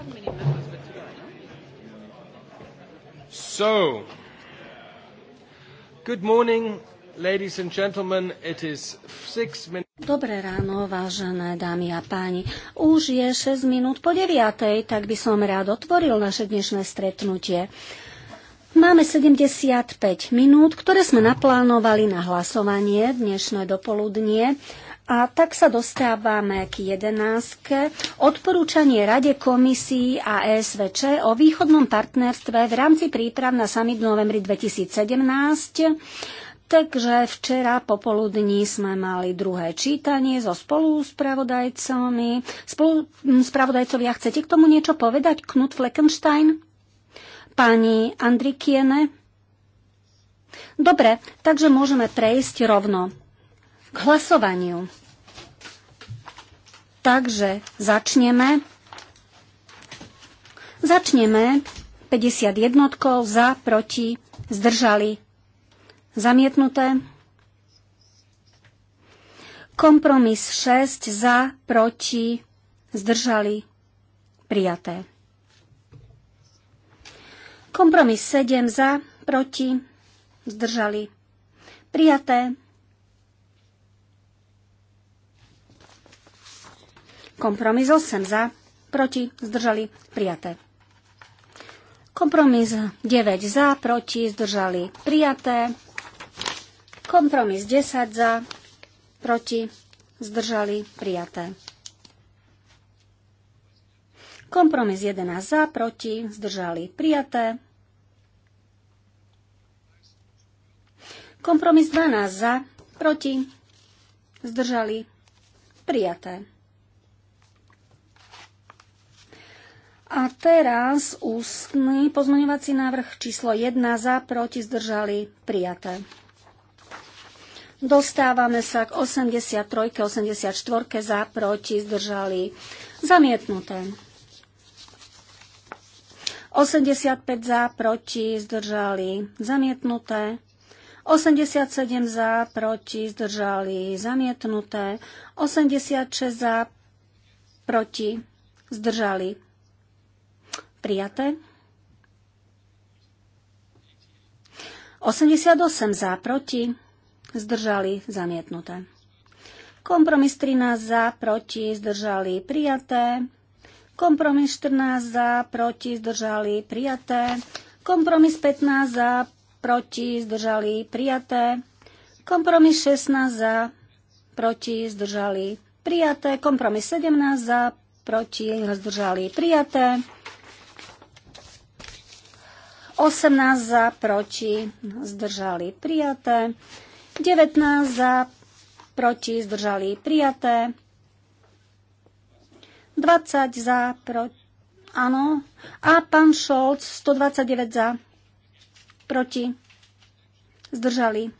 have many members with today, no? So, good morning, ladies and gentlemen. It is six min- Dobré ráno, vážené dámy a páni. Už je 6 minút po 9, tak by som rád otvoril naše dnešné stretnutie. Máme 75 minút, ktoré sme naplánovali na hlasovanie dnešné dopoludnie. A tak sa dostávame k jedenástke. Odporúčanie Rade komisii a ESVČ o východnom partnerstve v rámci príprav na summit v novembri 2017. Takže včera popoludní sme mali druhé čítanie so spoluspravodajcami. Spolu, mm, spravodajcovia, chcete k tomu niečo povedať? Knut Fleckenstein? Pani Andrikiene? Dobre, takže môžeme prejsť rovno k hlasovaniu. Takže začneme. Začneme 51 za, proti, zdržali, zamietnuté. Kompromis 6 za, proti, zdržali, prijaté. Kompromis 7 za, proti, zdržali, prijaté. Kompromis 8 za, proti, zdržali, prijaté. Kompromis 9 za, proti, zdržali, prijaté. Kompromis 10 za, proti, zdržali, prijaté. Kompromis 11 za, proti, zdržali, prijaté. Kompromis 12 za, proti, zdržali, prijaté. A teraz ústny pozmeňovací návrh číslo 1 za, proti, zdržali, prijaté. Dostávame sa k 83, 84 za, proti, zdržali, zamietnuté. 85 za, proti, zdržali, zamietnuté. 87 za, proti, zdržali, zamietnuté. 86 za, proti, zdržali, Prijaté. 88 za, proti, zdržali, zamietnuté. Kompromis 13 za, proti, zdržali, prijaté. Kompromis 14 za, proti, zdržali, prijaté. Kompromis 15 za, proti, zdržali, prijaté. Kompromis 16 za, proti, zdržali, prijaté. Kompromis 17 za, proti, zdržali, prijaté. 18 za, proti, zdržali prijaté. 19 za, proti, zdržali prijaté. 20 za, proti, áno. A pán Šolc, 129 za, proti, zdržali.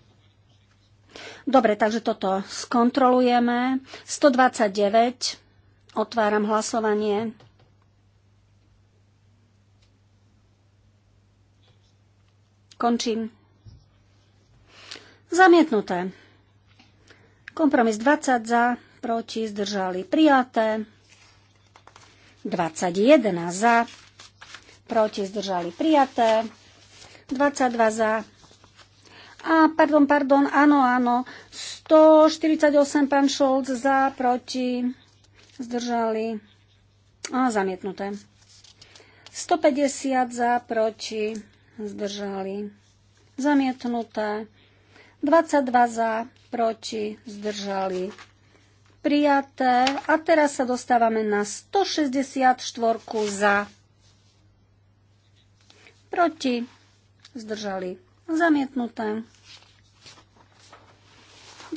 Dobre, takže toto skontrolujeme. 129, otváram hlasovanie. Končím. Zamietnuté. Kompromis 20 za, proti, zdržali prijaté. 21 za, proti, zdržali prijaté. 22 za. A pardon, pardon, áno, áno. 148 pán Šolc za, proti, zdržali. A zamietnuté. 150 za, proti, zdržali, zamietnuté. 22 za, proti, zdržali, prijaté. A teraz sa dostávame na 164 za, proti, zdržali, zamietnuté.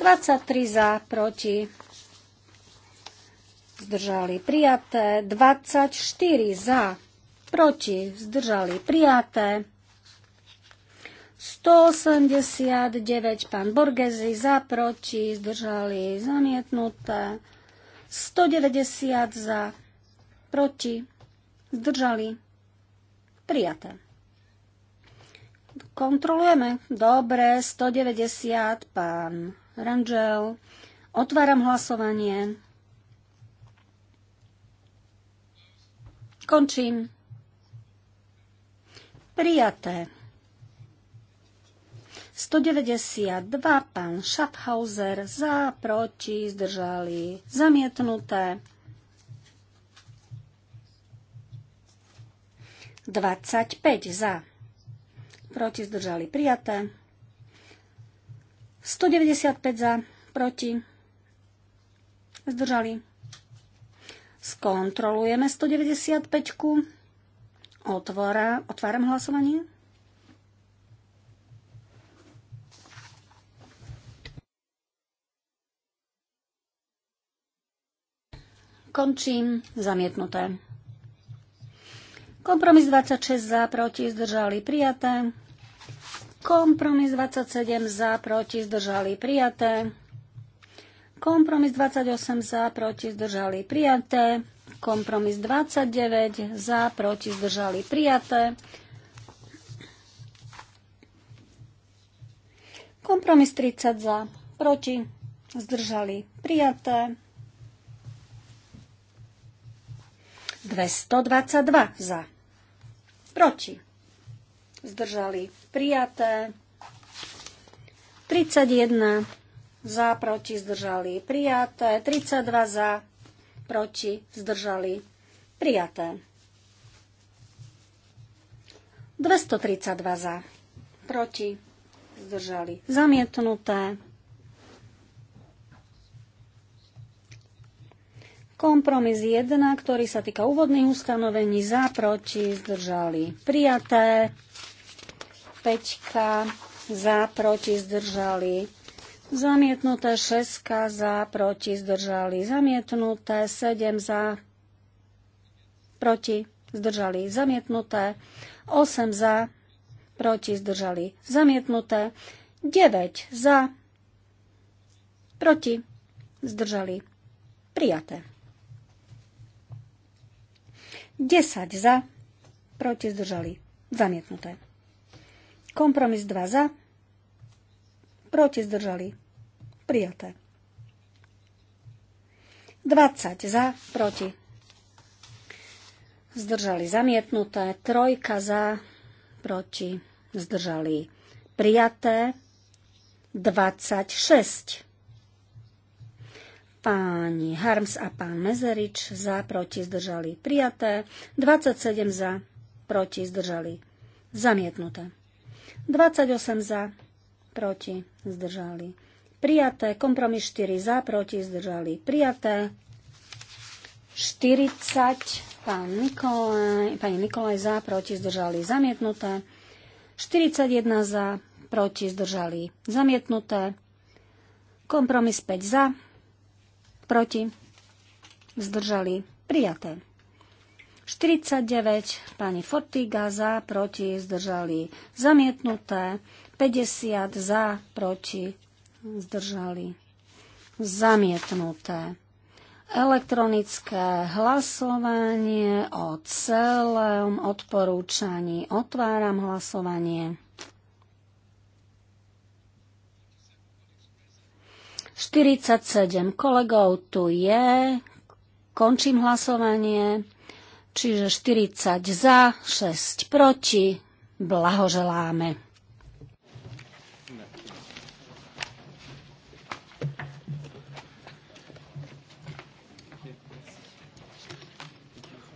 23 za, proti, zdržali, prijaté. 24 za, proti, zdržali, prijaté. 189, pán Borgezi, za, proti, zdržali, zamietnuté. 190 za, proti, zdržali, prijaté. Kontrolujeme. Dobre, 190, pán Rangel. Otváram hlasovanie. Končím. Prijaté. 192, pán Schaffhauser, za, proti, zdržali, zamietnuté. 25 za, proti, zdržali, prijaté. 195 za, proti, zdržali. Skontrolujeme 195. -ku. Otvára, otváram hlasovanie. Končím. Zamietnuté. Kompromis 26 za, proti, zdržali, prijaté. Kompromis 27 za, proti, zdržali, prijaté. Kompromis 28 za, proti, zdržali, prijaté. Kompromis 29 za, proti, zdržali, prijaté. Kompromis 30 za, proti, zdržali, prijaté. 222 za. Proti. Zdržali prijaté. 31 za, proti, zdržali prijaté. 32 za, proti, zdržali prijaté. 232 za, proti, zdržali zamietnuté. Kompromis 1, ktorý sa týka úvodných ustanovení, za, proti, zdržali prijaté. 5, za, proti, zdržali zamietnuté. 6, za, proti, zdržali zamietnuté. 7, za, proti, zdržali zamietnuté. 8, za, proti, zdržali zamietnuté. 9, za, proti, zdržali prijaté. 10 za, proti zdržali, zamietnuté. Kompromis 2 za, proti zdržali, prijaté. 20 za, proti zdržali, zamietnuté. Trojka za, proti zdržali, prijaté. 26 páni Harms a pán Mezerič za, proti, zdržali prijaté, 27 za, proti, zdržali zamietnuté, 28 za, proti, zdržali prijaté, kompromis 4 za, proti, zdržali prijaté, 40, pán Nikolaj, pani Nikolaj za, proti, zdržali zamietnuté, 41 za, proti, zdržali zamietnuté, kompromis 5 za, proti, zdržali, prijaté. 49 pani Fortiga za, proti, zdržali, zamietnuté. 50 za, proti, zdržali, zamietnuté. Elektronické hlasovanie o celom odporúčaní. Otváram hlasovanie. 47 kolegov tu je. Končím hlasovanie. Čiže 40 za, 6 proti. Blahoželáme.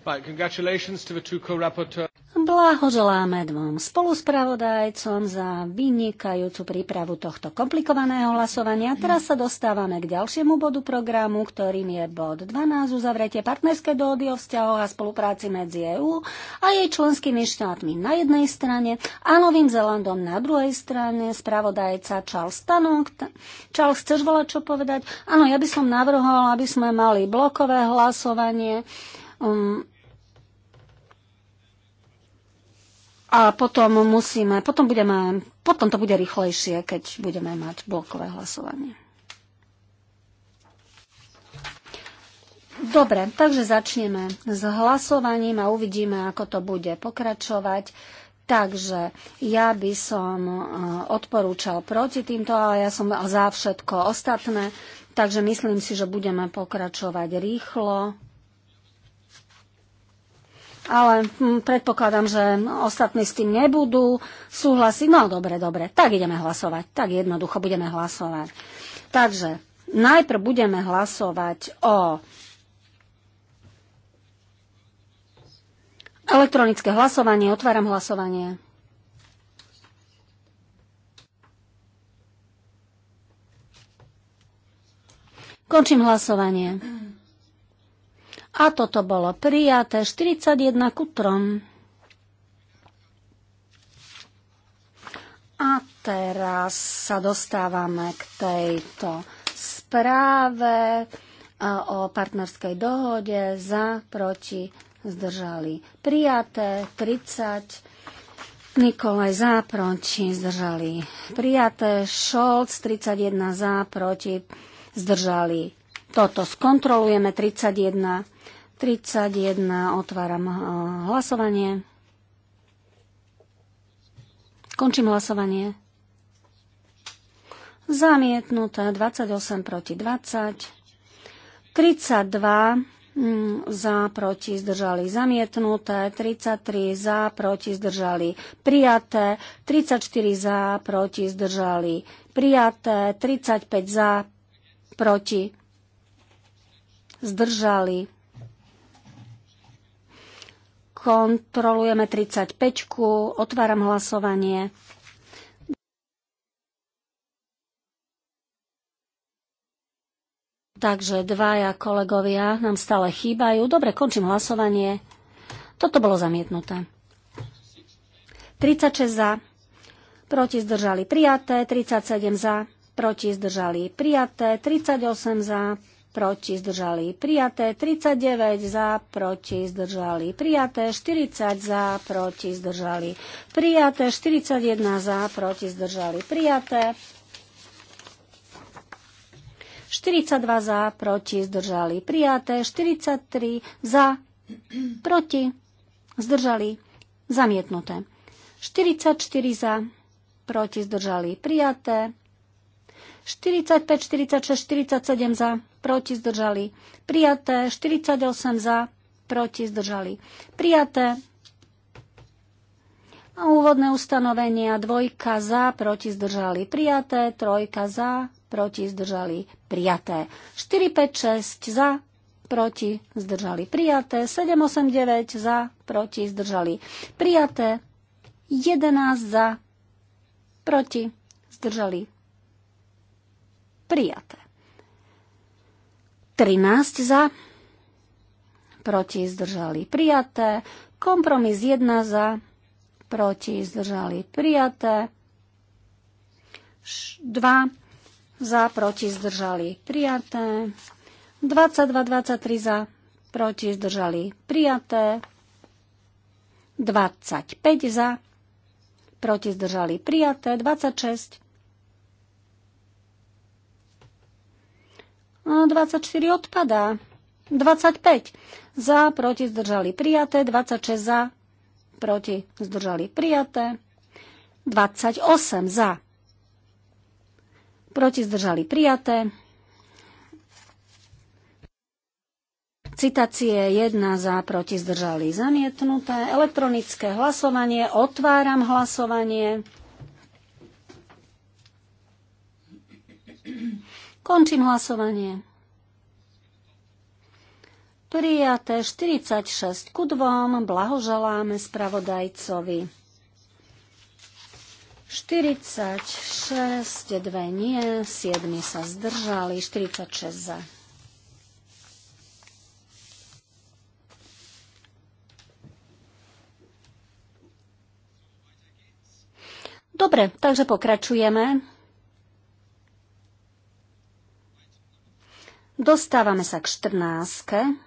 Right, congratulations to the two co-rapporteurs. Blahoželáme dvom spoluspravodajcom za vynikajúcu prípravu tohto komplikovaného hlasovania. Teraz sa dostávame k ďalšiemu bodu programu, ktorým je bod 12, uzavretie partnerské dohody o vzťahoch a spolupráci medzi EÚ a jej členskými štátmi na jednej strane a Novým Zelandom na druhej strane. Spravodajca Charles Tanok. Charles, chceš volať čo povedať? Áno, ja by som navrhol, aby sme mali blokové hlasovanie. Um, a potom musíme, potom budeme, potom to bude rýchlejšie, keď budeme mať blokové hlasovanie. Dobre, takže začneme s hlasovaním a uvidíme, ako to bude pokračovať. Takže ja by som e, odporúčal proti týmto, ale ja som za všetko ostatné. Takže myslím si, že budeme pokračovať rýchlo ale hm, predpokladám, že ostatní s tým nebudú súhlasiť. No dobre, dobre, tak ideme hlasovať. Tak jednoducho budeme hlasovať. Takže najprv budeme hlasovať o elektronické hlasovanie. Otváram hlasovanie. Končím hlasovanie. A toto bolo prijaté 41 ku 3. A teraz sa dostávame k tejto správe e, o partnerskej dohode za, proti, zdržali. Prijaté 30, Nikolaj za, proti, zdržali. Prijaté Šolc 31 za, proti, zdržali. Toto skontrolujeme 31 31. Otváram eh, hlasovanie. Končím hlasovanie. Zamietnuté 28 proti 20. 32 hm, za, proti, zdržali zamietnuté, 33 za, proti, zdržali prijaté, 34 za, proti, zdržali prijaté, 35 za, proti, zdržali Kontrolujeme 35. Otváram hlasovanie. Takže dvaja kolegovia nám stále chýbajú. Dobre, končím hlasovanie. Toto bolo zamietnuté. 36 za, proti zdržali prijaté, 37 za, proti zdržali prijaté, 38 za, proti, zdržali prijaté, 39 za, proti, zdržali prijaté, 40 za, proti, zdržali prijaté, 41 za, proti, zdržali prijaté. 42 za, proti, zdržali prijaté, 43 za, proti, zdržali zamietnuté, 44 za, proti, zdržali prijaté, 45, 46, 47 za, proti zdržali. Prijaté 48 za, proti zdržali. Prijaté a úvodné ustanovenia dvojka za, proti zdržali. Prijaté, trojka za, proti zdržali. Prijaté. 4, 5, 6 za, proti zdržali. Prijaté. 7, 8, 9 za, proti zdržali. Prijaté. 11 za, proti zdržali Prijaté. 13 za, proti zdržali prijaté. Kompromis 1 za, proti zdržali prijaté. 2 za, proti zdržali prijaté. 22, 23 za, proti zdržali prijaté. 25 za, proti zdržali prijaté. 26 24 odpadá. 25 za, proti, zdržali prijaté. 26 za, proti, zdržali prijaté. 28 za, proti, zdržali prijaté. Citácie 1 za, proti, zdržali zamietnuté. Elektronické hlasovanie. Otváram hlasovanie. Končím hlasovanie. Prijaté 46 ku dvom, blahoželáme spravodajcovi. 46, 2 nie, 7 sa zdržali, 46 za. Dobre, takže pokračujeme. Dostávame sa k 14.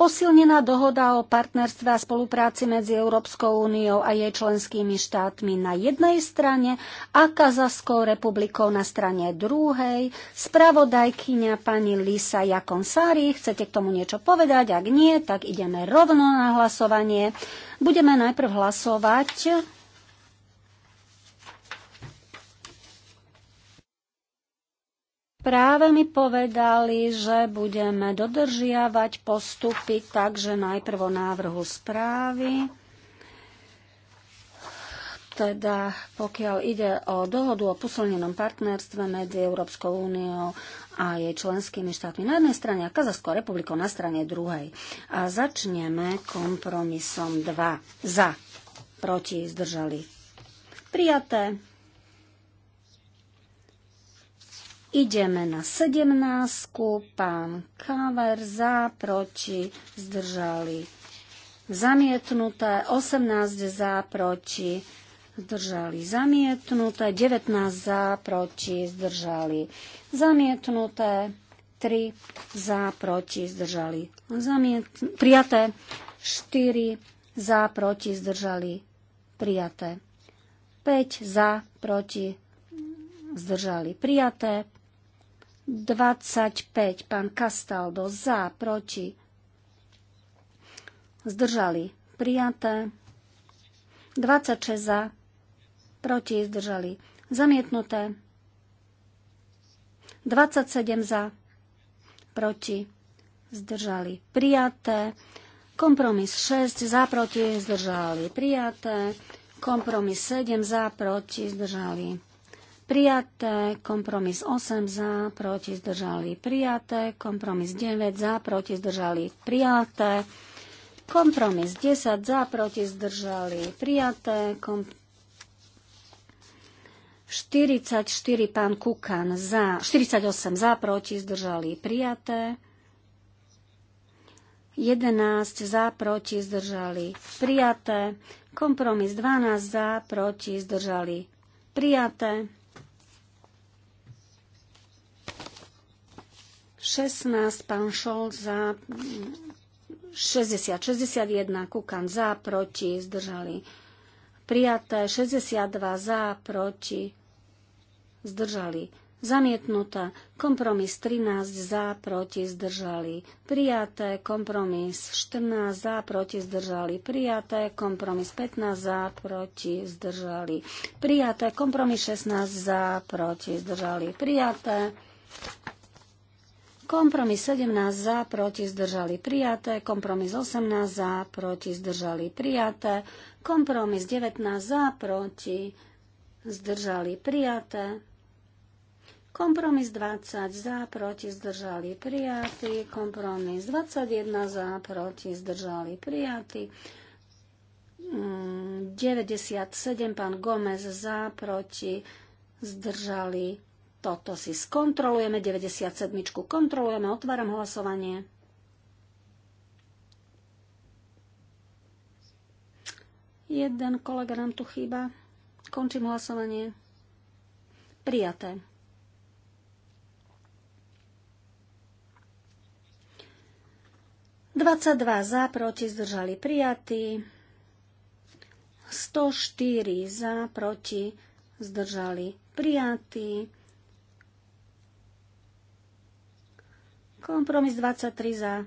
Posilnená dohoda o partnerstve a spolupráci medzi Európskou úniou a jej členskými štátmi na jednej strane a Kazachskou republikou na strane druhej. Spravodajkyňa pani Lisa Jakonsári, chcete k tomu niečo povedať? Ak nie, tak ideme rovno na hlasovanie. Budeme najprv hlasovať Práve mi povedali, že budeme dodržiavať postupy, takže najprv o návrhu správy. Teda pokiaľ ide o dohodu o posilnenom partnerstve medzi Európskou úniou a jej členskými štátmi na jednej strane a Kazachskou republikou na strane druhej. A začneme kompromisom 2. Za. Proti. Zdržali. Prijaté. Ideme na 17. Pán Kaver za, proti, zdržali. Zamietnuté 18 za, proti, zdržali. Zamietnuté 19 za, proti, zdržali. Zamietnuté 3 za, proti, zdržali. Zamietnuté, prijaté 4 za, proti, zdržali. Prijaté 5 za, proti, zdržali. Prijaté 25. Pán Castaldo za, proti. Zdržali. Prijaté. 26 za. Proti. Zdržali. Zamietnuté. 27 za. Proti. Zdržali. Prijaté. Kompromis 6 za, proti. Zdržali. Prijaté. Kompromis 7 za, proti. Zdržali prijaté, kompromis 8 za, proti zdržali prijaté, kompromis 9 za, proti zdržali prijaté, kompromis 10 za, proti zdržali prijaté, kom... 44 pán Kukan za, 48 za, proti zdržali prijaté, 11 za, proti zdržali prijaté, kompromis 12 za, proti zdržali prijaté, 16, pán Šol za 60, 61, Kukan za, proti, zdržali. Prijaté 62 za, proti, zdržali. Zamietnuté kompromis 13 za, proti, zdržali. Prijaté kompromis 14 za, proti, zdržali. Prijaté kompromis 15 za, proti, zdržali. Prijaté kompromis 16 za, proti, zdržali. Prijaté Kompromis 17 za, proti zdržali prijaté. Kompromis 18 za, proti zdržali prijaté. Kompromis 19 za, proti zdržali prijaté. Kompromis 20 za, proti zdržali prijatý. Kompromis 21 za, proti zdržali prijatý. 97 mm, pán Gomez za, proti zdržali prijatý toto si skontrolujeme. 97. Kontrolujeme. Otváram hlasovanie. Jeden kolega nám tu chýba. Končím hlasovanie. Prijaté. Dvadsaťdva za, proti, zdržali prijatí. 104 za, proti, zdržali prijatí. Kompromis 23 za,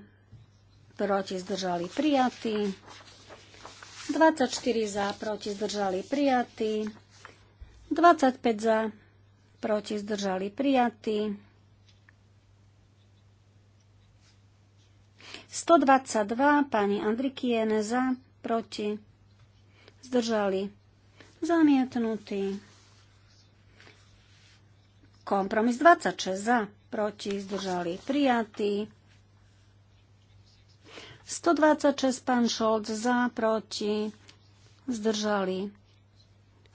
proti zdržali prijatý. 24 za, proti zdržali prijatý. 25 za, proti zdržali prijatý. 122 pani Andrikiene za, proti zdržali zamietnutý. Kompromis 26 za, proti, zdržali prijatí. 126 pán Šolc za, proti, zdržali.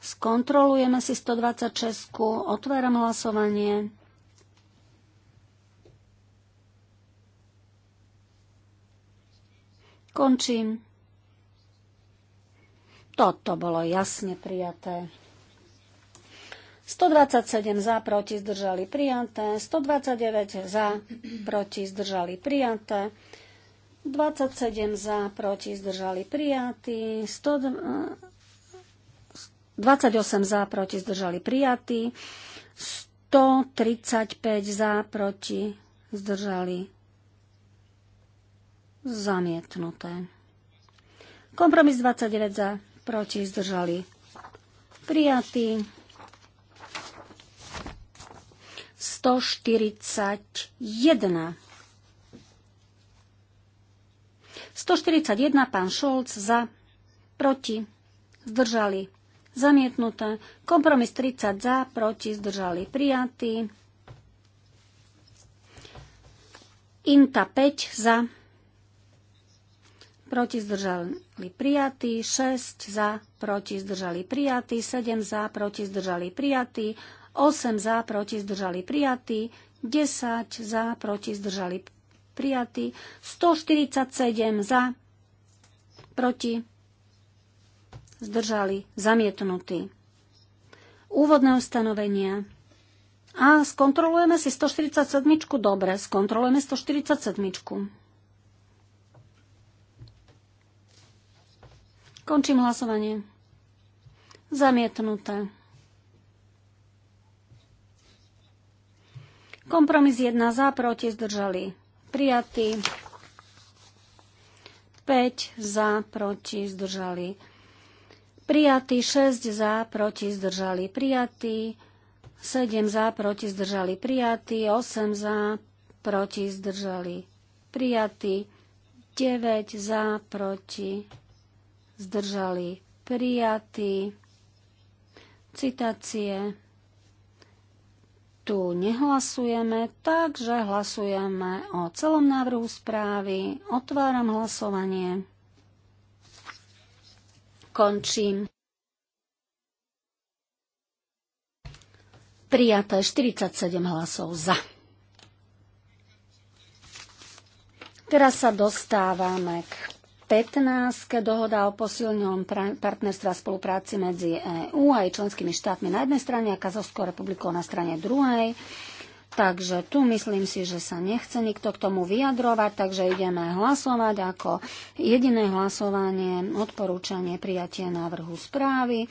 Skontrolujeme si 126, otváram hlasovanie. Končím. Toto bolo jasne prijaté. 127 za, proti, zdržali prijaté. 129 za, proti, zdržali prijaté. 27 za, proti, zdržali prijatí. 28 e, za, proti, zdržali prijatí. 135 za, proti, zdržali zamietnuté. Kompromis 29 za, proti, zdržali prijatí. 141. 141 pán Šolc za, proti, zdržali, zamietnuté. Kompromis 30 za, proti, zdržali, prijatý. Inta 5 za, proti, zdržali, prijatý. 6 za, proti, zdržali, prijatý. 7 za, proti, zdržali, prijatý. 8 za, proti, zdržali prijatí, 10 za, proti, zdržali prijatí, 147 za, proti, zdržali zamietnutí. Úvodné ustanovenia. A skontrolujeme si 147. Dobre, skontrolujeme 147. Končím hlasovanie. Zamietnuté. Kompromis 1 za, proti, zdržali prijatý. 5 za, proti, zdržali prijatý. 6 za, proti, zdržali prijatý. 7 za, proti, zdržali prijatý. 8 za, proti, zdržali prijatý. 9 za, proti, zdržali prijatý. Citácie tu nehlasujeme, takže hlasujeme o celom návrhu správy. Otváram hlasovanie. Končím. Prijaté 47 hlasov za. Teraz sa dostávame k 15. dohoda o posilňovom partnerstva a spolupráci medzi EÚ a aj členskými štátmi na jednej strane a Kazovskou republikou na strane druhej. Takže tu myslím si, že sa nechce nikto k tomu vyjadrovať, takže ideme hlasovať ako jediné hlasovanie, odporúčanie, prijatie návrhu správy.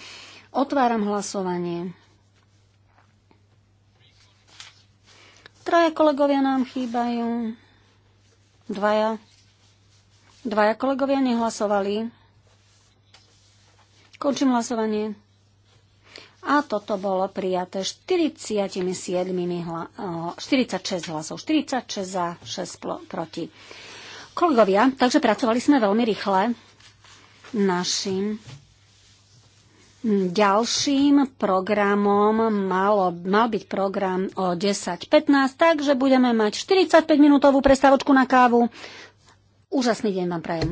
Otváram hlasovanie. Traja kolegovia nám chýbajú. Dvaja. Dvaja kolegovia nehlasovali. Končím hlasovanie. A toto bolo prijaté 47 46 eh, hlasov. 46 za, 6 proti. Kolegovia, takže pracovali sme veľmi rýchle. Našim ďalším programom malo, mal byť program o 10.15, takže budeme mať 45 minútovú prestávočku na kávu úžasný deň vám prajem.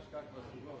znaš kakva su god.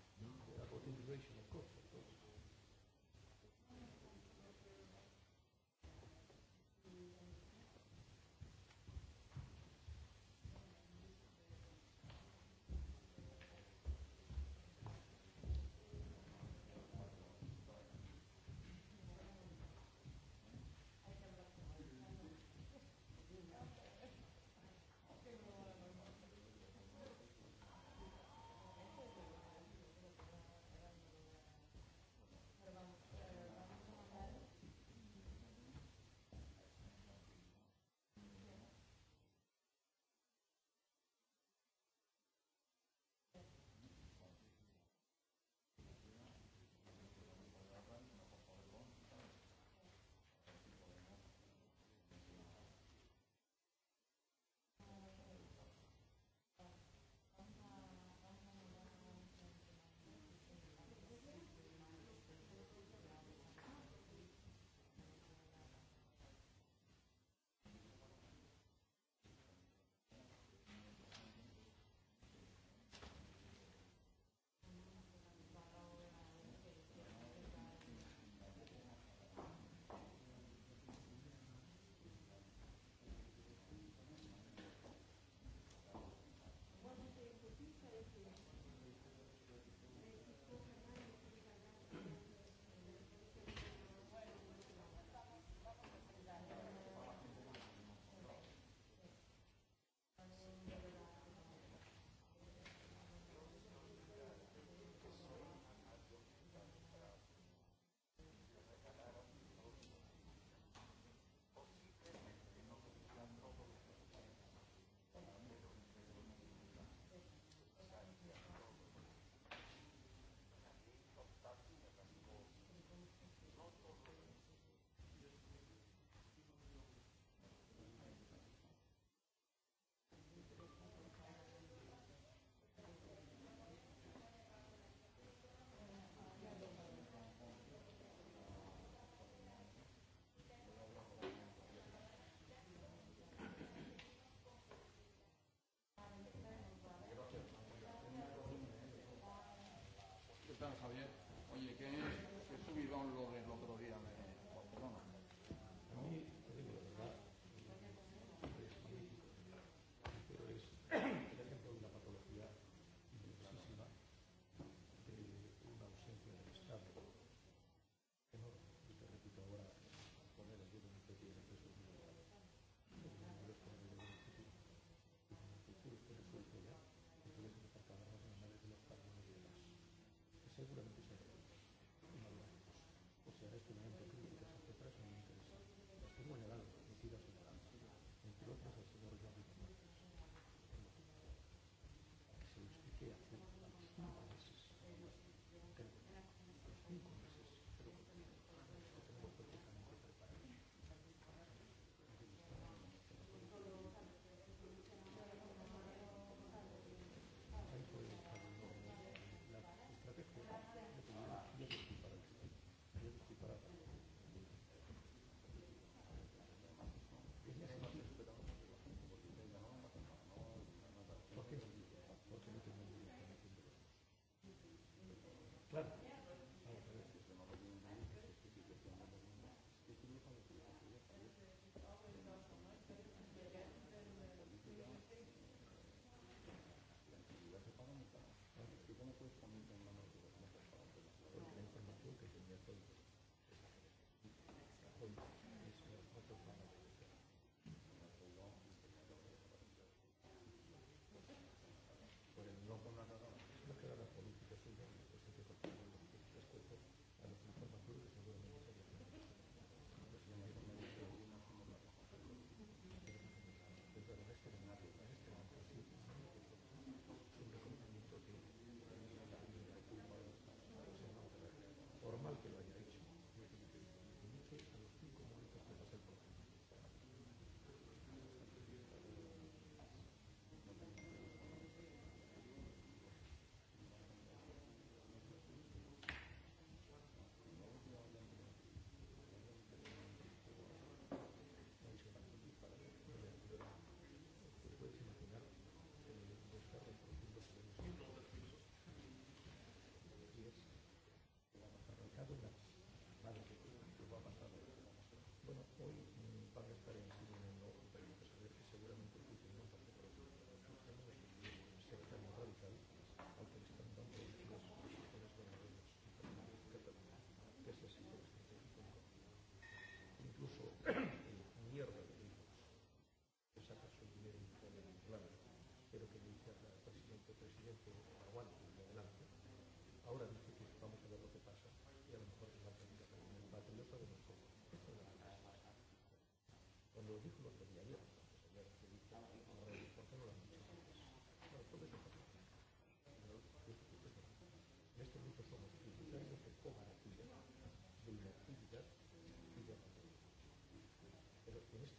About integration, of course, of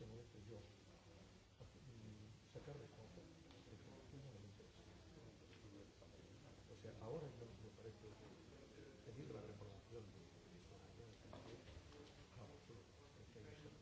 que no estoy yo sacar de de que no me interesan. O sea, ahora yo me parece pedir la reprobación de Soraya, de Cristina, a vosotros, que hay que ser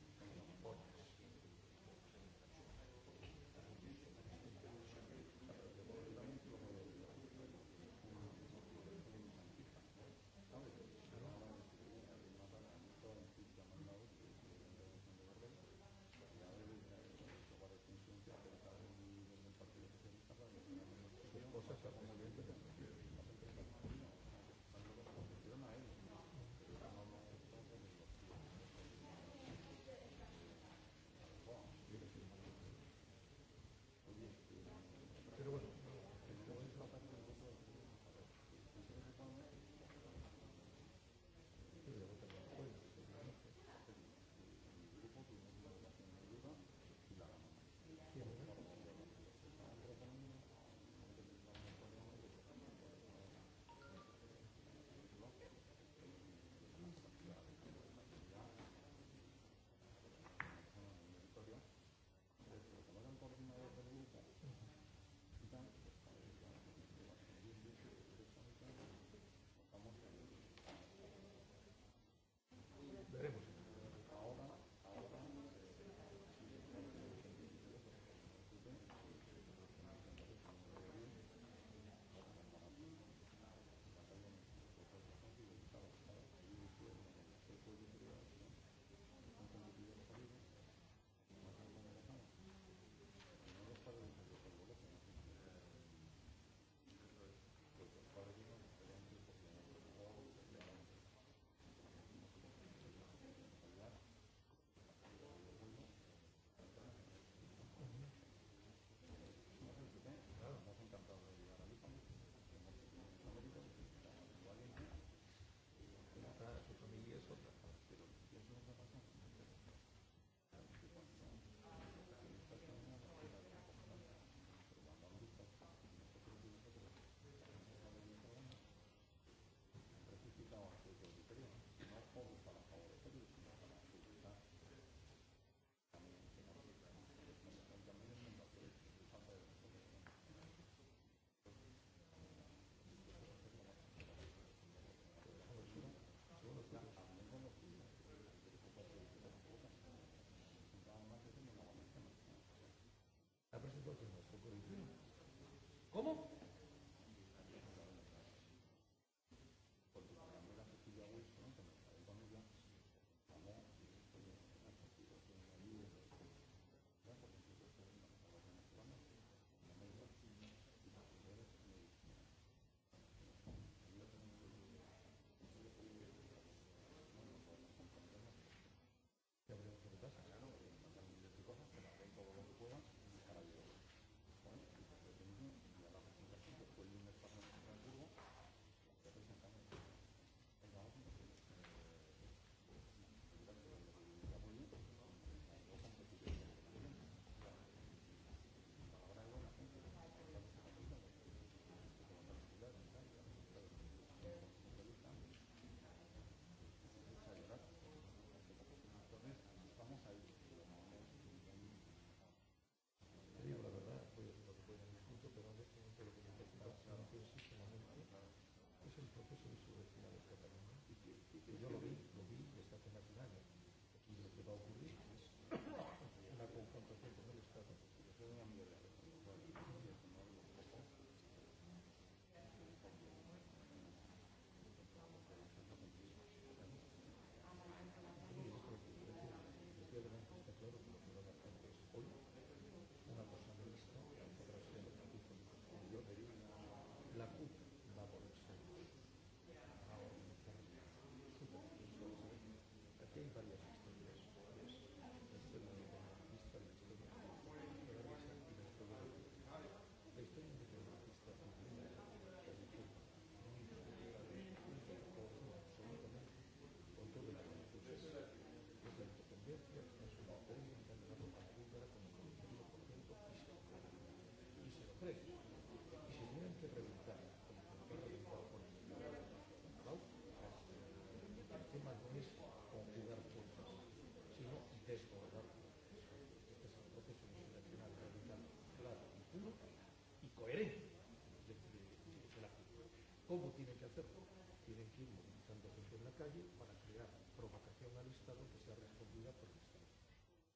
expertos tienen que ir movilizando gente en la calle para crear provocación al Estado que sea respondida por el Estado.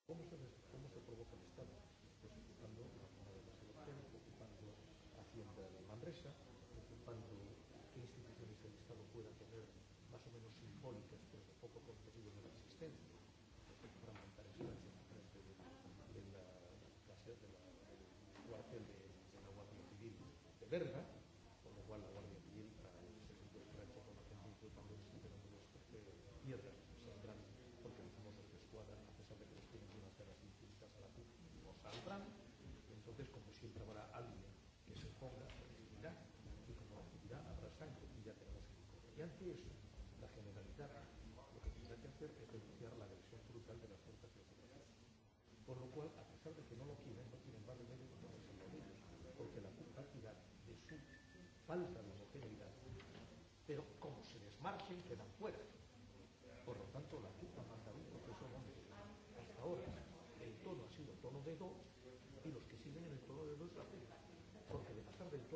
¿Cómo se, cómo se provoca el Estado? Pues ocupando la zona de la europeos, ocupando Hacienda de Manresa, ocupando qué instituciones del Estado pueda tener más o menos simbólicas, pero de poco contenido de la existencia, para montar de, la de la, Guardia Civil de siempre habrá alguien que se a y como la habrá sangre y ya tenemos que Y ante eso, la generalidad lo que tendrá que hacer es denunciar la agresión brutal de las fuerzas de Por lo cual, a pesar de que no lo quieren, no tienen más remedio que ponerse ellos, porque la culpa de su falta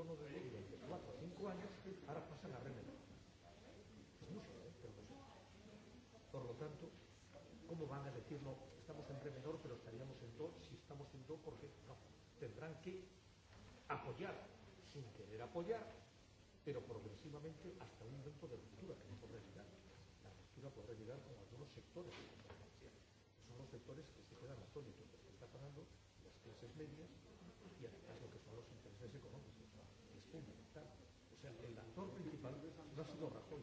uno de ellos cuatro cinco años, ahora pasan a remedio. Es mucho, ¿eh? Pero no sé. Por lo tanto, ¿cómo van a decir no? Estamos en re menor, pero estaríamos en do, si estamos en do, porque no. Tendrán que apoyar, sin querer apoyar, pero progresivamente hasta un momento de ruptura que no podrá llegar. La ruptura podrá llegar con algunos sectores de convergencia. Son los sectores que se quedan atónitos de que está pagando las clases medias y además lo que son los intereses económicos sistema O sea, el actor principal no ha sido Rajoy,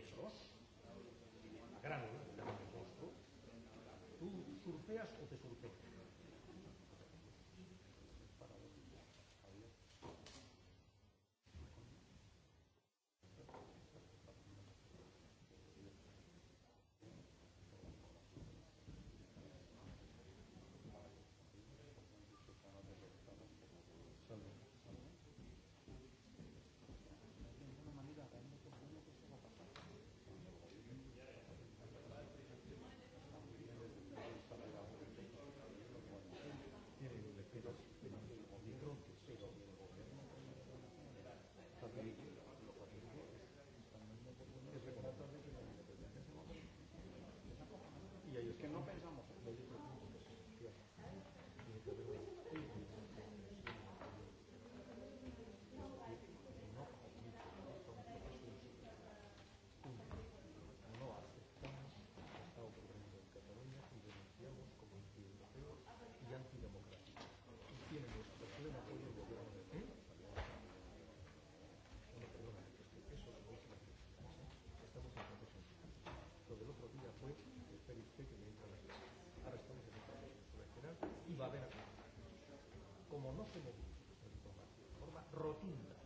pesos a grano de tú surfeas profunda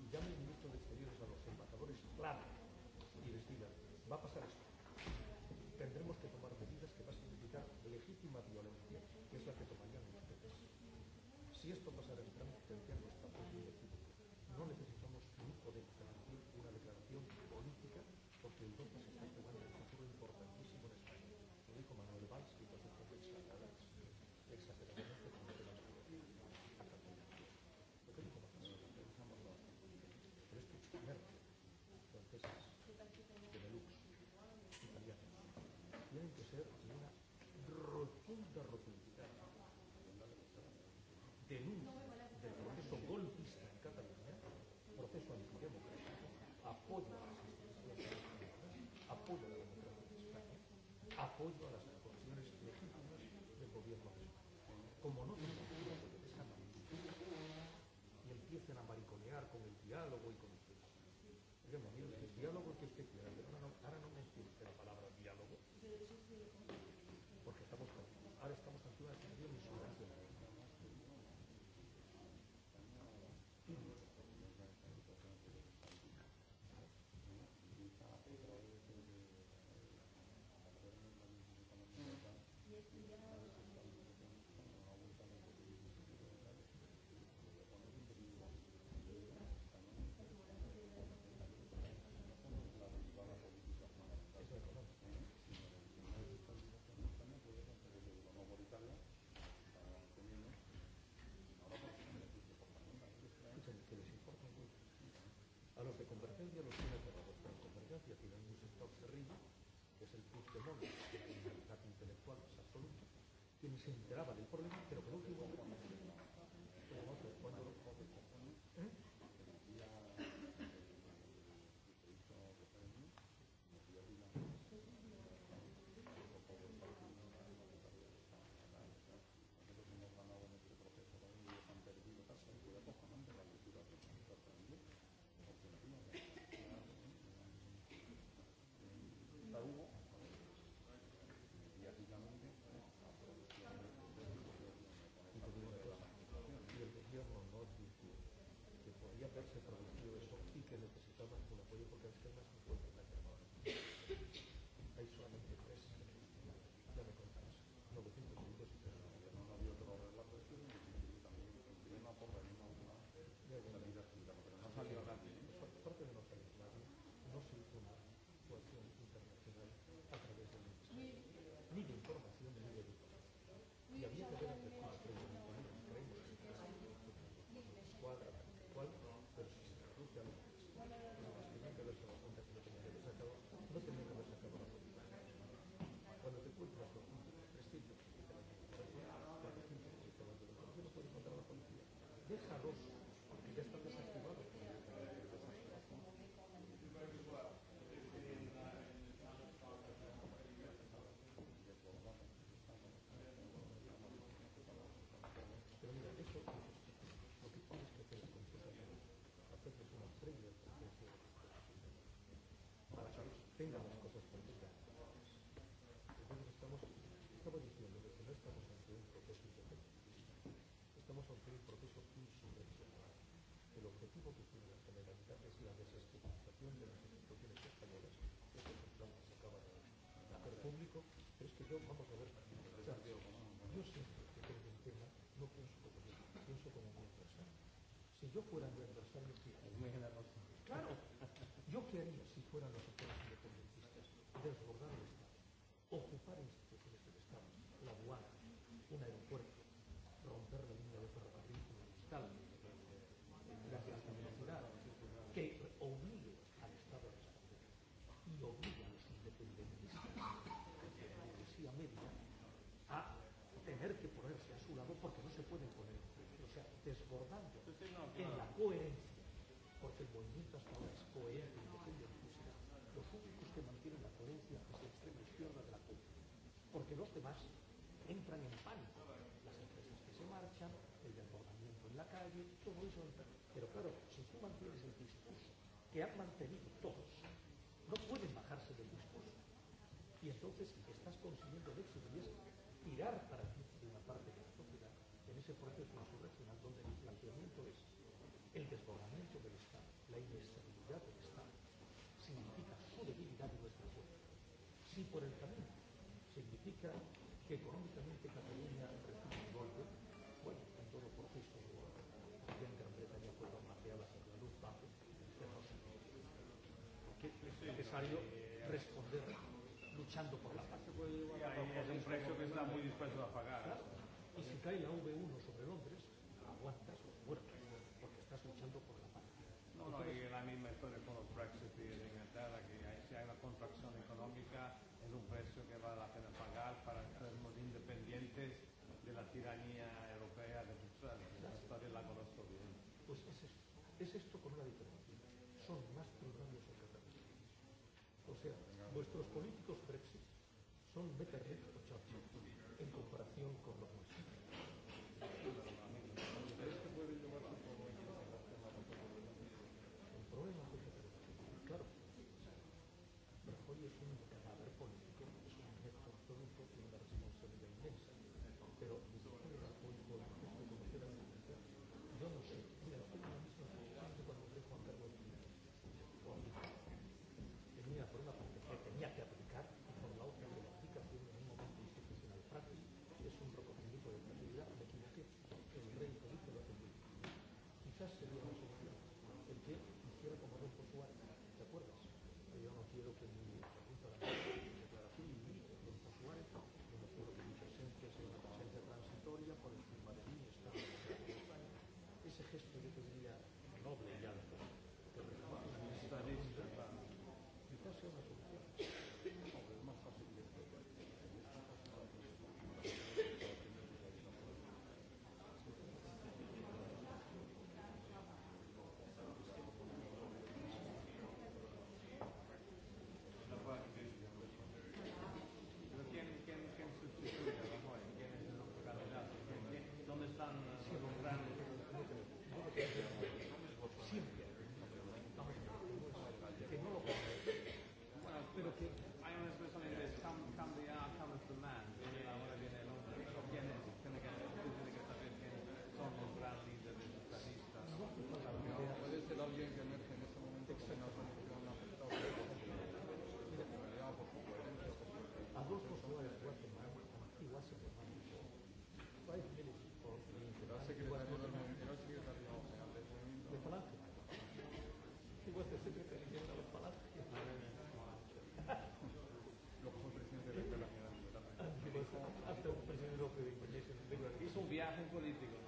y llame el ministro de Exteriores a los embajadores clara y les diga, va a pasar esto. Tendremos que tomar medidas que va a significar legítima violencia, que es la que tomarían ustedes. Si esto pasara en Francia, tendría nuestra apoyo No necesitamos ni podemos permitir una declaración política porque Europa se está tiene que ser de una rotunda rotundidad. Denuncia del proceso golpista en Cataluña, proceso antidemocrático, apoyo a las instituciones, apoyo a la democracia en España, apoyo a la de convergencia los tiene cerrados, pero convergencia tiene un sector cerrillo que es el plus de nombre de la libertad intelectual es absoluta, quien se enteraba del problema, pero por último, cuando, ¿eh? tengan las cosas políticas. Entonces estamos, estamos diciendo que no estamos ante un proceso independiente, ¿no? estamos ante un proceso insurreccional. El objetivo que tiene la generalidad es la desestabilización de las instituciones españolas. es el plan que se acaba de hacer público, pero es que yo, vamos a ver, o sea, yo siempre que tengo un tema no pienso como yo, pienso como mi adversario. Si yo fuera mi adversario, ¿qué haría? Claro, yo qué haría si fueran los autores desbordar el Estado, ocupar instituciones del Estado, la aduana, un aeropuerto, romper la línea de ferrocarril fundamental, la estabilidad, que obligue al Estado a responder y obligue a los independentistas de la burguesía media a tener que ponerse a su lado porque no se pueden poner o sea, desbordando en la coherencia, porque el movimiento hasta ahora es coherente que han mantenido todos no pueden bajarse del discurso. Y entonces si que estás consiguiendo el éxito y es tirar para ti de una parte de la sociedad en ese proceso insurreccional donde el planteamiento es el desbordamiento del Estado, la inestabilidad del Estado, significa su debilidad y nuestra fuerza. Si por el camino significa que económicamente pasando por la parte. Y ahí es un precio que está muy dispuesto a pagar. Y si cae la V1 sobre Londres, aguantas o muerto, porque estás luchando por la paz. No, no, y la misma historia con los Brexit y de Inglaterra, que si hay una contracción económica, es un precio que vale la pena pagar para sermos independientes de la tiranía europea de Bruselas. La historia la conozco bien. Pues es esto, es esto con una diferencia. Son más programas o sea, vuestros políticos Son better, ¿eh? viaje político.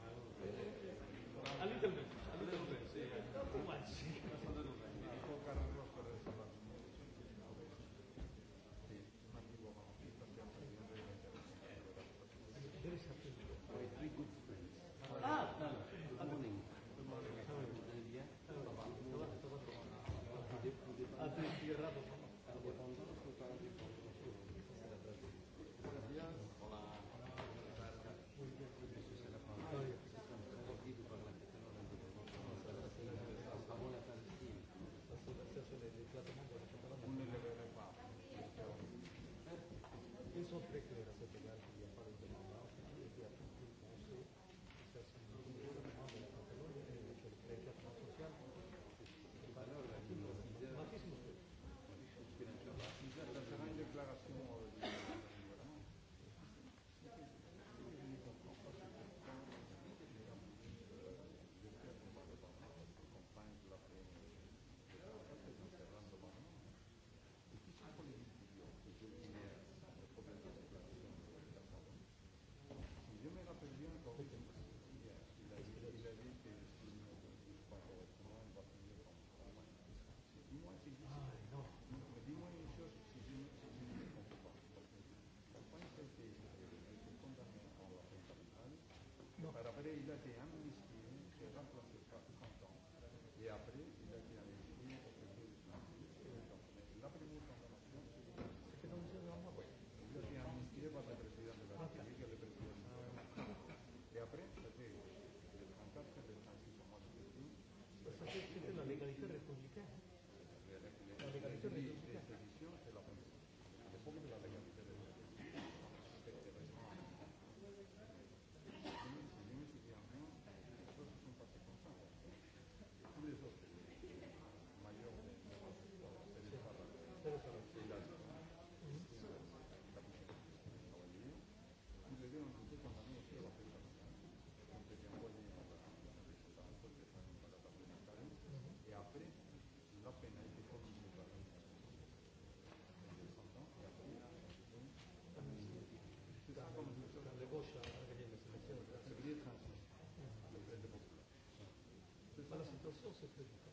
sur ce président.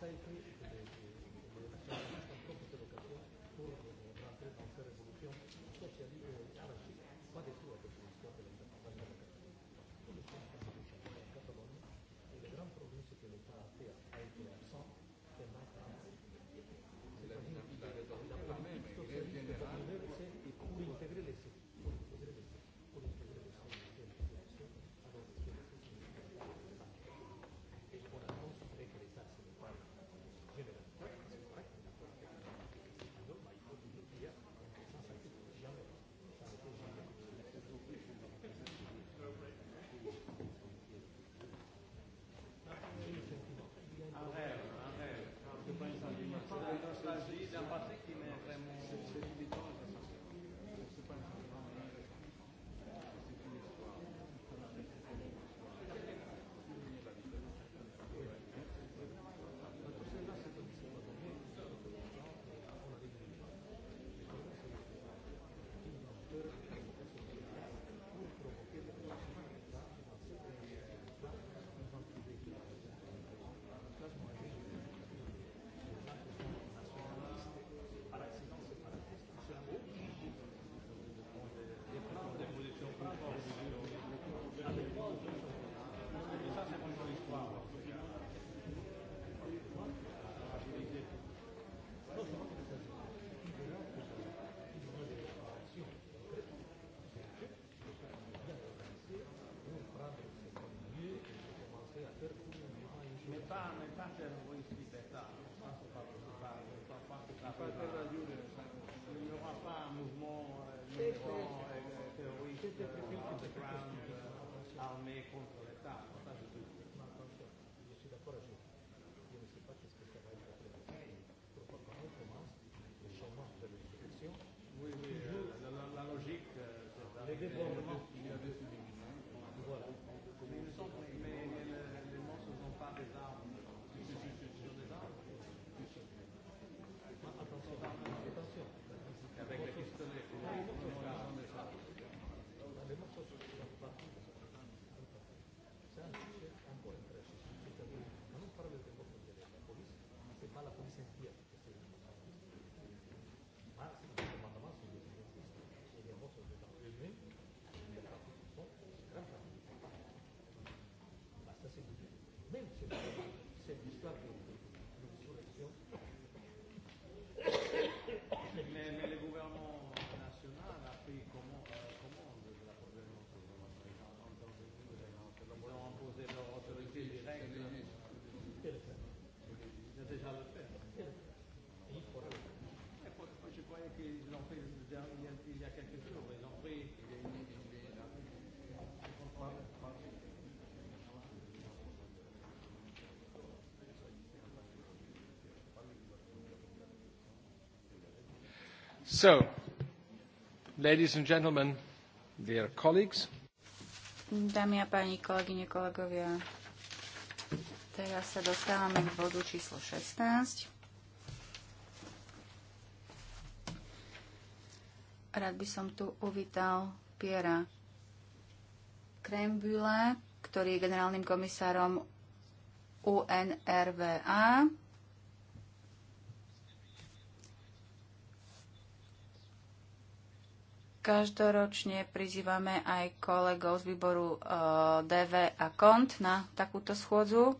socialiste armee contro le TAC, ma non sono d'accordo su So, ladies and gentlemen, dear colleagues. Dámy a páni, kolegyne, kolegovia, teraz sa dostávame k bodu číslo 16. Rád by som tu uvítal Piera Krembula, ktorý je generálnym komisárom UNRVA. Každoročne prizývame aj kolegov z výboru e, DV a KONT na takúto schôdzu.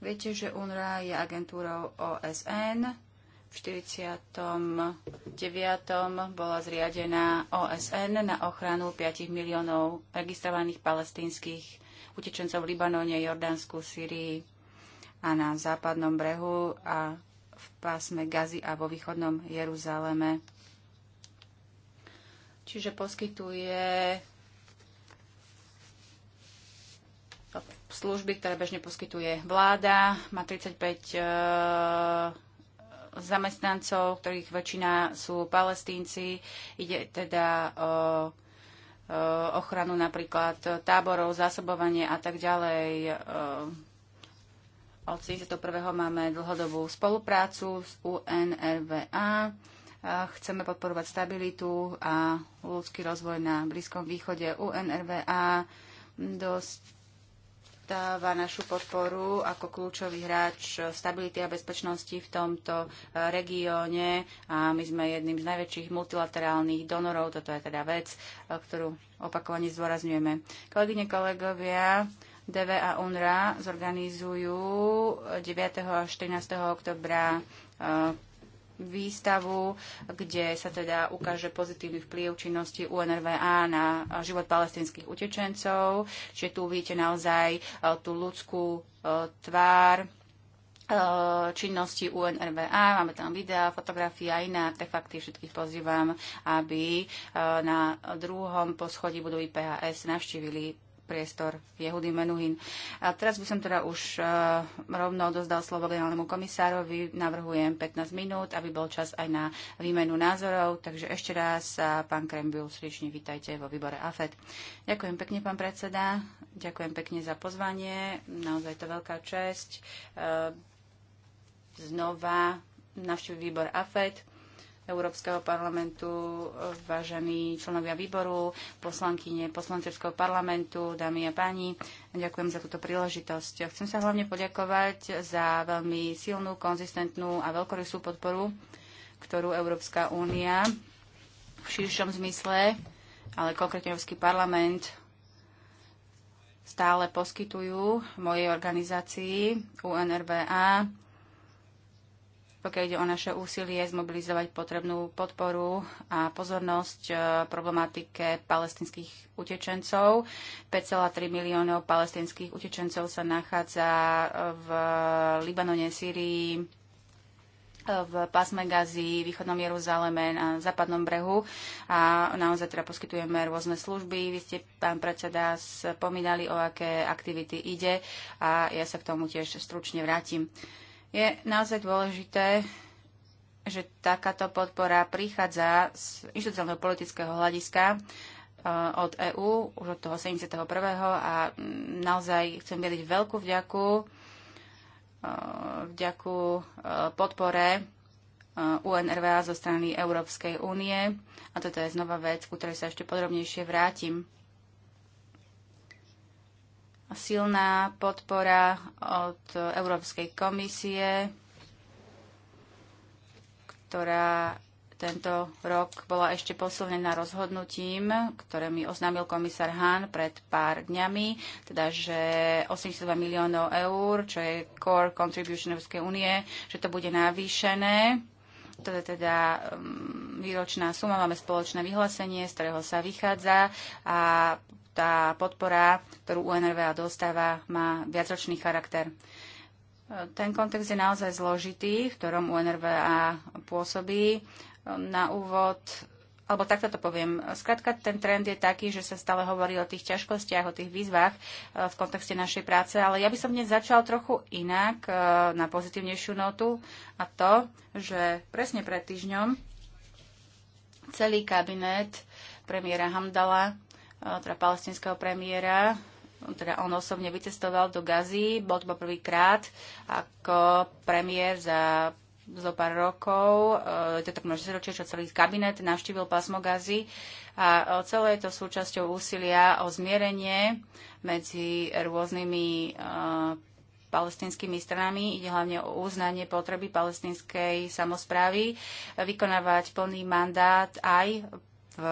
Viete, že UNRWA je agentúrou OSN. V 49. bola zriadená OSN na ochranu 5 miliónov registrovaných palestínskych utečencov v Libanone, Jordánsku, Syrii a na západnom brehu a v pásme Gazy a vo východnom Jeruzaleme čiže poskytuje služby, ktoré bežne poskytuje vláda. Má 35 e, zamestnancov, ktorých väčšina sú palestínci. Ide teda o e, ochranu napríklad táborov, zásobovanie a tak ďalej. E, od 31. máme dlhodobú spoluprácu s UNRVA. E Chceme podporovať stabilitu a ľudský rozvoj na Blízkom východe. UNRVA dostáva našu podporu ako kľúčový hráč stability a bezpečnosti v tomto e, regióne a my sme jedným z najväčších multilaterálnych donorov. Toto je teda vec, e, ktorú opakovane zdôrazňujeme. Kolegyne, kolegovia, DV a UNRA zorganizujú 9. až 13. oktobra e, výstavu, kde sa teda ukáže pozitívny vplyv činnosti UNRVA na život palestinských utečencov. Čiže tu vidíte naozaj e, tú ľudskú e, tvár e, činnosti UNRVA. Máme tam videá, fotografie a iné artefakty. Všetkých pozývam, aby na druhom poschodí budovy PHS navštívili priestor Jehudy Menuhin. A teraz by som teda už uh, rovno odozdal slovo generálnemu komisárovi. Navrhujem 15 minút, aby bol čas aj na výmenu názorov. Takže ešte raz, e, pán Krembiu, srdečne vítajte vo výbore AFED. Ďakujem pekne, pán predseda. Ďakujem pekne za pozvanie. Naozaj to veľká česť. Uh, znova navštíviť výbor AFED Európskeho parlamentu, vážení členovia výboru, poslankyne poslancovského parlamentu, dámy a páni. Ďakujem za túto príležitosť. Chcem sa hlavne poďakovať za veľmi silnú, konzistentnú a veľkorysú podporu, ktorú Európska únia v širšom zmysle, ale konkrétne Európsky parlament stále poskytujú mojej organizácii UNRBA pokiaľ ide o naše úsilie zmobilizovať potrebnú podporu a pozornosť e, problematike palestinských utečencov. 5,3 miliónov palestinských utečencov sa nachádza e, v Libanone, Syrii, e, v pásme Gazi, východnom Jeruzaleme, na západnom brehu a naozaj teda poskytujeme rôzne služby. Vy ste, pán predseda, spomínali, o aké aktivity ide a ja sa k tomu tiež stručne vrátim. Uh, je naozaj dôležité, že takáto podpora prichádza z inštitucionálneho politického hľadiska e, od EÚ už od toho 71. a mm, naozaj chcem vyjadriť veľkú vďaku e, vďaku e, podpore UNRVA zo strany Európskej únie. A toto je znova vec, ku ktorej sa ešte podrobnejšie vrátim silná podpora od Európskej komisie, ktorá tento rok bola ešte posilnená rozhodnutím, ktoré mi oznámil komisár Hahn pred pár dňami, teda že 82 miliónov eur, čo je core contribution Európskej únie, že to bude navýšené. To je teda mm, výročná suma, máme spoločné vyhlásenie, z ktorého sa vychádza a tá podpora, ktorú UNRVA dostáva, má viacročný charakter. Ten kontext je naozaj zložitý, v ktorom UNRVA pôsobí. Na úvod alebo takto to poviem. Skrátka, ten trend je taký, že sa stále hovorí o tých ťažkostiach, o tých výzvach eh, v kontexte našej práce, ale ja by som dnes začal trochu inak, eh, na pozitívnejšiu notu, a to, že presne pred týždňom celý kabinet premiéra Hamdala teda palestinského premiéra, teda on osobne vycestoval do Gazy, bol to prvýkrát ako premiér za zo pár rokov, e, to je tak množstvo ročie, čo celý kabinet navštívil pásmo Gazy a e, celé je to súčasťou úsilia o zmierenie medzi rôznymi e, palestinskými stranami. Ide hlavne o uznanie potreby palestinskej samozprávy vykonávať plný mandát aj v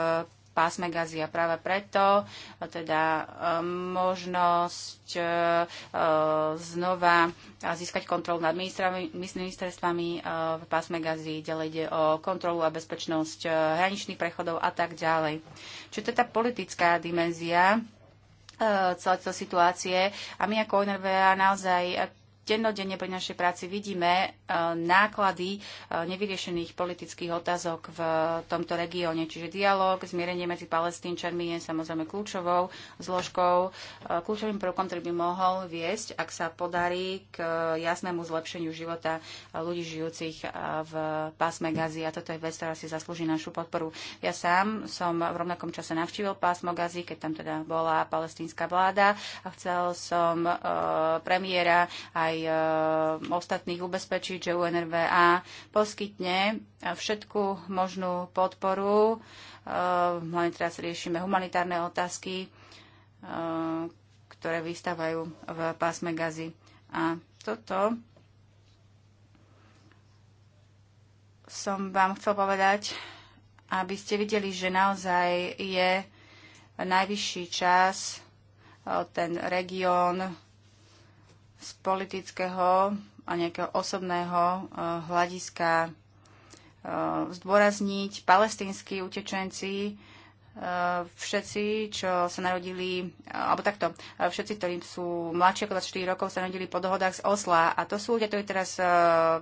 pásme Gazy a práve preto teda e, možnosť e, e, znova získať kontrolu nad ministerstvami v pásme Gazy, ďalej ide o kontrolu a bezpečnosť hraničných prechodov a tak ďalej. Čo to je tá politická dimenzia celé to situácie a my ako ONRVA naozaj dennodenne pri našej práci vidíme e, náklady e, nevyriešených politických otázok v e, tomto regióne. Čiže dialog, zmierenie medzi palestínčanmi je samozrejme kľúčovou zložkou, kľúčovým prvkom, ktorý by mohol viesť, ak sa podarí k jasnému zlepšeniu života ľudí žijúcich v pásme Gazy. A toto je vec, ktorá si zaslúži našu podporu. Ja sám som v rovnakom čase navštívil pásmo Gazy, keď tam teda bola palestínska vláda a chcel som premiéra aj aj e, ostatných ubezpečiť, že UNRVA poskytne všetku možnú podporu. E, hlavne teraz riešime humanitárne otázky, e, ktoré vystávajú v pásme gazy. A toto som vám chcel povedať, aby ste videli, že naozaj je najvyšší čas ten región z politického a nejakého osobného e, hľadiska e, zdôrazniť. Palestínsky utečenci E, všetci, čo sa narodili, e, alebo takto, e, všetci, ktorí sú mladší ako 24 rokov, sa narodili po dohodách z Osla. A to sú ľudia, ktorí teraz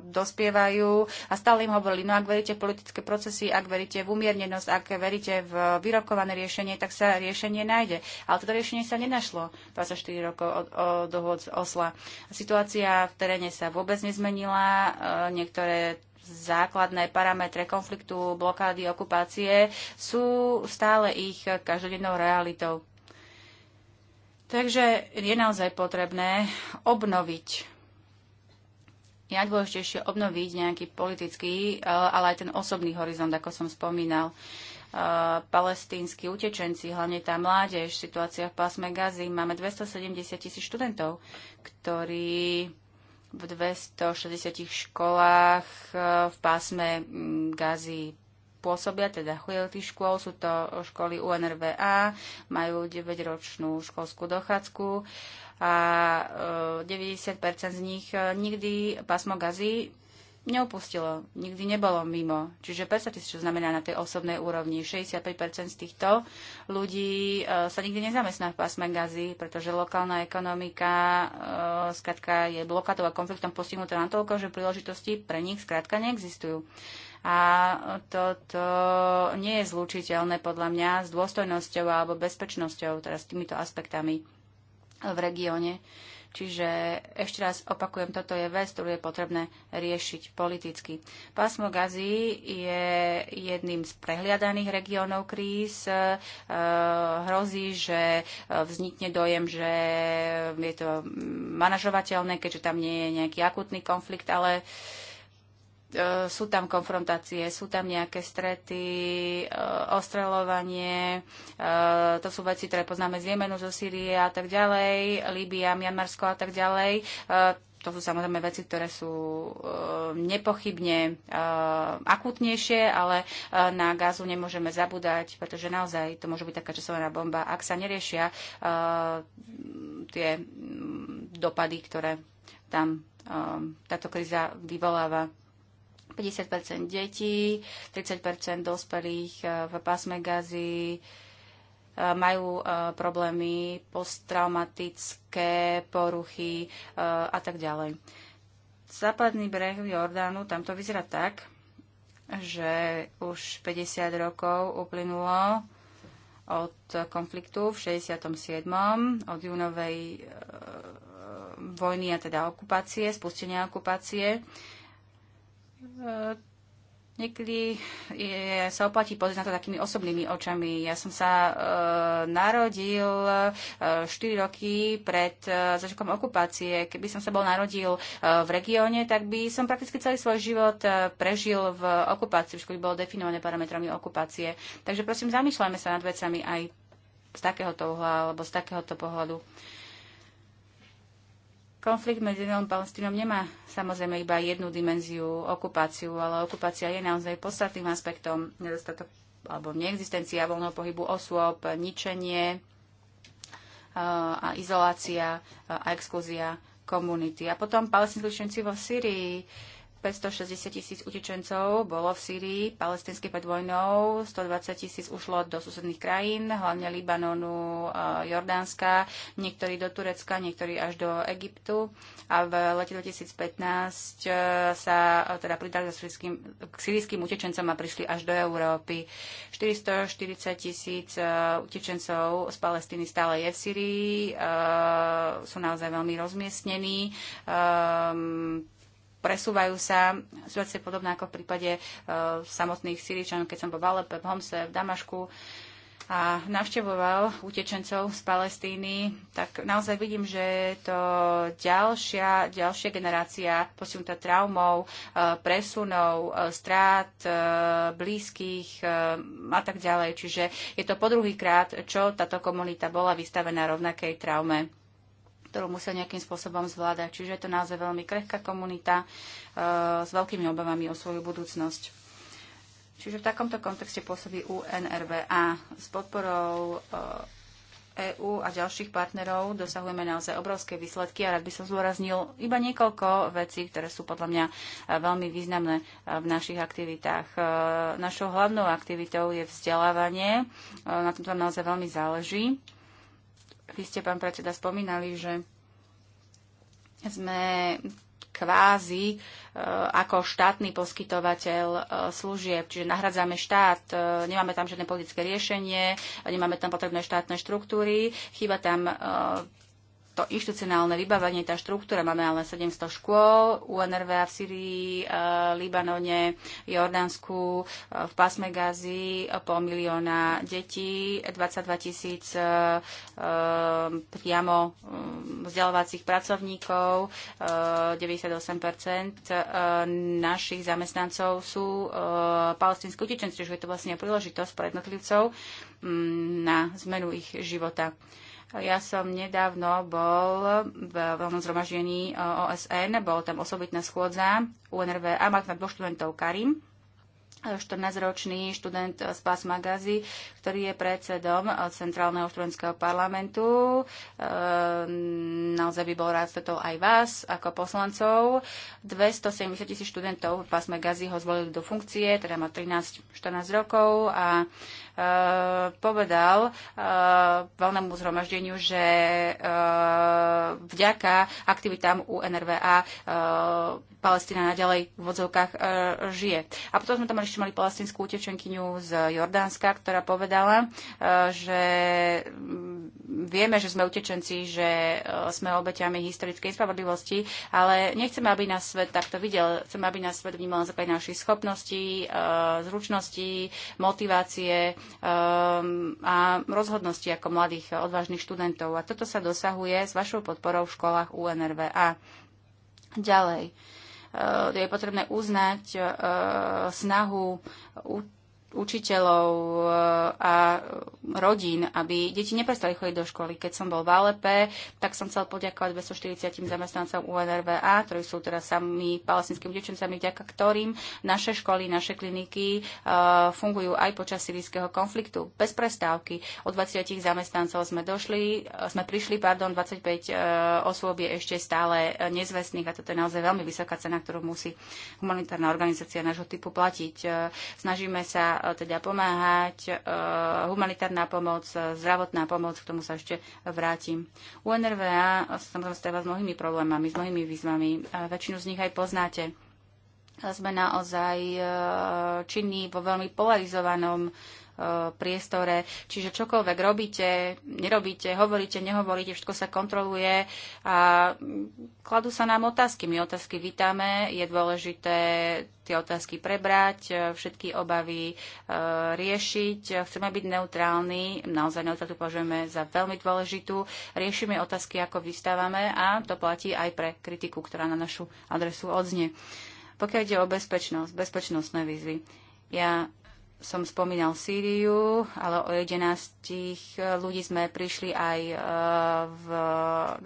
dospievajú a stále im hovorili, no ak veríte v politické procesy, ak veríte v umiernenosť, ak veríte v vyrokované riešenie, tak sa riešenie nájde. Ale toto riešenie sa nenašlo 24 rokov od, od dohod z Osla. Situácia v teréne sa vôbec nezmenila, niektoré základné parametre konfliktu, blokády, okupácie sú stále ich každodennou realitou. Takže je naozaj potrebné obnoviť je najdôležitejšie obnoviť nejaký politický, eh, ale aj ten osobný horizont, ako som spomínal. Eh, Palestínsky utečenci, hlavne tá mládež, situácia v pásme Gazy. Máme 270 tisíc študentov, ktorí v 260 školách e, v pásme mm, Gazy pôsobia, teda chujelty škôl, sú to školy UNRVA, majú 9-ročnú školskú dochádzku a 90% e, z nich e, nikdy pásmo Gazy neopustilo, nikdy nebolo mimo. Čiže predstavte si, čo znamená na tej osobnej úrovni. 65% z týchto ľudí e, sa nikdy nezamestná v pásme gazy, pretože lokálna ekonomika e, skratka je blokátov a konfliktom postihnutá na toľko, že príležitosti pre nich skratka neexistujú. A toto nie je zlučiteľné podľa mňa s dôstojnosťou alebo bezpečnosťou, teda s týmito aspektami v regióne. Čiže ešte raz opakujem, toto je vec, ktorú je potrebné riešiť politicky. Pásmo Gazi je jedným z prehliadaných regiónov kríz. E, hrozí, že vznikne dojem, že je to manažovateľné, keďže tam nie je nejaký akutný konflikt, ale E, sú tam konfrontácie, sú tam nejaké strety, e, ostreľovanie, e, to sú veci, ktoré poznáme z Jemenu, zo Sýrie a tak ďalej, Líbia, Mianmarsko a tak ďalej. To sú samozrejme veci, ktoré sú nepochybne akutnejšie, ale na gazu nemôžeme zabúdať, pretože naozaj to môže byť taká časovaná bomba, ak sa neriešia tie dopady, ktoré tam táto kríza vyvoláva. 50 detí, 30 dospelých e, v pásme gazy e, majú e, problémy posttraumatické poruchy a tak ďalej. Západný breh Jordánu, tam to vyzerá tak, že už 50 rokov uplynulo od konfliktu v 67. od júnovej vojny a teda okupácie, spustenia okupácie. E, niekedy je, sa oplatí pozrieť na to takými osobnými očami. Ja som sa e, narodil e, 4 roky pred e, začiatkom okupácie. Keby som sa bol narodil e, v regióne, tak by som prakticky celý svoj život e, prežil v okupácii, už by bolo definované parametrami okupácie. Takže prosím, zamýšľajme sa nad vecami aj z takéhoto uhla alebo z takéhoto pohľadu. E, Konflikt medzi Izraelom a Palestínom nemá samozrejme iba jednu dimenziu, okupáciu, ale okupácia je naozaj podstatným aspektom nedostatok alebo neexistencia voľného pohybu osôb, ničenie a izolácia a exkluzia komunity. A potom palestinskí členci vo Syrii, 560 tisíc utečencov bolo v Sýrii, palestinské pred vojnou, 120 tisíc ušlo do susedných krajín, hlavne Libanonu, e, Jordánska, niektorí do Turecka, niektorí až do Egyptu. A v lete 2015 e, sa e, teda pridali k sírijským utečencom a prišli až do Európy. 440 tisíc utečencov z Palestiny stále je v Sýrii, sú naozaj veľmi rozmiestnení ehm, presúvajú sa. Situácia podobné ako v prípade uh, samotných Syričanov, keď som bol v Alepe, v Homse, v Damašku a navštevoval utečencov z Palestíny, tak naozaj vidím, že je to ďalšia, ďalšia generácia posunutá traumou, e, presunov, e, strát blízkych a tak ďalej. Čiže je to po druhý krát, čo táto komunita bola vystavená rovnakej traume ktorú musia nejakým spôsobom zvládať. Čiže je to naozaj veľmi krehká komunita e, s veľkými obavami o svoju budúcnosť. Čiže v takomto kontexte pôsobí UNRWA s podporou EÚ e a ďalších partnerov dosahujeme naozaj obrovské výsledky a rád by som zúraznil iba niekoľko vecí, ktoré sú podľa mňa e, veľmi významné e, v našich aktivitách. Našou hlavnou aktivitou je vzdelávanie, na tom tam naozaj veľmi záleží. Vy ste, pán predseda, spomínali, že sme kvázi e, ako štátny poskytovateľ e, služieb, čiže nahradzame štát, e, nemáme tam žiadne politické riešenie, nemáme tam potrebné štátne štruktúry, chýba tam to inštitucionálne vybavenie, tá štruktúra. Máme ale 700 škôl, UNRV v Syrii, e, Libanone, Jordánsku, e, v pásme Gazi, e, pol milióna detí, 22 tisíc e, e priamo mm, vzdelávacích pracovníkov, 98% e, našich zamestnancov sú palestinskí utečenci, čiže je to vlastne príležitosť pre jednotlivcov mm, na zmenu ich života. Ja som nedávno bol v veľnom zhromaždení e, OSN, bol tam osobitná schôdza UNRV a mal tam dvoch študentov Karim, 14-ročný e, študent z PAS Magazy, ktorý je predsedom e, Centrálneho študentského parlamentu. Naozaj by bol rád stretol aj vás ako poslancov. 270 tisíc študentov pas Magazy ho zvolili do funkcie, teda má 13-14 rokov a Eh, povedal eh, valnému zhromaždeniu, že eh, vďaka aktivitám UNRVA Palestína naďalej v vodzovkách e, žije. A potom sme tam ešte mali palestinskú utečenkyňu z Jordánska, ktorá povedala, e, že mm, vieme, že sme utečenci, že e, sme obeťami historickej spravodlivosti, ale nechceme, aby nás svet takto videl. Chceme, aby nás svet vnímal za našich schopností, e, zručností, motivácie e, a rozhodnosti ako mladých e, odvážnych študentov. A toto sa dosahuje s vašou podporou v školách UNRVA. Ďalej. Uh, Eh, je potrebné uznať eh, snahu učiteľov eh, a rodín, aby deti neprestali chodiť do školy. Keď som bol v Alepe, tak som chcel poďakovať 240 zamestnancom UNRVA, ktorí sú teraz sami palestinskými devčencami, vďaka ktorým naše školy, naše kliniky eh, fungujú aj počas sírijského konfliktu bez prestávky. Od 20 zamestnancov sme, došli, eh, sme prišli, pardon, 25 osôb je ešte stále nezvestných a toto je naozaj veľmi vysoká cena, ktorú musí humanitárna organizácia nášho typu platiť. snažíme sa E, teda pomáhať, e, humanitárna pomoc, e, zdravotná pomoc, k tomu sa ešte vrátim. UNRVA sa samozrejme stáva s mnohými problémami, s mnohými výzvami. Väčšinu z nich aj poznáte. Sme naozaj činní vo veľmi polarizovanom Eh, priestore. Čiže čokoľvek robíte, nerobíte, hovoríte, nehovoríte, všetko sa kontroluje a kladú sa nám otázky. My otázky vítame, je dôležité tie otázky prebrať, eh, všetky obavy eh, riešiť. Chceme byť neutrálni, naozaj neutrálnu považujeme za veľmi dôležitú. Riešime otázky, ako vystávame a to platí aj pre kritiku, ktorá na našu adresu odznie. Pokiaľ ide o bezpečnosť, bezpečnostné výzvy, ja som spomínal Sýriu, ale o 11 eh, ľudí sme prišli aj eh, v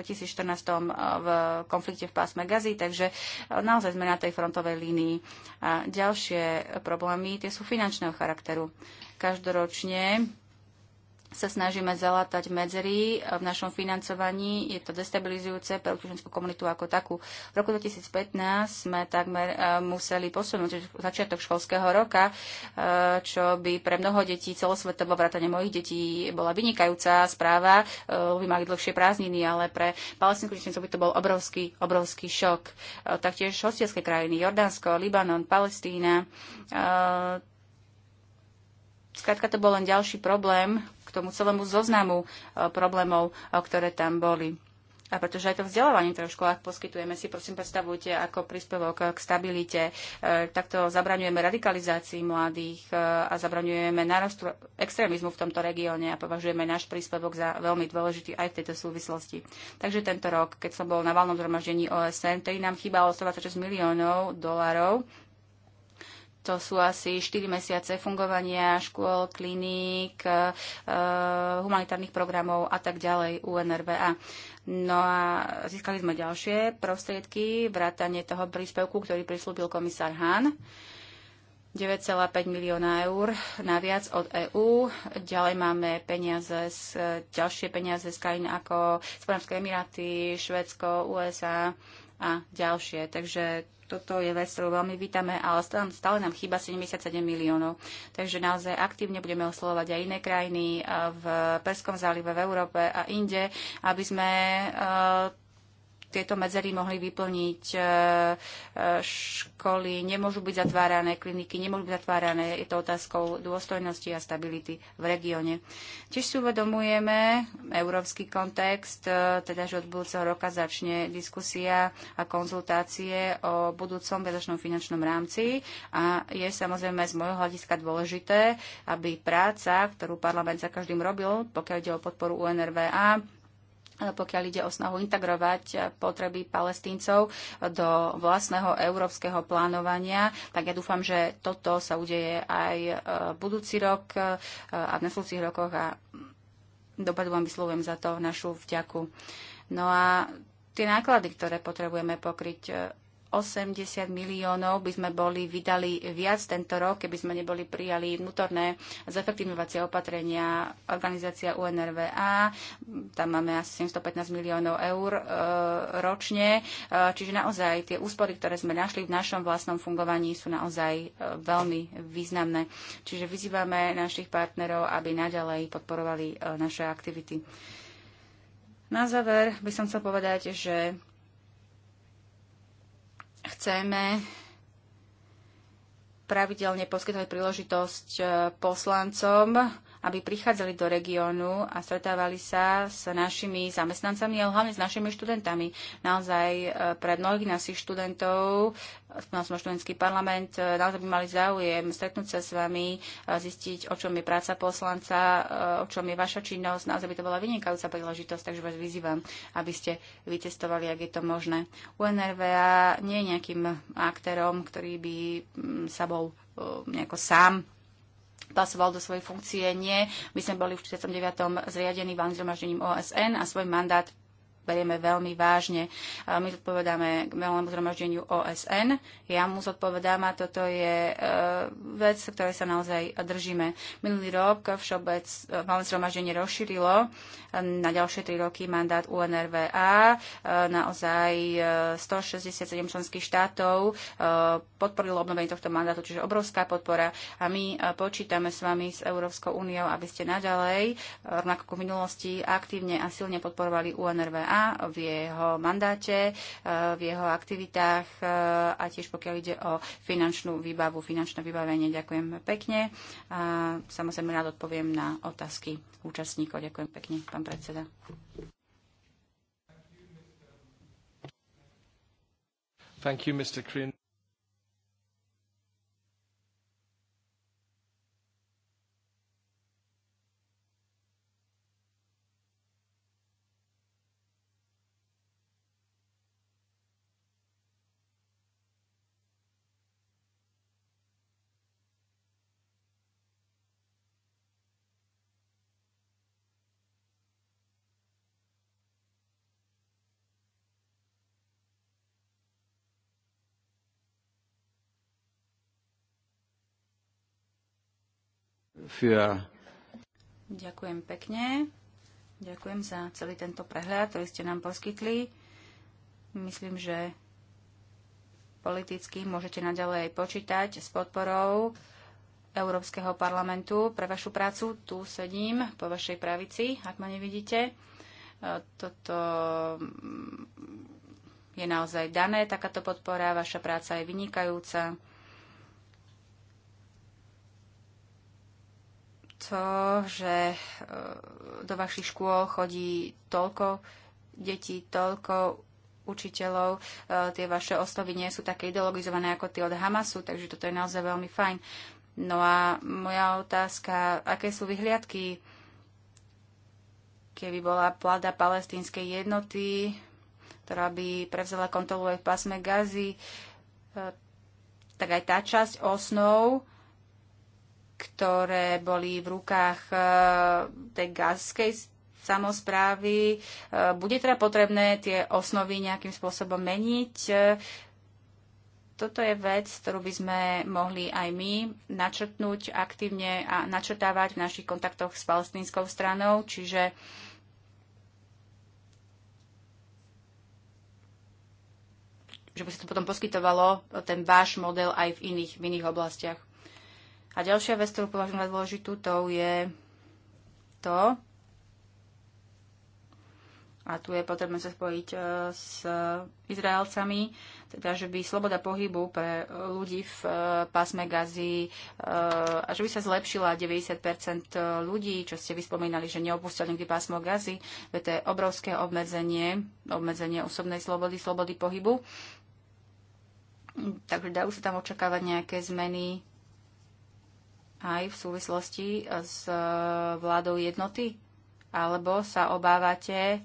2014 eh, v konflikte v pásme Gazy, takže naozaj sme na tej frontovej línii. A ďalšie problémy, tie sú finančného charakteru. Každoročne sa snažíme zalatať medzery v našom financovaní. Je to destabilizujúce pre utečenskú komunitu ako takú. V roku 2015 sme takmer e, museli posunúť začiatok školského roka, e, čo by pre mnoho detí celosvetovo vrátane mojich detí bola vynikajúca správa. By e, mali dlhšie prázdniny, ale pre palestinskú utečencov by to bol obrovský, obrovský šok. Taktiež hostierské krajiny, Jordánsko, Libanon, Palestína, Skrátka to bol len ďalší problém k tomu celému zoznamu e, problémov, e, ktoré tam boli. A pretože aj to vzdelávanie, ktoré v školách poskytujeme, si prosím predstavujte ako príspevok k stabilite. E, takto zabraňujeme radikalizácii mladých a zabraňujeme nárastu extrémizmu v tomto regióne a považujeme náš príspevok za veľmi dôležitý aj v tejto súvislosti. Takže tento rok, keď som bol na valnom zhromaždení OSN, ktorý nám chýbalo 126 miliónov dolárov, to sú asi 4 mesiace fungovania škôl, kliník, e, humanitárnych programov a tak ďalej UNRVA. No a získali sme ďalšie prostriedky, vrátanie toho príspevku, ktorý prislúbil komisár Hahn. 9,5 milióna eur naviac od EÚ. Ďalej máme peniaze z, ďalšie peniaze z krajín ako Spojenské Emiráty, Švedsko, USA a ďalšie. Takže toto je vec, ktorú veľmi vítame, ale stále, nám chýba 77 miliónov. Takže naozaj aktívne budeme oslovať aj iné krajiny eh, v Perskom zálive, v Európe a inde, aby sme uh, tieto medzery mohli vyplniť e, e, školy, nemôžu byť zatvárané kliniky, nemôžu byť zatvárané. Je to otázkou dôstojnosti a stability v regióne. Tiež si uvedomujeme európsky kontext, e, teda že od budúceho roka začne diskusia a konzultácie o budúcom bezočnom finančnom rámci a je samozrejme z môjho hľadiska dôležité, aby práca, ktorú parlament za každým robil, pokiaľ ide o podporu UNRVA, pokiaľ ide o snahu integrovať eh, potreby palestíncov eh, do vlastného európskeho plánovania. Tak ja dúfam, že toto sa udeje aj eh, budúci rok a v nasledujúcich rokoch a dopadu vám vyslovujem za to našu vďaku. No a tie náklady, ktoré potrebujeme pokryť 80 miliónov by sme boli vydali viac tento rok, keby sme neboli prijali vnútorné zefektívňovacie opatrenia organizácia UNRVA. Tam máme asi 715 miliónov eur e, ročne. E, čiže naozaj tie úspory, ktoré sme našli v našom vlastnom fungovaní, sú naozaj e, veľmi významné. Čiže vyzývame našich partnerov, aby naďalej podporovali e, naše aktivity. Na záver by som chcel povedať, že Chceme pravidelne poskytovať príležitosť eh, poslancom aby prichádzali do regiónu a stretávali sa s našimi zamestnancami, ale hlavne s našimi študentami. Naozaj e, pre mnohých našich študentov, e, spomínal som študentský parlament, e, naozaj by mali záujem stretnúť sa s vami, zistiť, o čom je práca poslanca, o čom je vaša činnosť. Naozaj by to bola vynikajúca príležitosť, takže vás vyzývam, aby ste vytestovali, ak je to možné. UNRVA nie je nejakým aktérom, ktorý by sa bol nejako sám pasoval do svojej funkcie. Nie, my sme boli v 49. zriadení valným zhromaždením OSN a svoj mandát berieme veľmi vážne. My zodpovedáme k veľnému zhromaždeniu OSN, ja mu zodpovedám a toto je e, vec, ktorej sa naozaj držíme. Minulý rok všeobec veľné e, zhromaždenie rozšírilo e, na ďalšie tri roky mandát UNRVA. Naozaj 167 členských štátov podporilo obnovenie tohto mandátu, čiže obrovská podpora a my počítame s vami s Európskou úniou, aby ste naďalej, rovnako ako v minulosti, aktívne a silne podporovali UNRVA DNA v jeho mandáte, e, v jeho aktivitách e, a tiež pokiaľ ide o finančnú výbavu, finančné vybavenie. Ďakujem pekne. A samozrejme rád odpoviem na otázky účastníkov. Ďakujem pekne, pán predseda. Thank you, Mr. Krin. für... Ďakujem pekne. Ďakujem za celý tento prehľad, ktorý ste nám poskytli. Myslím, že politicky môžete naďalej počítať s podporou Európskeho parlamentu pre vašu prácu. Tu sedím po vašej pravici, ak ma nevidíte. E, toto mm, je naozaj dané, takáto podpora, vaša práca je vynikajúca. to, že e, do vašich škôl chodí toľko detí, toľko učiteľov. E, tie vaše osnovy nie sú také ideologizované ako tie od Hamasu, takže toto je naozaj veľmi fajn. No a moja otázka, aké sú vyhliadky, keby bola plada palestínskej jednoty, ktorá by prevzala kontrolu aj v pásme Gazy, e, tak aj tá časť osnov, ktoré boli v rukách e, tej gazskej samozprávy. E, bude teda potrebné tie osnovy nejakým spôsobom meniť. E, toto je vec, ktorú by sme mohli aj my načrtnúť aktívne a načrtávať v našich kontaktoch s palestínskou stranou, čiže že by sa to potom poskytovalo ten váš model aj v iných, v iných oblastiach. A ďalšia vec, ktorú považujem za dôležitú, to je to, a tu je potrebné sa spojiť e, s Izraelcami, teda že by sloboda pohybu pre ľudí v e, pásme Gazy e, a že by sa zlepšila 90% ľudí, čo ste vyspomínali, že neopustia nikdy pásmo Gazy, veď to je obrovské obmedzenie, obmedzenie osobnej slobody, slobody pohybu. Mm, takže dajú sa tam očakávať nejaké zmeny aj v súvislosti s e, vládou jednoty? Alebo sa obávate,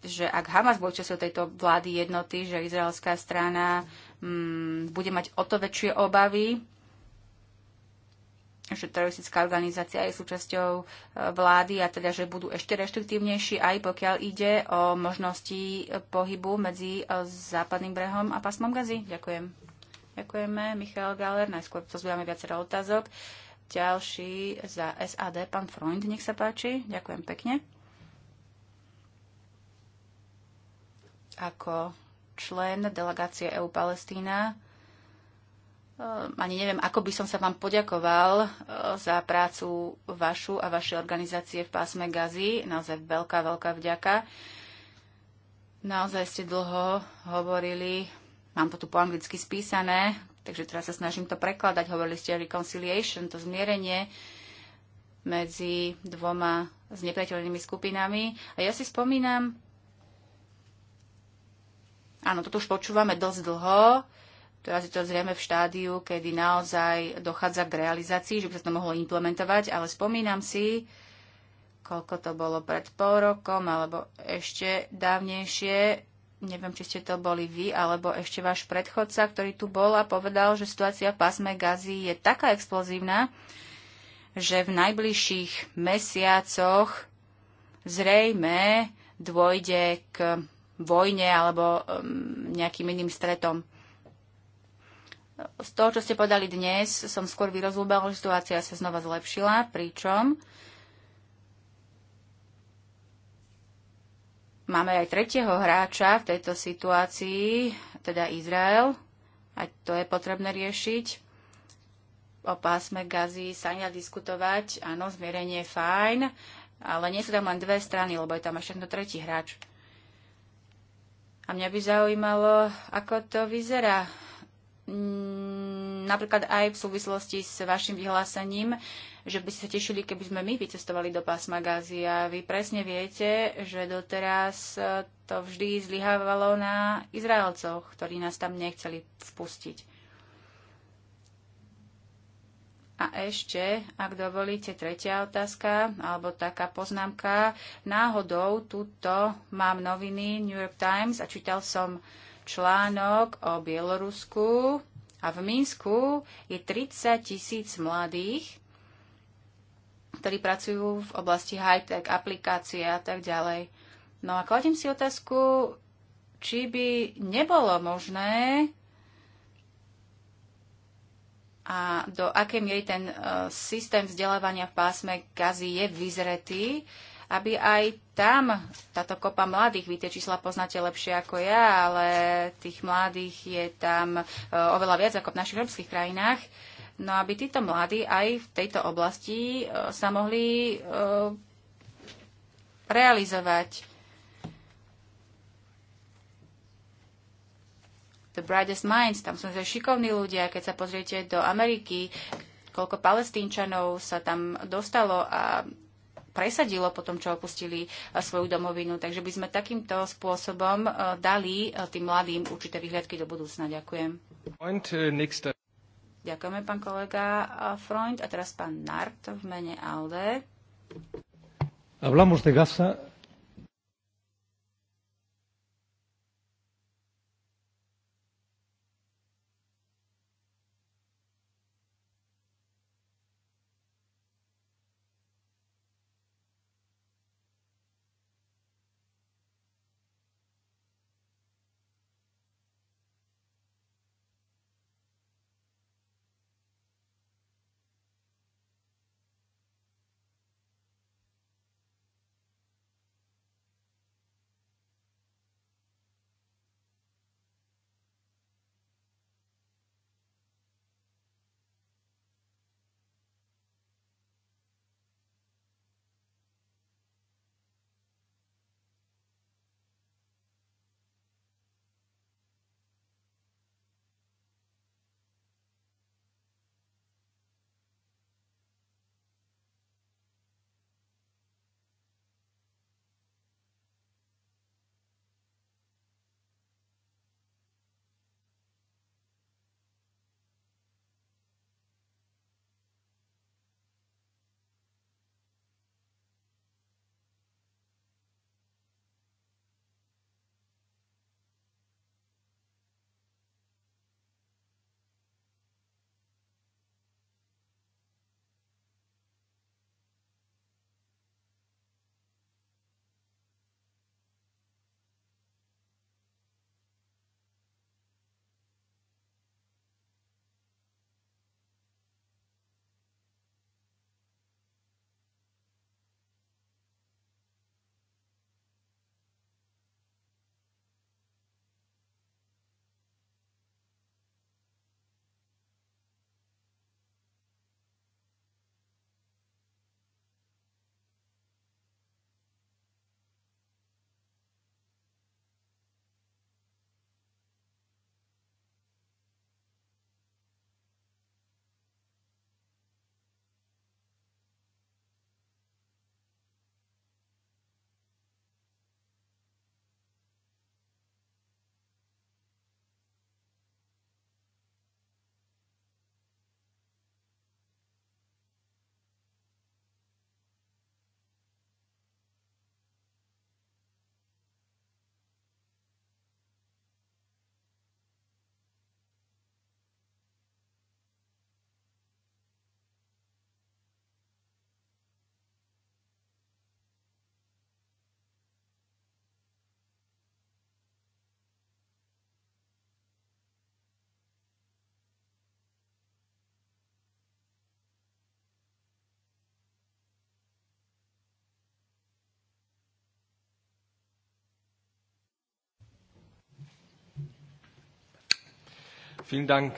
že ak Hamas bol časťou tejto vlády jednoty, že izraelská strana mm, bude mať o to väčšie obavy, že teroristická organizácia je súčasťou e, vlády a teda, že budú ešte reštriktívnejší, aj pokiaľ ide o možnosti pohybu medzi e, západným brehom a pásmom Gazy. Ďakujem. Ďakujeme. Michal Galer, najskôr pozbierame viacero otázok. Ďalší za SAD, pán Freund, nech sa páči. Ďakujem pekne. Ako člen delegácie EU Palestína, ehm, ani neviem, ako by som sa vám poďakoval ehm, za prácu vašu a vašej organizácie v pásme Gazi Naozaj veľká, veľká vďaka. Naozaj ste dlho hovorili Mám to tu po anglicky spísané, takže teraz sa snažím to prekladať. Hovorili ste reconciliation, to zmierenie medzi dvoma znepriateľnými skupinami. A ja si spomínam, áno, toto už počúvame dosť dlho, Teraz je to zrejme v štádiu, kedy naozaj dochádza k realizácii, že by sa to mohlo implementovať, ale spomínam si, koľko to bolo pred pol rokom alebo ešte dávnejšie, neviem, či ste to boli vy, alebo ešte váš predchodca, ktorý tu bol a povedal, že situácia v pásme Gazi je taká explozívna, že v najbližších mesiacoch zrejme dôjde k vojne alebo um, nejakým iným stretom. Z toho, čo ste podali dnes, som skôr vyrozumel, že situácia sa znova zlepšila, pričom Máme aj tretieho hráča v tejto situácii, teda Izrael. a to je potrebné riešiť. O pásme Gazy sa nedá diskutovať. Áno, zmierenie je fajn, ale nie sú tam len dve strany, lebo je tam ešte ten tretí hráč. A mňa by zaujímalo, ako to vyzerá. Mm napríklad aj v súvislosti s vašim vyhlásením, že by ste sa tešili, keby sme my vycestovali do pásma Gazi. A vy presne viete, že doteraz e, to vždy zlyhávalo na Izraelcoch, ktorí nás tam nechceli vpustiť. A ešte, ak dovolíte, tretia otázka, alebo taká poznámka. Náhodou tuto mám noviny New York Times a čítal som článok o Bielorusku, a v Minsku je 30 tisíc mladých, ktorí pracujú v oblasti high-tech, aplikácie a tak ďalej. No a kladím si otázku, či by nebolo možné a do akej miery ten e, systém vzdelávania v pásme Gazi je vyzretý, aby aj tam táto kopa mladých, vy tie čísla poznáte lepšie ako ja, ale tých mladých je tam e, oveľa viac ako v našich európskych krajinách. No aby títo mladí aj v tejto oblasti e, sa mohli e, realizovať. The Brightest Minds, tam sú šikovní ľudia, keď sa pozriete do Ameriky, koľko palestínčanov sa tam dostalo a presadilo po tom, čo opustili eh, svoju domovinu. Takže by sme takýmto spôsobom eh, dali eh, tým mladým určité vyhľadky do budúcna. Ďakujem. Ďakujeme, pán kolega Freund. A teraz pán Nart v mene ALDE. Hablamos de Gaza Vielen Dank,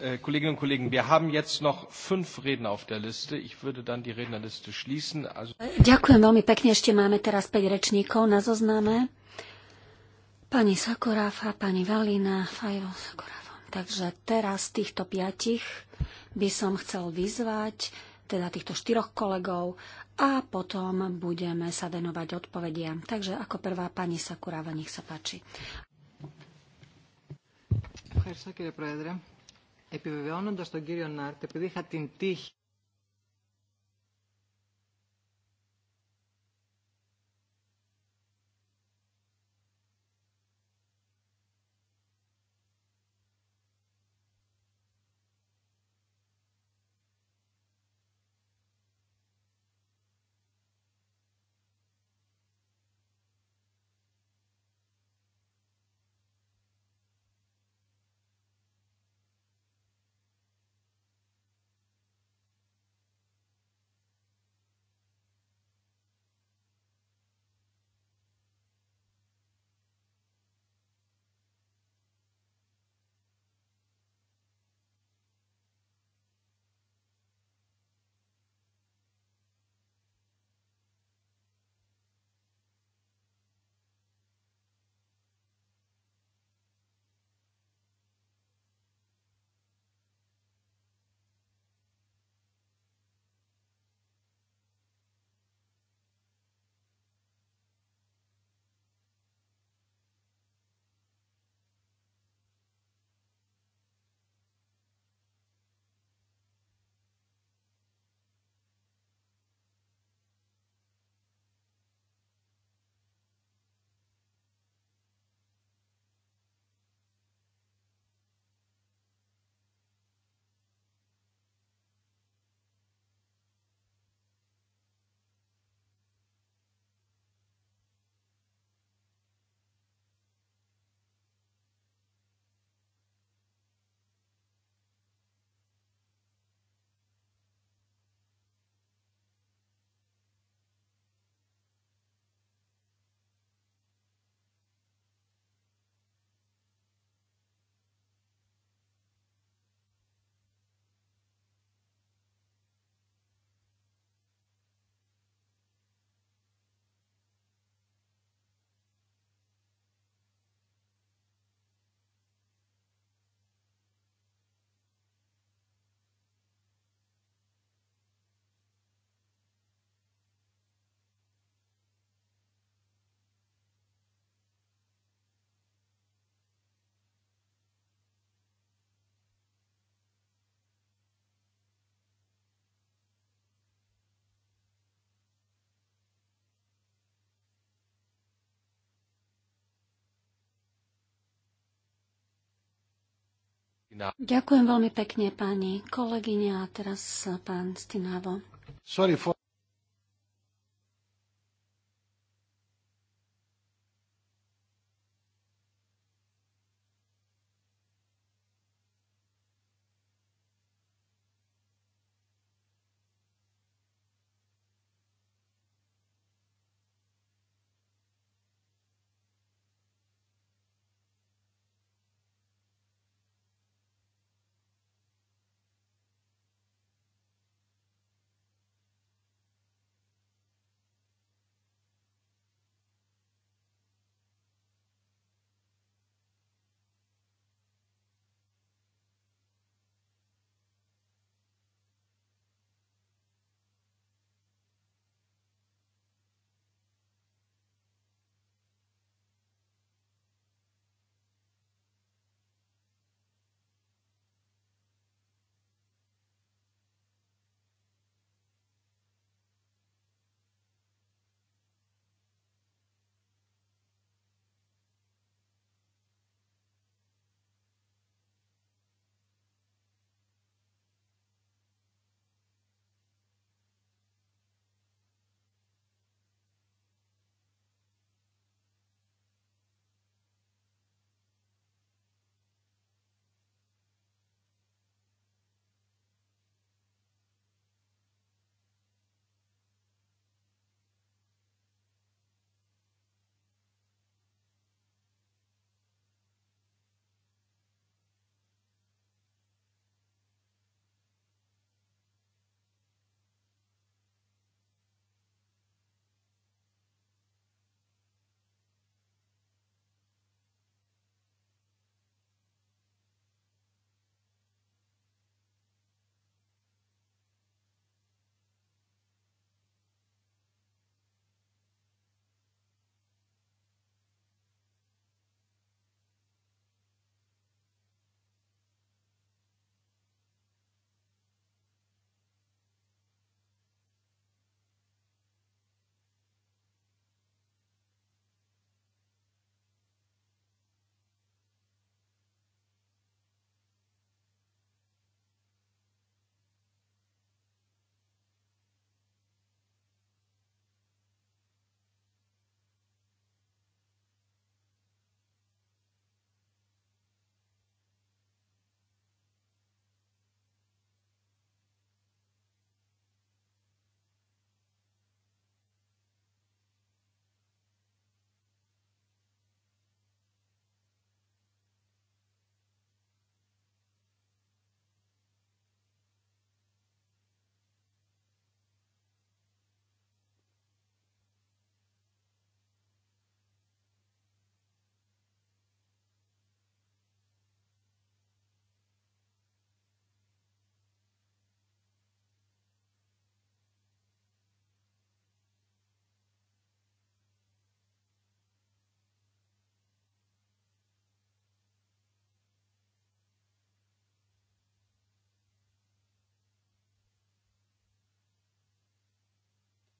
äh, Kolleginnen und Kollegen. Wir haben jetzt noch fünf Redner auf der Liste. Ich würde dann die Rednerliste schließen. Also... Ďakujem veľmi pekne. Ešte máme teraz 5 rečníkov na zozname. Pani Sakurafa, pani Valina, Fajo Sakurafa. Takže teraz týchto piatich by som chcel vyzvať, teda týchto štyroch kolegov, a potom budeme sa venovať odpovediam. Takže ako prvá pani Sakurava, nech sa páči. Ευχαριστώ κύριε Πρόεδρε. Επιβεβαιώνοντας τον κύριο Νάρτ, επειδή είχα την τύχη Ďakujem veľmi pekne, pani kolegyňa. A teraz pán Stinávo.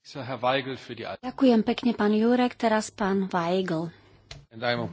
Ďakujem pekne, pán Jurek. Teraz pán Weigl. And I'm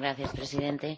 Señor presidente.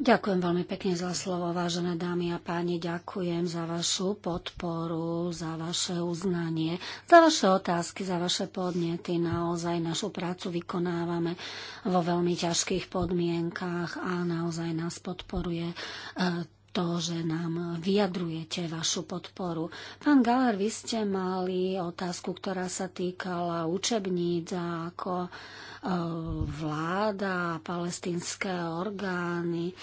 Ďakujem veľmi pekne za slovo, vážené dámy a páni. Ďakujem za vašu podporu, za vaše uznanie, za vaše otázky, za vaše podnety. Naozaj našu prácu vykonávame vo veľmi ťažkých podmienkách a naozaj nás podporuje eh, to, že nám vyjadrujete vašu podporu. Pán Galer, vy ste mali otázku, ktorá sa týkala učebníc a ako e, vláda, palestinské orgány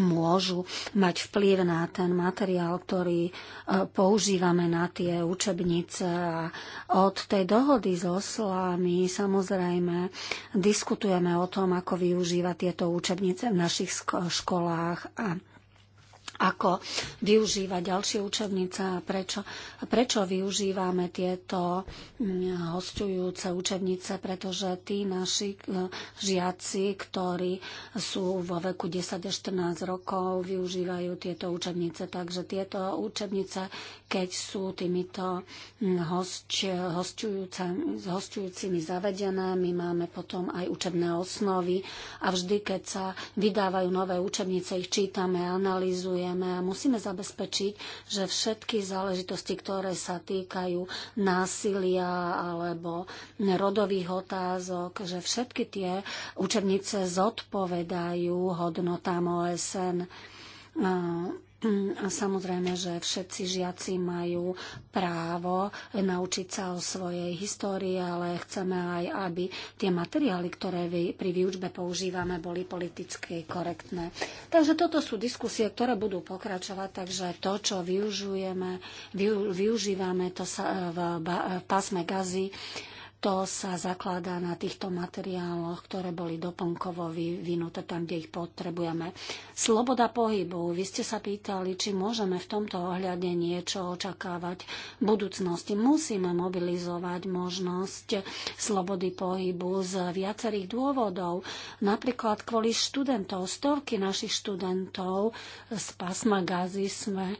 môžu mať vplyv na ten materiál, ktorý e, používame na tie učebnice. A od tej dohody s oslami samozrejme diskutujeme o tom, ako využívať tieto učebnice v našich školách a ako využíva ďalšie učebnice a prečo, prečo využívame tieto mm, hostujúce učebnice, pretože tí naši e, žiaci, ktorí sú vo veku 10 až 14 rokov, využívajú tieto učebnice. Takže tieto učebnice keď sú týmito mm, hosč, hostujúcimi zavedené. My máme potom aj učebné osnovy a vždy, keď sa vydávajú nové učebnice, ich čítame, analizujeme a musíme zabezpečiť, že všetky záležitosti, ktoré sa týkajú násilia alebo rodových otázok, že všetky tie učebnice zodpovedajú hodnotám OSN. A samozrejme, že všetci žiaci majú právo naučiť sa o svojej histórii, ale chceme aj, aby tie materiály, ktoré pri výučbe používame, boli politicky korektné. Takže toto sú diskusie, ktoré budú pokračovať, takže to, čo využujeme, využívame to sa v, pásme gazy, to sa zakladá na týchto materiáloch, ktoré boli doplnkovo vyvinuté tam, kde ich potrebujeme. Sloboda pohybu. Vy ste sa pýtali, či môžeme v tomto ohľade niečo očakávať v budúcnosti. Musíme mobilizovať možnosť slobody pohybu z viacerých dôvodov. Napríklad kvôli študentov. Stovky našich študentov z pasma Gazy sme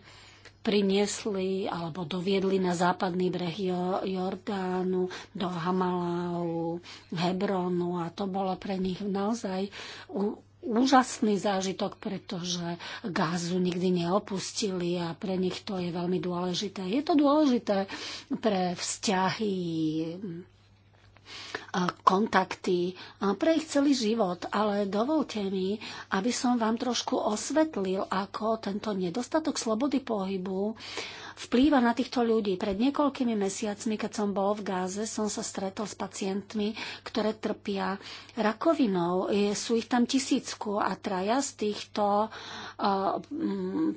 priniesli alebo doviedli na západný breh Jordánu, do Hamaláu, Hebronu a to bolo pre nich naozaj úžasný zážitok, pretože gázu nikdy neopustili a pre nich to je veľmi dôležité. Je to dôležité pre vzťahy E, kontakty e, pre ich celý život, ale dovolte mi, aby som vám trošku osvetlil, ako tento nedostatok slobody pohybu vplýva na týchto ľudí. Pred niekoľkými mesiacmi, keď som bol v Gáze, som sa stretol s pacientmi, ktoré trpia rakovinou. Je, sú ich tam tisícku a traja z týchto uh,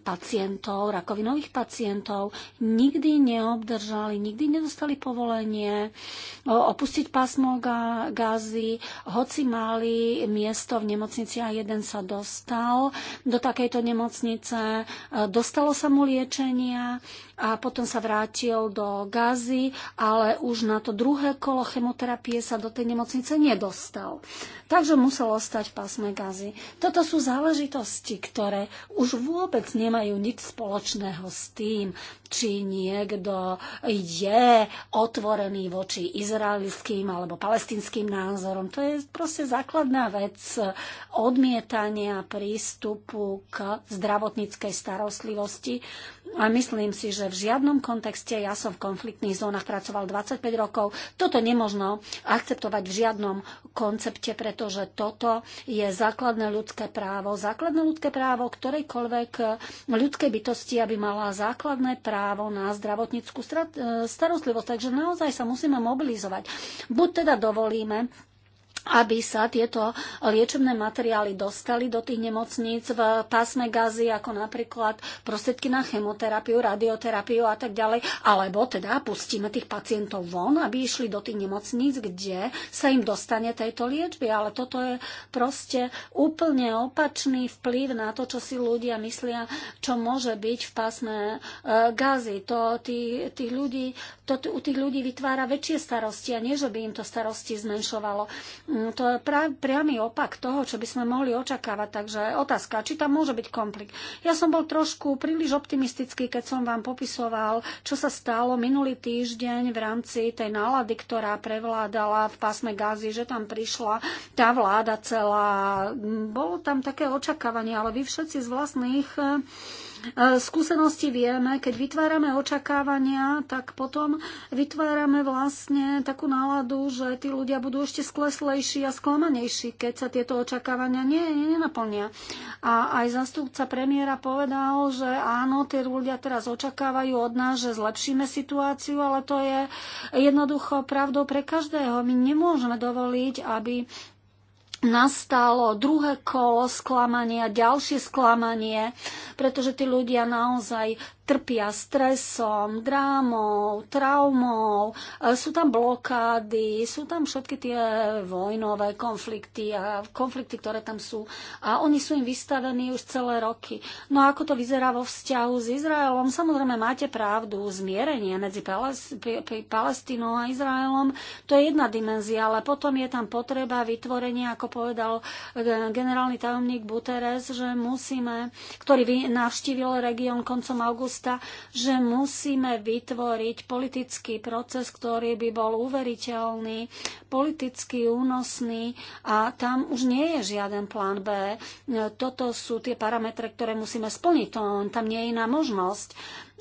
pacientov, rakovinových pacientov, nikdy neobdržali, nikdy nedostali povolenie eh, opustiť pásmo Gázy, hoci mali miesto v nemocnici a jeden sa dostal do takejto nemocnice, eh, dostalo sa mu liečenia, a potom sa vrátil do Gazy, ale už na to druhé kolo chemoterapie sa do tej nemocnice nedostal. Takže musel ostať v pásme Gazy. Toto sú záležitosti, ktoré už vôbec nemajú nič spoločného s tým, či niekto je otvorený voči izraelským alebo palestinským názorom. To je proste základná vec odmietania prístupu k zdravotníckej starostlivosti a myslím si, že v žiadnom kontexte, ja som v konfliktných zónach pracoval 25 rokov, toto nemožno akceptovať v žiadnom koncepte, pretože toto je základné ľudské právo. Základné ľudské právo ktorejkoľvek ľudskej bytosti, aby mala základné právo na zdravotníckú e, starostlivosť. Takže naozaj sa musíme mobilizovať. Buď teda dovolíme, aby sa tieto liečebné materiály dostali do tých nemocníc v pásme gazy, ako napríklad prostriedky na chemoterapiu, radioterapiu a tak ďalej, alebo teda pustíme tých pacientov von, aby išli do tých nemocníc, kde sa im dostane tejto liečby. Ale toto je proste úplne opačný vplyv na to, čo si ľudia myslia, čo môže byť v pásme e, gazy. To tí, tých ľudí, to u tých ľudí vytvára väčšie starosti a nie, že by im to starosti zmenšovalo Mm, to je pra, priamy opak toho, čo by sme mohli očakávať. Takže otázka, či tam môže byť konflikt. Ja som bol trošku príliš optimistický, keď som vám popisoval, čo sa stalo minulý týždeň v rámci tej nálady, ktorá prevládala v pásme Gázy, že tam prišla tá vláda celá. Mm, bolo tam také očakávanie, ale vy všetci z vlastných eh, E, skúsenosti vieme, keď vytvárame očakávania, tak potom vytvárame vlastne takú náladu, že tí ľudia budú ešte skleslejší a sklamanejší, keď sa tieto očakávania nie, nenaplnia. A aj zastupca premiéra povedal, že áno, tí ľudia teraz očakávajú od nás, že zlepšíme situáciu, ale to je jednoducho pravdou pre každého. My nemôžeme dovoliť, aby nastalo druhé kolo sklamania, ďalšie sklamanie, pretože tí ľudia naozaj trpia stresom, drámou, traumou, e, sú tam blokády, sú tam všetky tie vojnové konflikty a konflikty, ktoré tam sú. A oni sú im vystavení už celé roky. No a ako to vyzerá vo vzťahu s Izraelom? Samozrejme, máte pravdu, zmierenie medzi Palestínou a Izraelom, to je jedna dimenzia, ale potom je tam potreba vytvorenia, ako povedal e, generálny tajomník Buteres, že musíme, ktorý navštívil región koncom augusta, cesta, že musíme vytvoriť politický proces, ktorý by bol uveriteľný, politicky únosný a tam už nie je žiaden plán B. E, Toto sú tie parametre, ktoré musíme splniť. To, tam nie je iná možnosť.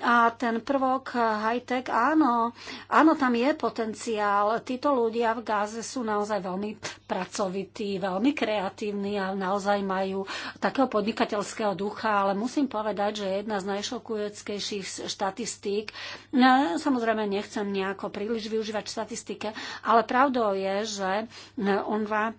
A ten prvok eh, high-tech, áno, áno, tam je potenciál. Títo ľudia v Gáze sú naozaj veľmi pracovití, veľmi kreatívni a naozaj majú takého podnikateľského ducha, ale musím povedať, že jedna z najšokujúckejších štatistík, eh, samozrejme nechcem nejako príliš využívať štatistike, ale pravdou je, že eh, on va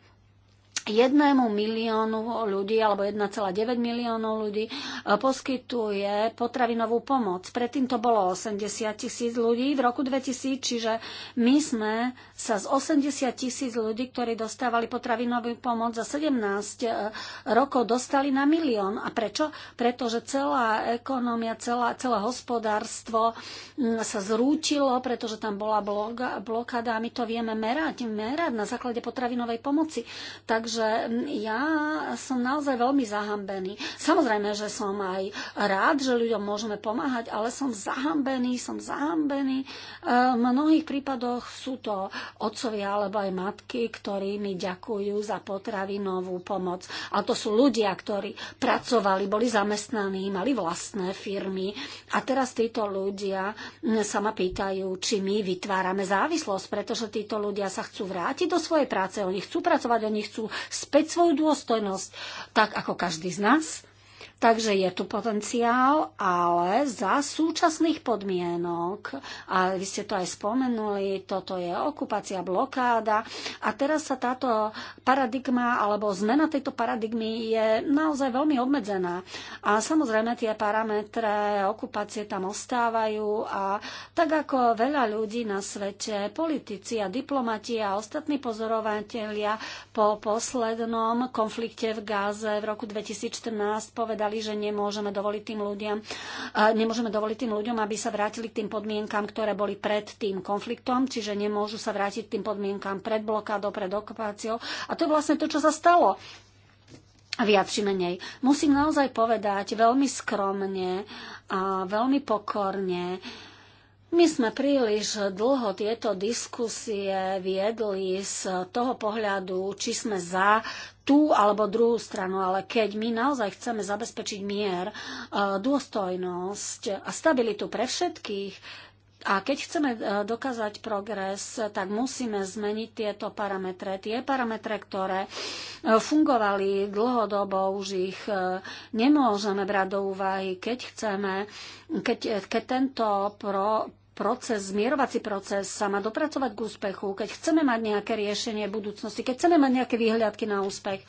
jednému miliónu ľudí alebo 1,9 miliónov ľudí e, poskytuje potravinovú pomoc. Predtým to bolo 80 tisíc ľudí v roku 2000, čiže my sme sa z 80 tisíc ľudí, ktorí dostávali potravinovú pomoc za 17 e, rokov, dostali na milión. A prečo? Pretože celá ekonomia, celá, celé hospodárstvo mm, sa zrútilo, pretože tam bola blokáda a my to vieme merať, merať na základe potravinovej pomoci. Takže Takže ja som naozaj veľmi zahambený. Samozrejme, že som aj rád, že ľuďom môžeme pomáhať, ale som zahambený, som zahambený. E, v mnohých prípadoch sú to otcovia alebo aj matky, ktorí mi ďakujú za potravinovú pomoc. A to sú ľudia, ktorí pracovali, boli zamestnaní, mali vlastné firmy. A teraz títo ľudia sa ma pýtajú, či my vytvárame závislosť, pretože títo ľudia sa chcú vrátiť do svojej práce, oni chcú pracovať, oni chcú späť svoju dôstojnosť, tak ako každý z nás. Takže je tu potenciál, ale za súčasných podmienok, a vy ste to aj spomenuli, toto je okupácia, blokáda a teraz sa táto paradigma alebo zmena tejto paradigmy je naozaj veľmi obmedzená. A samozrejme tie parametre okupácie tam ostávajú a tak ako veľa ľudí na svete, politici a diplomati a ostatní pozorovatelia po poslednom konflikte v Gáze v roku 2014 povedali, povedali, že nemôžeme dovoliť tým ľuďom, nemôžeme dovoliť tým ľuďom, aby sa vrátili k tým podmienkam, ktoré boli pred tým konfliktom, čiže nemôžu sa vrátiť k tým podmienkam pred blokádou, pred okupáciou. A to je vlastne to, čo sa stalo viac či menej. Musím naozaj povedať veľmi skromne a veľmi pokorne, my sme príliš dlho tieto diskusie viedli z toho pohľadu, či sme za tú alebo druhú stranu, ale keď my naozaj chceme zabezpečiť mier, e, dôstojnosť a stabilitu pre všetkých, a keď chceme e, dokázať progres, tak musíme zmeniť tieto parametre. Tie parametre, ktoré e, fungovali dlhodobo, už ich e, nemôžeme brať do úvahy, keď chceme, keď, keď tento pro, proces, zmierovací proces sa má dopracovať k úspechu, keď chceme mať nejaké riešenie budúcnosti, keď chceme mať nejaké výhľadky na úspech,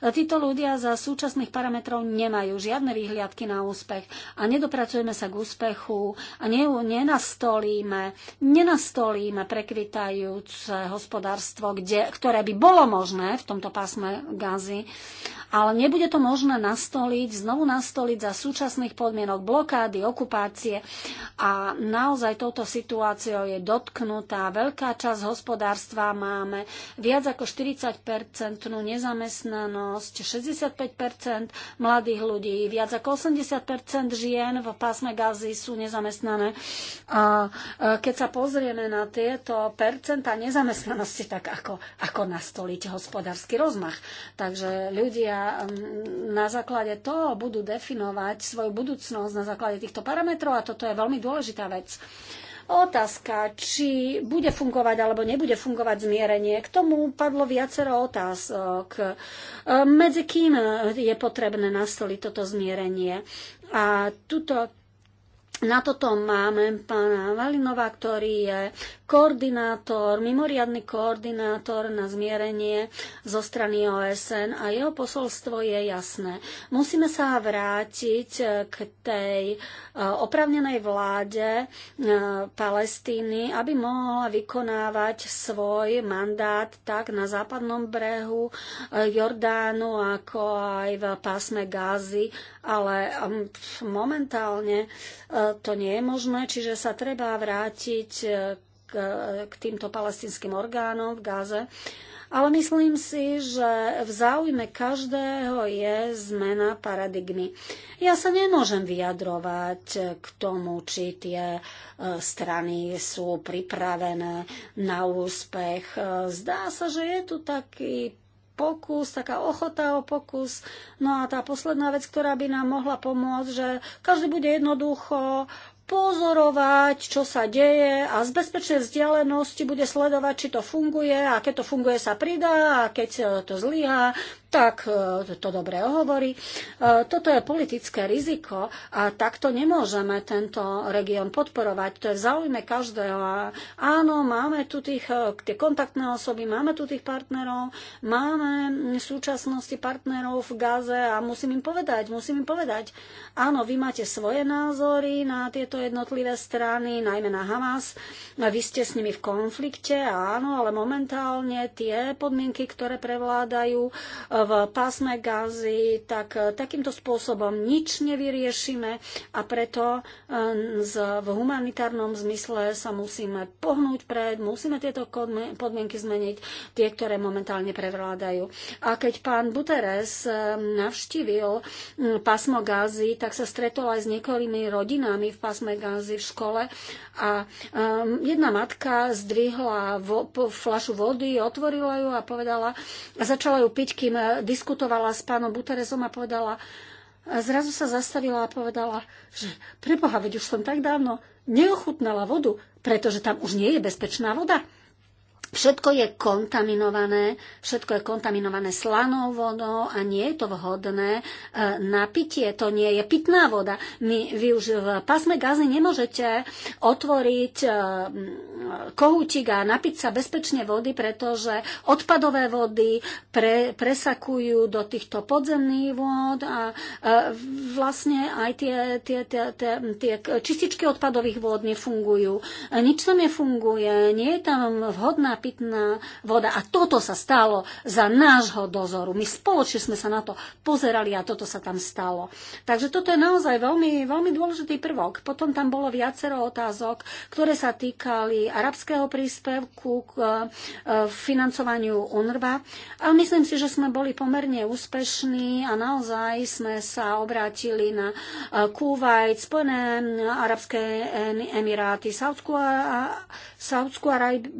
Títo ľudia za súčasných parametrov nemajú žiadne výhliadky na úspech a nedopracujeme sa k úspechu a nenastolíme, nenastolíme prekvitajúce hospodárstvo, kde, ktoré by bolo možné v tomto pásme gazy, ale nebude to možné nastoliť, znovu nastoliť za súčasných podmienok blokády, okupácie a naozaj touto situáciou je dotknutá veľká časť hospodárstva. Máme viac ako 40-percentnú nezamestnanosť, nezamestnanosť 65 mladých ľudí, viac ako 80 žien v pásme Gazy sú nezamestnané. A e, keď sa pozrieme na tieto percenta nezamestnanosti, tak ako, ako nastoliť hospodársky rozmach. Takže ľudia na základe toho budú definovať svoju budúcnosť na základe týchto parametrov a toto je veľmi dôležitá vec. Otázka, či bude fungovať alebo nebude fungovať zmierenie, k tomu padlo viacero otázok. E, medzi kým je potrebné nastoliť toto zmierenie? A tuto na toto máme pána Valinova, ktorý je koordinátor, mimoriadný koordinátor na zmierenie zo strany OSN a jeho posolstvo je jasné. Musíme sa vrátiť k tej e, opravnenej vláde e, Palestíny, aby mohla vykonávať svoj mandát tak na západnom brehu e, Jordánu, ako aj v pásme Gázy, ale momentálne to nie je možné, čiže sa treba vrátiť e, k, k týmto palestinským orgánom v Gáze. Ale myslím si, že v záujme každého je zmena paradigmy. Ja sa nemôžem vyjadrovať e, k tomu, či tie e, strany sú pripravené na úspech. Zdá sa, že je tu taký pokus, taká ochota o pokus. No a tá posledná vec, ktorá by nám mohla pomôcť, že každý bude jednoducho pozorovať, čo sa deje a z bezpečnej vzdialenosti bude sledovať, či to funguje a keď to funguje, sa pridá a keď e, to zlyhá, tak e, to dobre ohovorí. E, toto je politické riziko a takto nemôžeme tento región podporovať. To je v záujme každého. A áno, máme tu tých, e, tie kontaktné osoby, máme tu tých partnerov, máme v súčasnosti partnerov v Gaze a musím im povedať, musím im povedať, áno, vy máte svoje názory na tieto jednotlivé strany, najmä na Hamas, vy ste s nimi v konflikte, áno, ale momentálne tie podmienky, ktoré prevládajú, v pásme Gázy, tak eh, takýmto spôsobom nič nevyriešime a preto eh, v humanitárnom zmysle sa musíme pohnúť pred, musíme tieto podmienky zmeniť, tie, ktoré momentálne prevládajú. A keď pán Buteres eh, navštívil hm, pásmo Gázy, tak sa stretol aj s niekoľkými rodinami v pásme Gázy v škole a jedna matka zdvihla vo, flašu vody, otvorila ju a povedala a začala ju piť, kým diskutovala s pánom Buterezom a povedala, a zrazu sa zastavila a povedala, že preboha, veď už som tak dávno neochutnala vodu, pretože tam už nie je bezpečná voda. Všetko je kontaminované, všetko je kontaminované slanou vodou a nie je to vhodné e, na pitie. To nie je pitná voda. My, vy už v pásme gazy nemôžete otvoriť e, kohútik a napiť sa bezpečne vody, pretože odpadové vody pre, presakujú do týchto podzemných vôd a e, vlastne aj tie, tie, tie, tie, tie čističky odpadových vôd nefungujú. Nič tam nefunguje, nie je tam vhodná pitná voda. A toto sa stalo za nášho dozoru. My spoločne sme sa na to pozerali a toto sa tam stalo. Takže toto je naozaj veľmi, veľmi dôležitý prvok. Potom tam bolo viacero otázok, ktoré sa týkali arabského príspevku k e, financovaniu UNRWA. A myslím si, že sme boli pomerne úspešní a naozaj sme sa obrátili na e, Kuwait, Spojené arabské Emiráty, Saudskú Arábiu,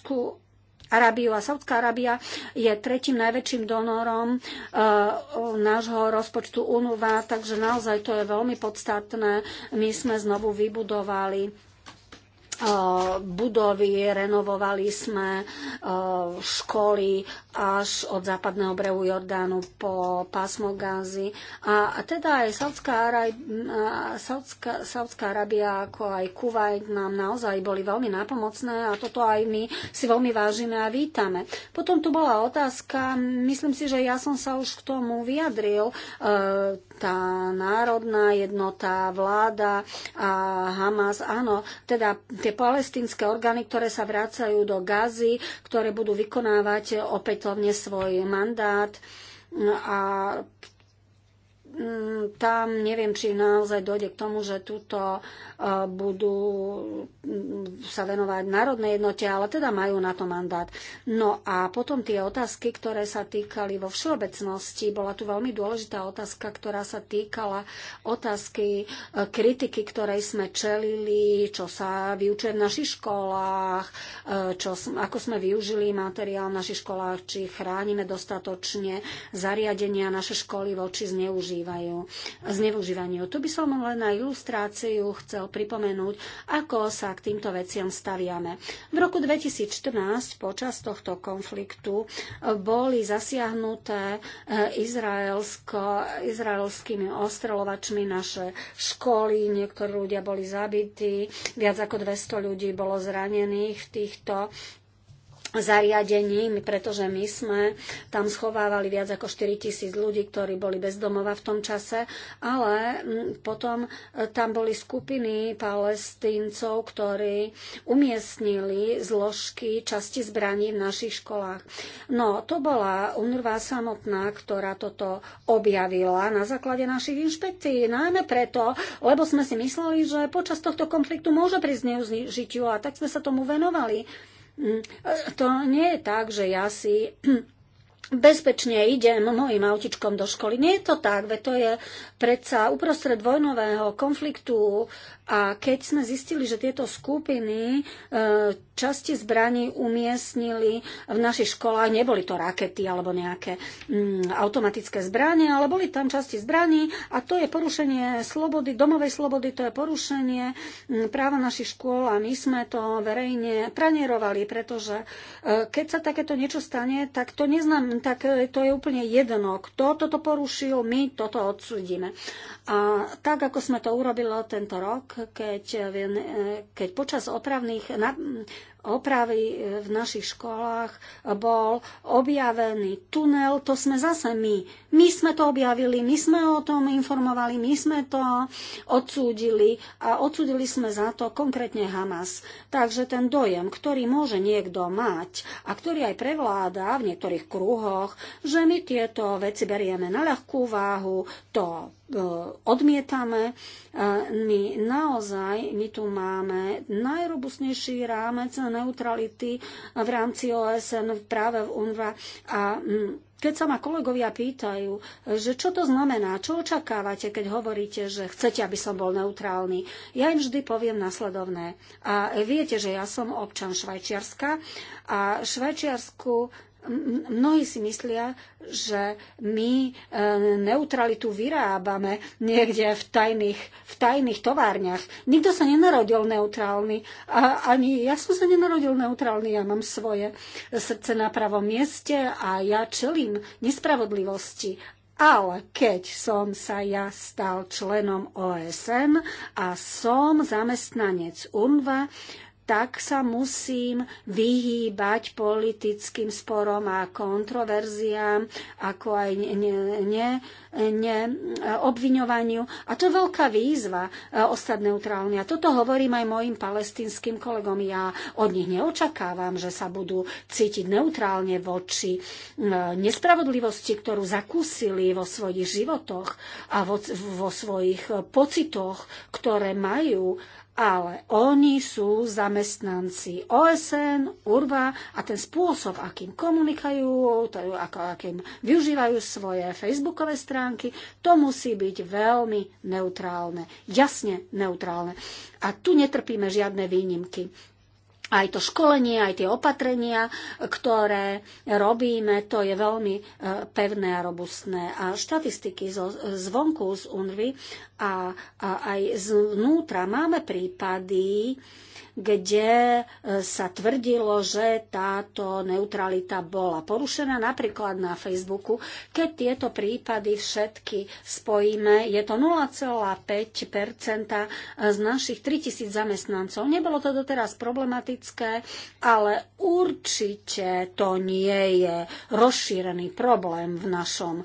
Saudskú Arabiu a Saudská Arábia je tretím najväčším donorom e, nášho rozpočtu UNUVA, takže naozaj to je veľmi podstatné. My sme znovu vybudovali Eh, budovy, renovovali sme eh, školy až od západného brehu Jordánu po pásmo Gázy. A teda aj Saudská, eh, Saudská, Saudská Arábia, ako aj Kuwait nám naozaj boli veľmi nápomocné a toto aj my si veľmi vážime a vítame. Potom tu bola otázka, myslím si, že ja som sa už k tomu vyjadril, tá národná jednota, vláda a Hamas, áno, teda tie palestinské orgány, ktoré sa vracajú do Gazy, ktoré budú vykonávať opätovne svoj mandát a Mm, tam neviem, či naozaj dojde k tomu, že túto e, budú mm, sa venovať národnej jednote, ale teda majú na to mandát. No a potom tie otázky, ktoré sa týkali vo všeobecnosti, bola tu veľmi dôležitá otázka, ktorá sa týkala otázky e, kritiky, ktorej sme čelili, čo sa vyučuje v našich školách, e, čo, ako sme využili materiál v našich školách, či chránime dostatočne zariadenia naše školy voči zneužitiu zneužívajú, zneužívanie. Tu by som len na ilustráciu chcel pripomenúť, ako sa k týmto veciam staviame. V roku 2014 počas tohto konfliktu boli zasiahnuté eh, izraelsko, izraelskými ostrelovačmi naše školy, niektorí ľudia boli zabití, viac ako 200 ľudí bolo zranených v týchto zariadením, pretože my sme tam schovávali viac ako 4 tisíc ľudí, ktorí boli bez domova v tom čase, ale mm, potom e, tam boli skupiny palestíncov, ktorí umiestnili zložky časti zbraní v našich školách. No, to bola UNRWA samotná, ktorá toto objavila na základe našich inšpekcií, najmä preto, lebo sme si mysleli, že počas tohto konfliktu môže prísť zneužitiu a tak sme sa tomu venovali. Mm, to nie je tak, že ja si bezpečne idem mojim autičkom do školy. Nie je to tak, veď to je predsa uprostred vojnového konfliktu a keď sme zistili, že tieto skupiny e, časti zbraní umiestnili v našich školách, neboli to rakety alebo nejaké mm, automatické zbranie, ale boli tam časti zbraní a to je porušenie slobody, domovej slobody, to je porušenie mm, práva našich škôl a my sme to verejne pranierovali, pretože e, keď sa takéto niečo stane, tak to, neznam, tak e, to je úplne jedno. Kto toto porušil, my toto odsudíme. A tak, ako sme to urobili, tento rok, keď, eh, keď počas otravných opravy e, v našich školách bol objavený tunel, to sme zase my. My sme to objavili, my sme o tom informovali, my sme to odsúdili a odsúdili sme za to konkrétne Hamas. Takže ten dojem, ktorý môže niekto mať a ktorý aj prevláda v niektorých kruhoch, že my tieto veci berieme na ľahkú váhu, to e, odmietame. E, my naozaj, my tu máme najrobustnejší rámec neutrality v rámci OSN práve v UNRWA a mm, keď sa ma kolegovia pýtajú, že čo to znamená, čo očakávate, keď hovoríte, že chcete, aby som bol neutrálny, ja im vždy poviem nasledovné. A viete, že ja som občan Švajčiarska a Švajčiarsku mnohí si myslia, že my e, neutralitu vyrábame niekde v tajných, v tajných továrniach. Nikto sa nenarodil neutrálny. A ani ja som sa nenarodil neutrálny. Ja mám svoje srdce na pravom mieste a ja čelím nespravodlivosti. Ale keď som sa ja stal členom OSN a som zamestnanec UNVA, tak sa musím vyhýbať politickým sporom a kontroverziám, ako aj ne, ne, ne, A to je veľká výzva e, ostať neutrálne. A toto hovorím aj mojim palestinským kolegom. Ja od nich neočakávam, že sa budú cítiť neutrálne voči e, nespravodlivosti, ktorú zakúsili vo svojich životoch a vo, vo svojich pocitoch, ktoré majú ale oni sú zamestnanci OSN, urba a ten spôsob, akým komunikajú, akým využívajú svoje facebookové stránky, to musí byť veľmi neutrálne, jasne neutrálne. A tu netrpíme žiadne výnimky aj to školenie, aj tie opatrenia, ktoré robíme, to je veľmi e, pevné a robustné. A štatistiky zo, zvonku z UNRVY a, a aj zvnútra máme prípady, kde e, sa tvrdilo, že táto neutralita bola porušená, napríklad na Facebooku. Keď tieto prípady všetky spojíme, je to 0,5 e, z našich 3000 zamestnancov. Nebolo to doteraz problematické, ale určite to nie je rozšírený problém v našom, e,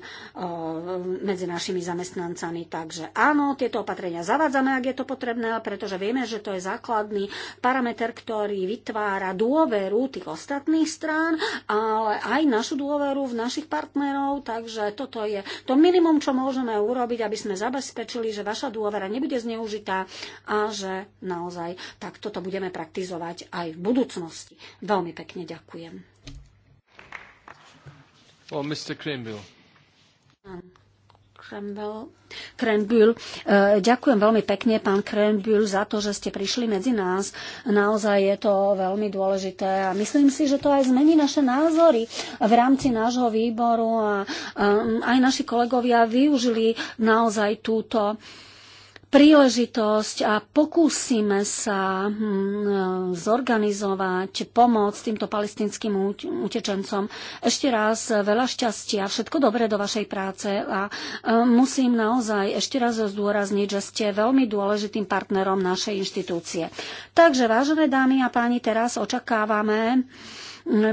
medzi našimi zamestnancami. Takže áno, tieto opatrenia zavádzame, ak je to potrebné, pretože vieme, že to je základný parameter, ktorý vytvára dôveru tých ostatných strán, ale aj našu dôveru v našich partnerov, takže toto je to minimum, čo môžeme urobiť, aby sme zabezpečili, že vaša dôvera nebude zneužitá a že naozaj tak toto budeme praktizovať aj v budúcnosti. Veľmi pekne ďakujem. Well, oh, Mr. Cranville. Krenbül. E, ďakujem veľmi pekne, pán Krenbül, za to, že ste prišli medzi nás. Naozaj je to veľmi dôležité a myslím si, že to aj zmení naše názory v rámci nášho výboru a aj naši kolegovia využili naozaj túto príležitosť a pokúsime sa hm, zorganizovať pomoc týmto palestinským utečencom. Ešte raz veľa šťastia, všetko dobré do vašej práce a e, musím naozaj ešte raz zdôrazniť, že ste veľmi dôležitým partnerom našej inštitúcie. Takže, vážené dámy a páni, teraz očakávame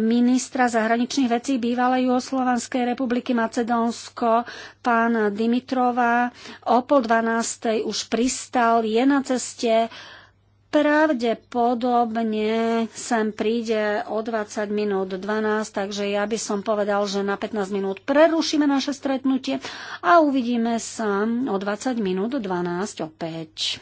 ministra zahraničných vecí bývalej Juhoslovanskej republiky Macedónsko, pán Dimitrova, o pol dvanástej už pristal, je na ceste pravdepodobne sem príde o 20 minút 12, takže ja by som povedal, že na 15 minút prerušíme naše stretnutie a uvidíme sa o 20 minút 12 opäť.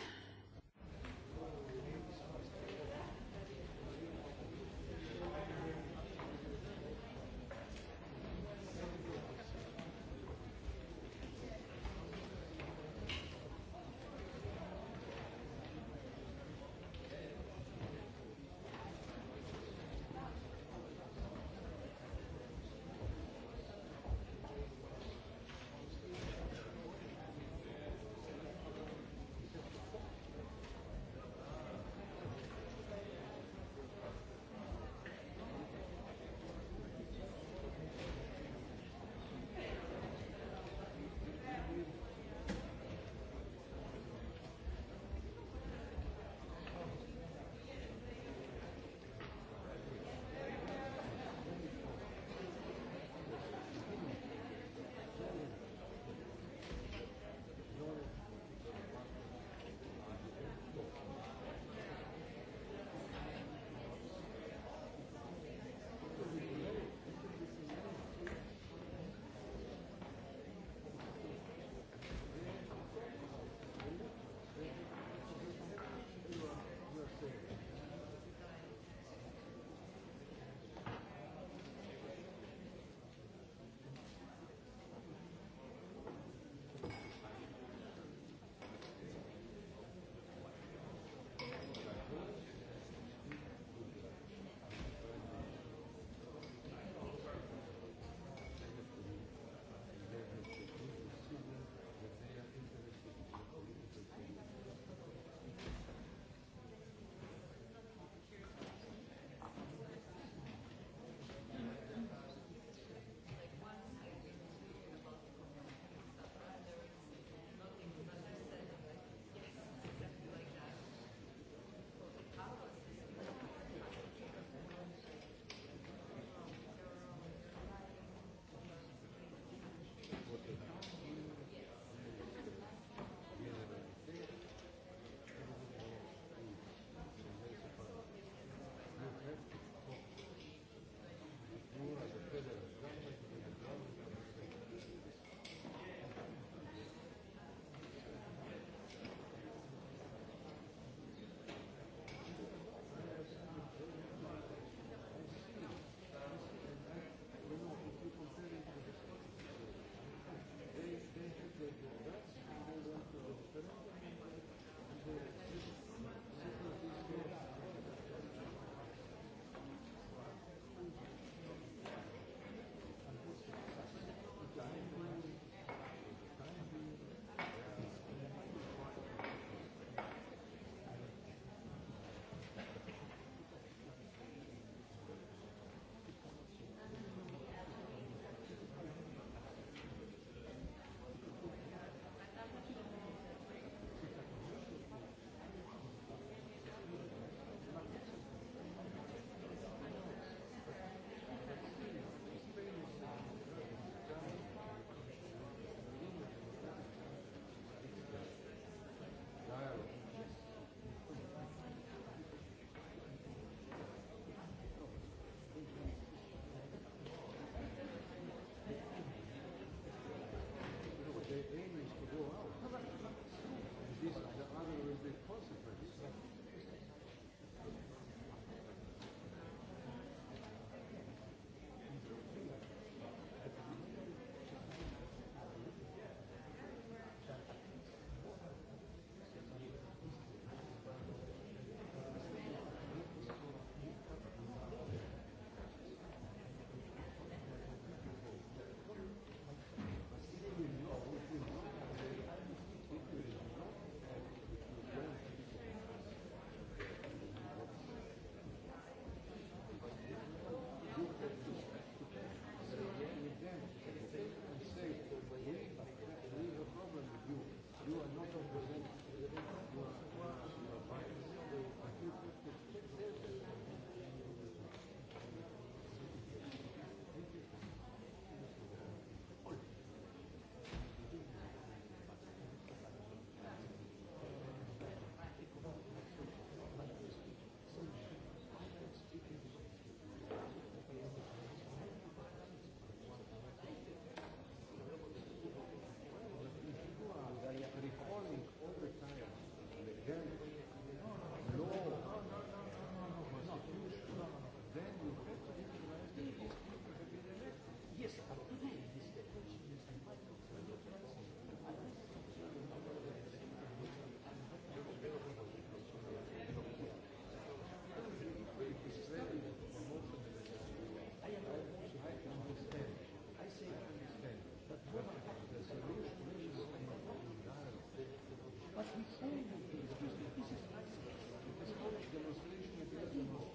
Thank you.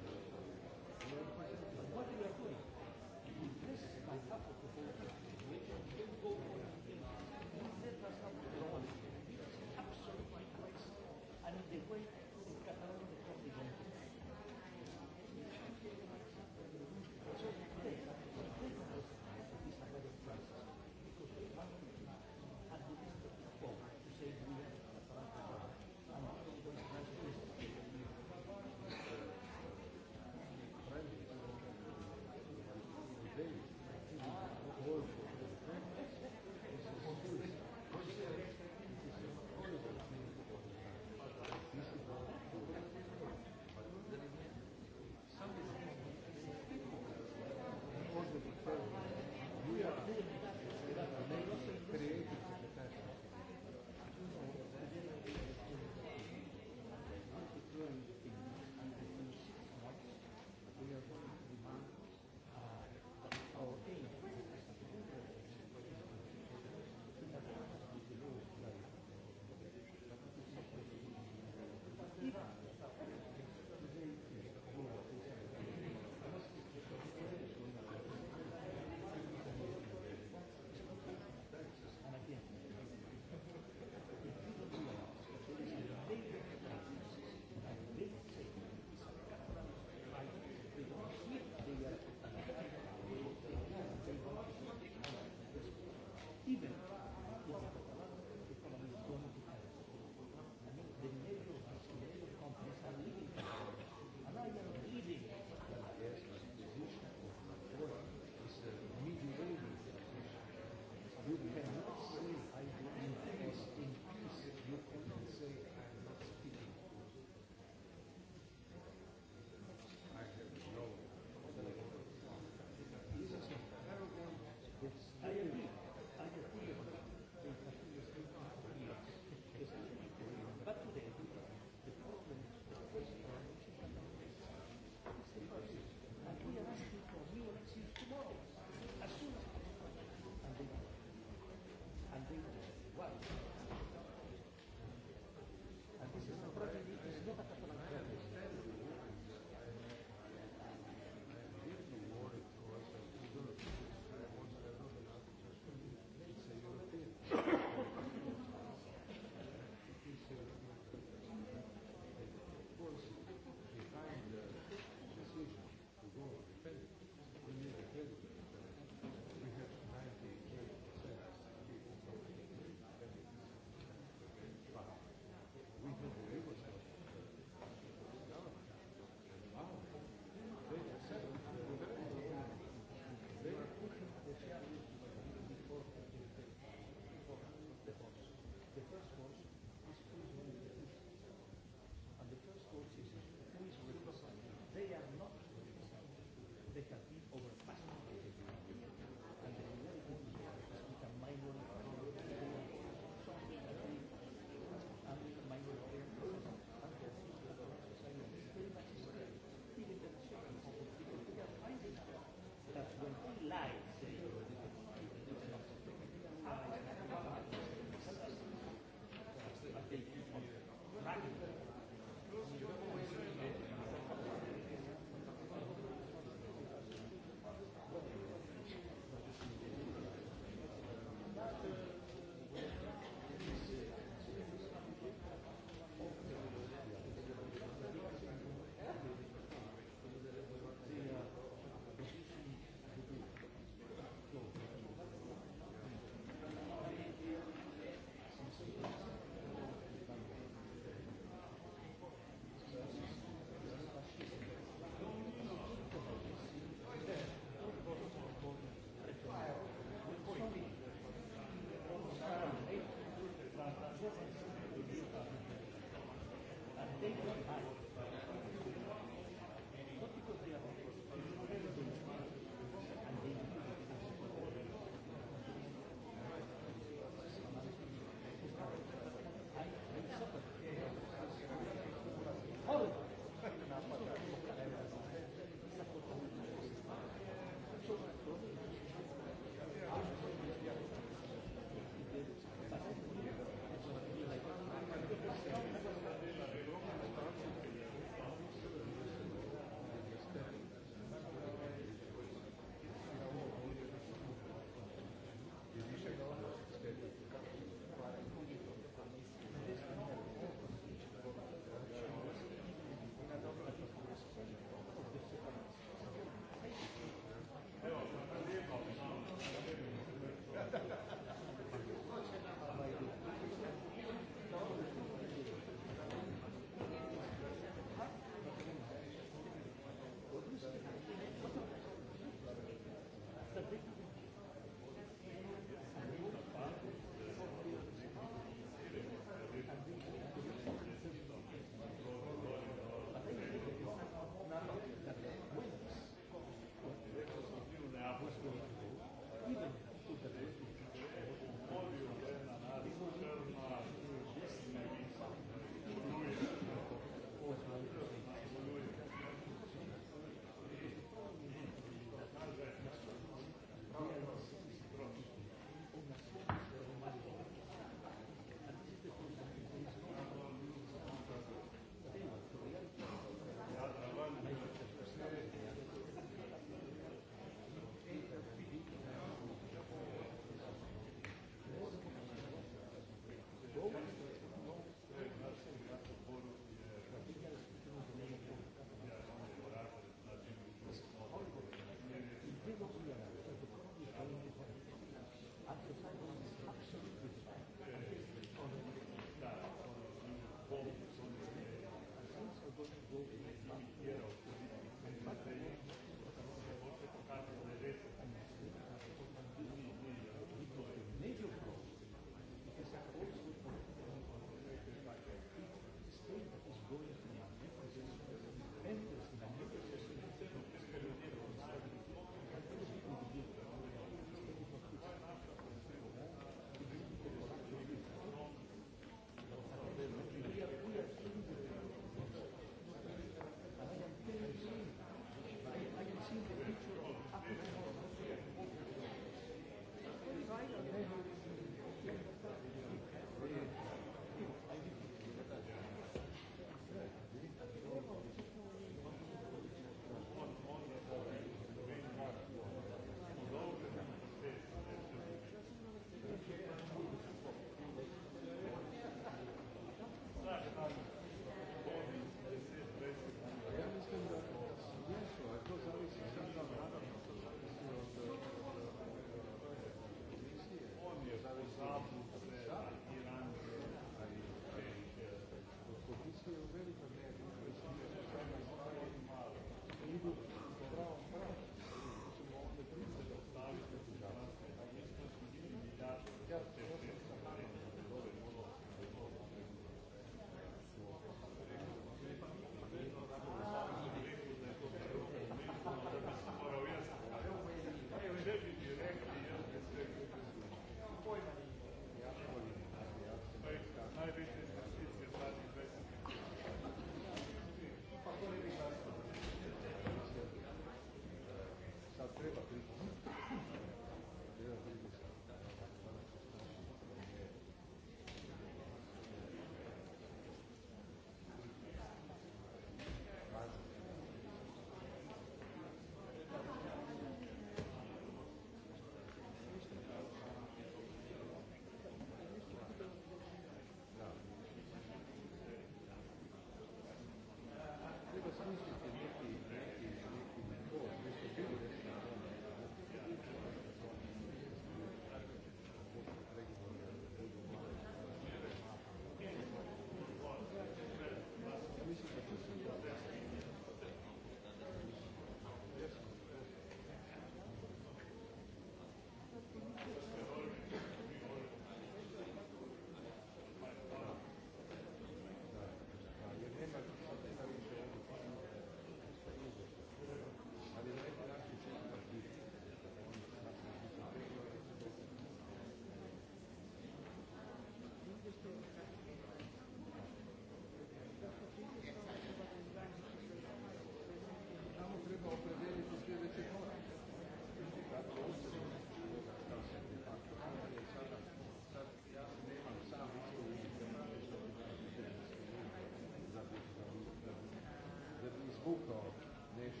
molto adesso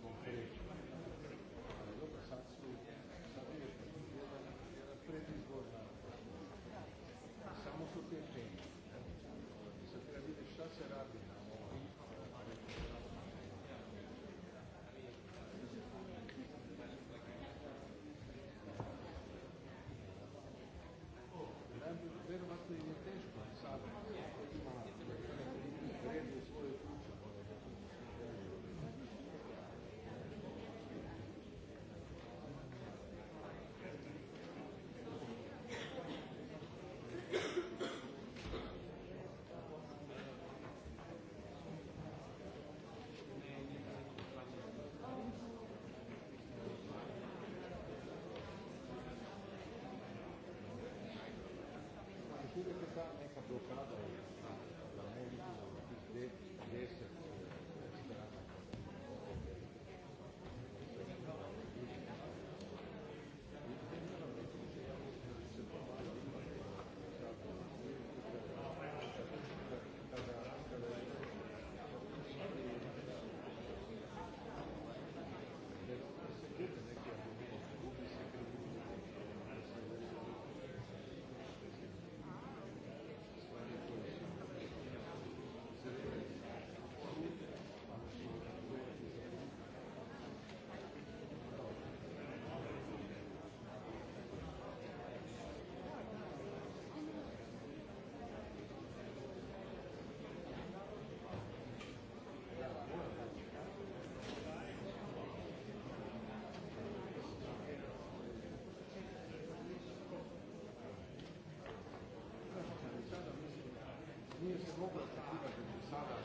concreto neka blokada nije se moglo prikupiti do sada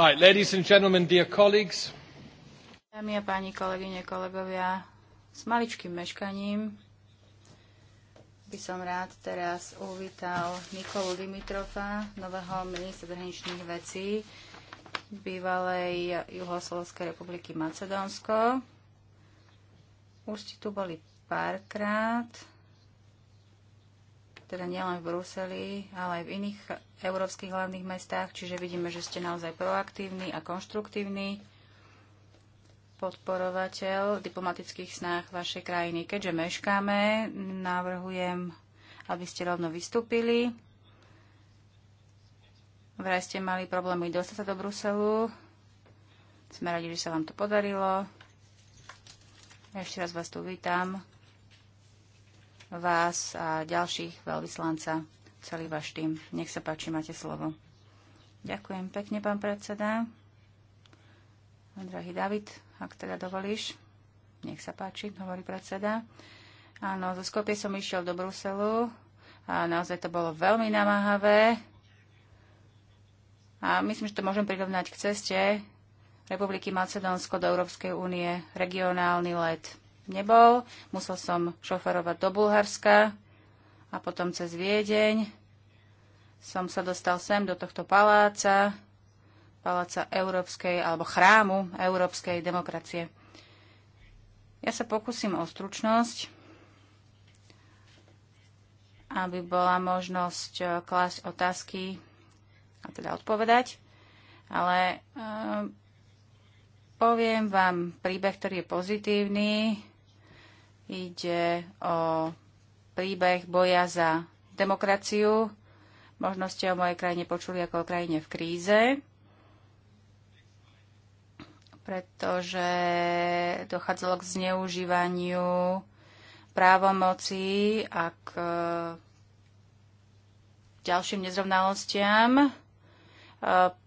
Right, ladies and gentlemen, dear colleagues. Dámy a páni, kolegyne, kolegovia, s maličkým meškaním by som rád teraz uvítal Nikolu Dimitrova, nového ministra zahraničných vecí bývalej Juhoslovskej republiky Macedónsko. Už ste tu boli párkrát, teda nielen v Bruseli, ale aj v iných európskych hlavných mestách, čiže vidíme, že ste naozaj proaktívny a konštruktívny podporovateľ diplomatických snách vašej krajiny. Keďže meškáme, navrhujem, aby ste rovno vystúpili. Vraj ste mali problémy dostať sa do Bruselu. Sme radi, že sa vám to podarilo. Ešte raz vás tu vítam. Vás a ďalších veľvyslanca celý váš tým. Nech sa páči, máte slovo. Ďakujem pekne, pán predseda. Drahý David, ak teda dovolíš, nech sa páči, hovorí predseda. Áno, zo Skopie som išiel do Bruselu a naozaj to bolo veľmi namáhavé. A myslím, že to môžem prirovnať k ceste Republiky Macedónsko do Európskej únie. Regionálny let nebol. Musel som šoferovať do Bulharska a potom cez Viedeň som sa dostal sem do tohto paláca, paláca európskej alebo chrámu európskej demokracie. Ja sa pokúsim o stručnosť, aby bola možnosť eh, klásť otázky a teda odpovedať, ale eh, poviem vám príbeh, ktorý je pozitívny. Ide o príbeh boja za demokraciu. Možno ste o mojej krajine počuli ako o krajine v kríze, pretože dochádzalo k zneužívaniu právomoci a k e, ďalším nezrovnalostiam. E,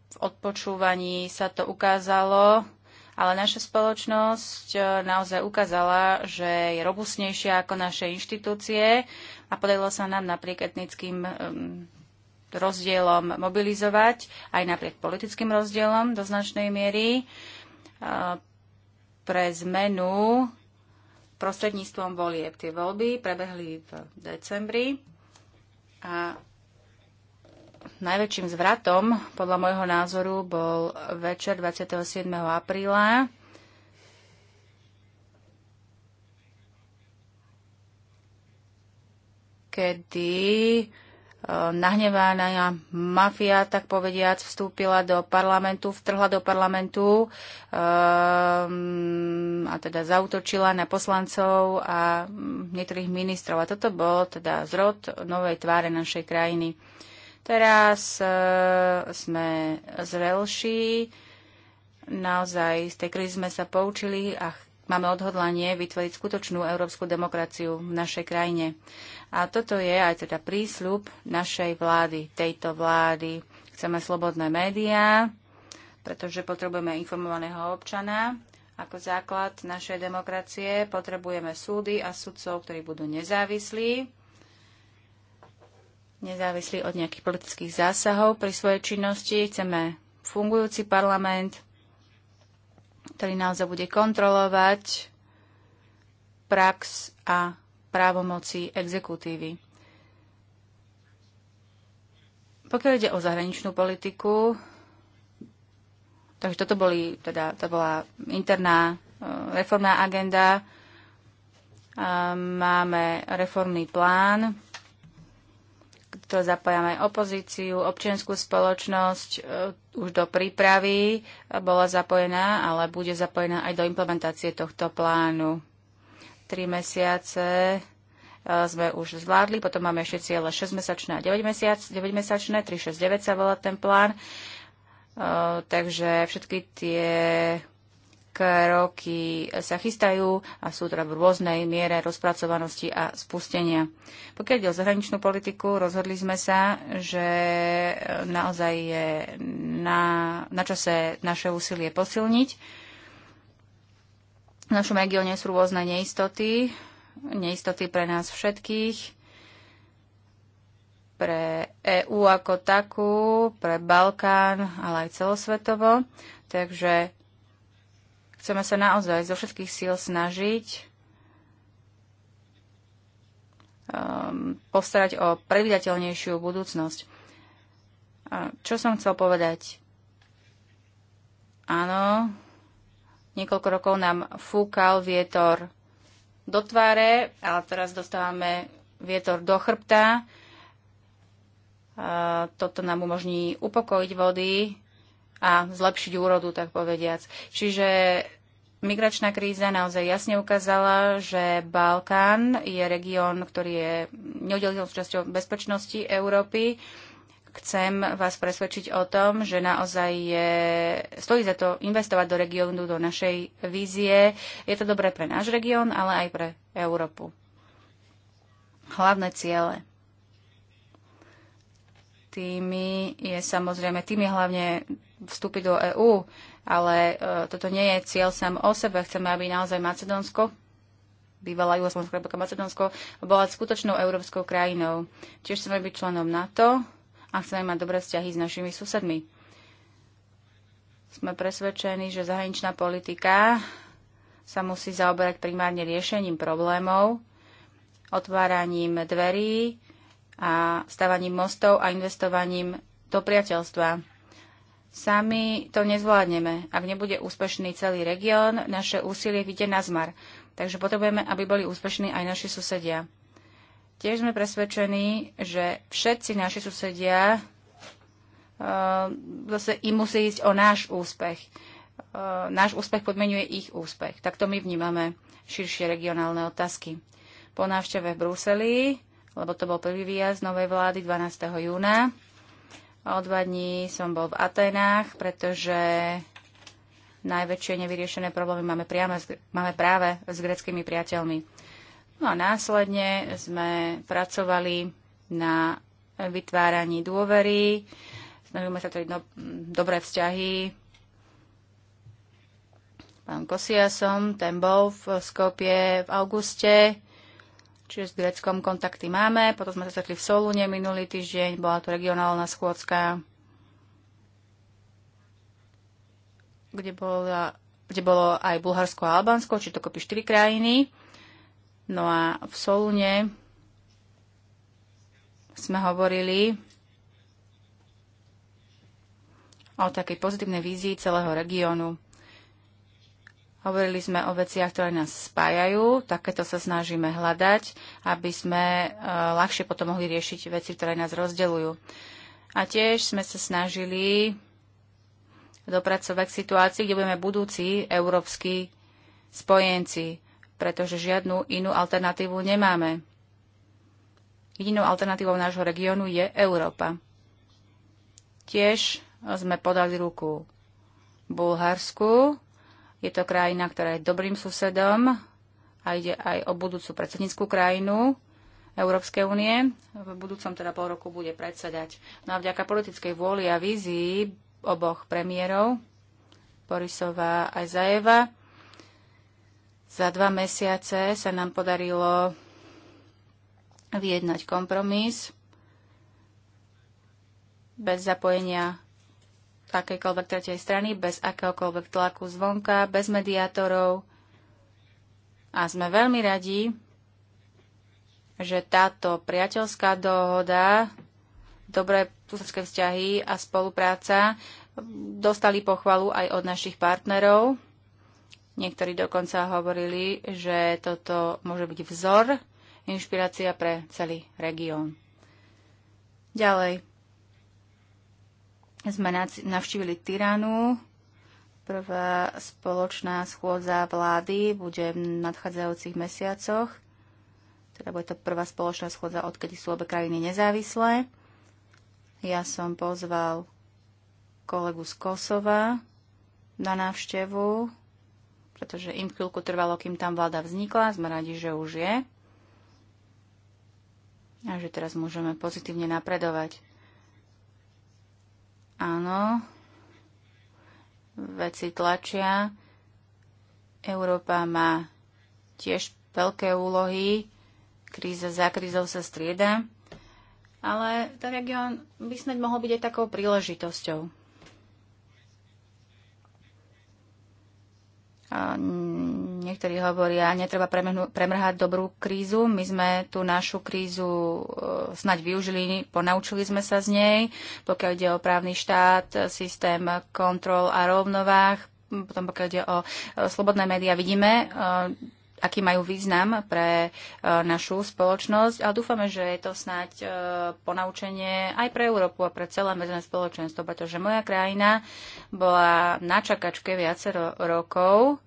v odpočúvaní sa to ukázalo ale naša spoločnosť e, naozaj ukázala, že je robustnejšia ako naše inštitúcie a podarilo sa nám napriek etnickým e, rozdielom mobilizovať, aj napriek politickým rozdielom do značnej miery e, pre zmenu prostredníctvom volieb. Tie voľby prebehli v decembri a najväčším zvratom, podľa môjho názoru, bol večer 27. apríla. kedy e, nahnevaná mafia, tak povediac, vstúpila do parlamentu, vtrhla do parlamentu um, a teda zautočila na poslancov a niektorých ministrov. A toto bol teda zrod novej tváre našej krajiny. Uh, Teraz uh, sme zrelší, naozaj z tej krízy sme sa poučili a máme odhodlanie vytvoriť skutočnú európsku demokraciu v našej krajine. A toto je aj teda prísľub našej vlády, tejto vlády. Chceme slobodné médiá, pretože potrebujeme informovaného občana. Ako základ našej demokracie potrebujeme súdy a sudcov, ktorí budú nezávislí nezávislí od nejakých politických zásahov pri svojej činnosti. Chceme fungujúci parlament, ktorý naozaj bude kontrolovať prax a právomoci exekutívy. Pokiaľ ide o zahraničnú politiku, takže toto boli, teda, to bola interná e, reformná agenda. Máme reformný plán to zapájame opozíciu, občianskú spoločnosť e, už do prípravy bola zapojená, ale bude zapojená aj do implementácie tohto plánu. Tri mesiace e, sme už zvládli, potom máme ešte cieľe 6-mesačné a 9-mesačné, 9-mesačné, 9 sa volá ten plán. E, takže všetky tie kroky e, sa chystajú a sú teda v rôznej miere rozpracovanosti a spustenia. Pokiaľ ide o zahraničnú politiku, rozhodli sme sa, že e, naozaj je na, na čase naše úsilie posilniť. V našom regióne sú rôzne neistoty, neistoty pre nás všetkých, pre EÚ ako takú, pre Balkán, ale aj celosvetovo. Takže Chceme sa naozaj zo všetkých síl snažiť um, postarať o predvydateľnejšiu budúcnosť. A čo som chcel povedať? Áno, niekoľko rokov nám fúkal vietor do tváre, ale teraz dostávame vietor do chrbta. A toto nám umožní upokojiť vody, a zlepšiť úrodu, tak povediac. Čiže Migračná kríza naozaj jasne ukázala, že Balkán je región, ktorý je neoddeliteľnou súčasťou bezpečnosti Európy. Chcem vás presvedčiť o tom, že naozaj je, stojí za to investovať do regiónu, do našej vízie. Je to dobré pre náš región, ale aj pre Európu. Hlavné ciele. Tými je samozrejme, tým je hlavne vstúpiť do EÚ, ale e, toto nie je cieľ sám o sebe. Chceme, aby naozaj Macedónsko, bývalá Jugoslovenská republika Macedónsko, bola skutočnou európskou krajinou. Tiež chceme byť členom NATO a chceme mať dobré vzťahy s našimi susedmi. Sme presvedčení, že zahraničná politika sa musí zaoberať primárne riešením problémov, otváraním dverí a stávaním mostov a investovaním do priateľstva. Sami to nezvládneme. Ak nebude úspešný celý región, naše úsilie vyjde na zmar. Takže potrebujeme, aby boli úspešní aj naši susedia. Tiež sme presvedčení, že všetci naši susedia eh, zase im musí ísť o náš úspech. Eh, náš úspech podmenuje ich úspech. Takto my vnímame širšie regionálne otázky. Po návšteve v Bruseli, lebo to bol prvý výjazd novej vlády 12. júna, O dva dní som bol v Atenách, pretože najväčšie nevyriešené problémy máme, priame, máme práve s greckými priateľmi. No a následne sme pracovali na vytváraní dôvery, snažíme sa tvoriť no- dobré vzťahy. Pán Kosiasom, ten bol v Skopie v auguste. Čiže s greckom kontakty máme. Potom sme sa stretli v Solune minulý týždeň. Bola tu regionálna schôdzka, kde, bola, kde bolo aj Bulharsko a Albánsko, či to kopí 4 krajiny. No a v Solune sme hovorili o takej pozitívnej vízii celého regiónu. Hovorili sme o veciach, ktoré nás spájajú, takéto sa snažíme hľadať, aby sme e, ľahšie potom mohli riešiť veci, ktoré nás rozdeľujú. A tiež sme sa snažili dopracovať k situácii, kde budeme budúci európsky spojenci, pretože žiadnu inú alternatívu nemáme. Jedinou alternatívou nášho regiónu je Európa. Tiež sme podali ruku Bulharsku, je to krajina, ktorá je dobrým susedom a ide aj o budúcu predsednickú krajinu Európskej únie. V budúcom teda pol roku bude predsedať. No a vďaka politickej vôli a vízii oboch premiérov, Borisova aj Zajeva, za dva mesiace sa nám podarilo vyjednať kompromis bez zapojenia akejkoľvek tretej strany, bez akéhokoľvek tlaku zvonka, bez mediátorov. A sme veľmi radi, že táto priateľská dohoda, dobré susedské vzťahy a spolupráca dostali pochvalu aj od našich partnerov. Niektorí dokonca hovorili, že toto môže byť vzor, inšpirácia pre celý región. Ďalej sme navštívili Tyranu. Prvá spoločná schôdza vlády bude v nadchádzajúcich mesiacoch. Teda bude to prvá spoločná schôdza, odkedy sú obe krajiny nezávislé. Ja som pozval kolegu z Kosova na návštevu, pretože im chvíľku trvalo, kým tam vláda vznikla. Sme radi, že už je. A že teraz môžeme pozitívne napredovať. Áno, veci tlačia. Európa má tiež veľké úlohy. Kríza za krízou sa strieda. Ale ten región by snáď mohol byť aj takou príležitosťou. A Niektorí hovoria, netreba premrhať dobrú krízu. My sme tú našu krízu e, snať využili, ponaučili sme sa z nej, pokiaľ ide o právny štát, systém kontrol a rovnovách, potom pokiaľ ide o e, slobodné médiá, vidíme, e, aký majú význam pre našu spoločnosť, ale dúfame, že je to snáď ponaučenie aj pre Európu a pre celé medzinárodné spoločenstvo, pretože moja krajina bola na čakačke viacero rokov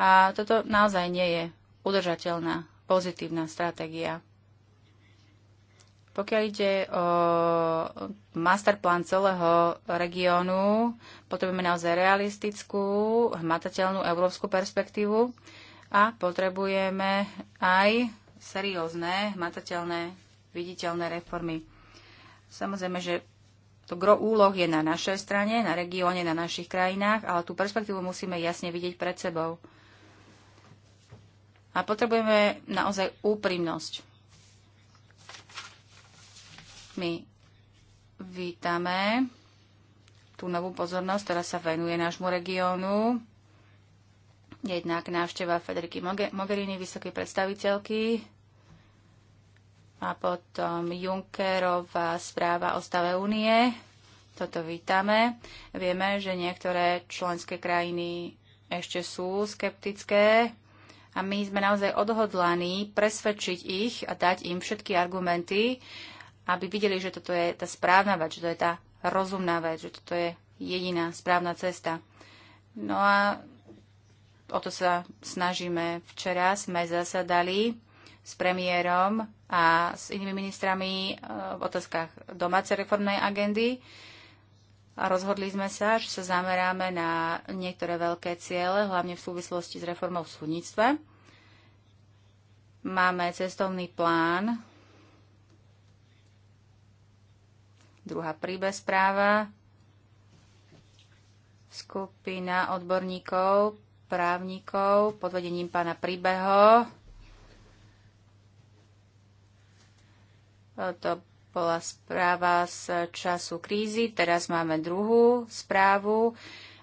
a toto naozaj nie je udržateľná, pozitívna stratégia. Pokiaľ ide o masterplán celého regiónu, potrebujeme naozaj realistickú, hmatateľnú európsku perspektívu a potrebujeme aj seriózne, hmatateľné, viditeľné reformy. Samozrejme, že to gro úloh je na našej strane, na regióne, na našich krajinách, ale tú perspektívu musíme jasne vidieť pred sebou. A potrebujeme naozaj úprimnosť. My vítame tú novú pozornosť, ktorá sa venuje nášmu regiónu. Jednak návšteva Federiky Mogherini, vysokej predstaviteľky, a potom Junckerová správa o stave únie. Toto vítame. Vieme, že niektoré členské krajiny ešte sú skeptické a my sme naozaj odhodlaní presvedčiť ich a dať im všetky argumenty, aby videli, že toto je tá správna vec, že to je tá rozumná vec, že toto je jediná správna cesta. No a o to sa snažíme. Včera sme zasadali s premiérom a s inými ministrami eh, v otázkach domácej reformnej agendy a rozhodli sme sa, že sa zameráme na niektoré veľké ciele, hlavne v súvislosti s reformou v súdnictve. Máme cestovný plán, druhá príbeh správa, skupina odborníkov, právnikov pod vedením pána Príbeho. To bola správa z času krízy, teraz máme druhú správu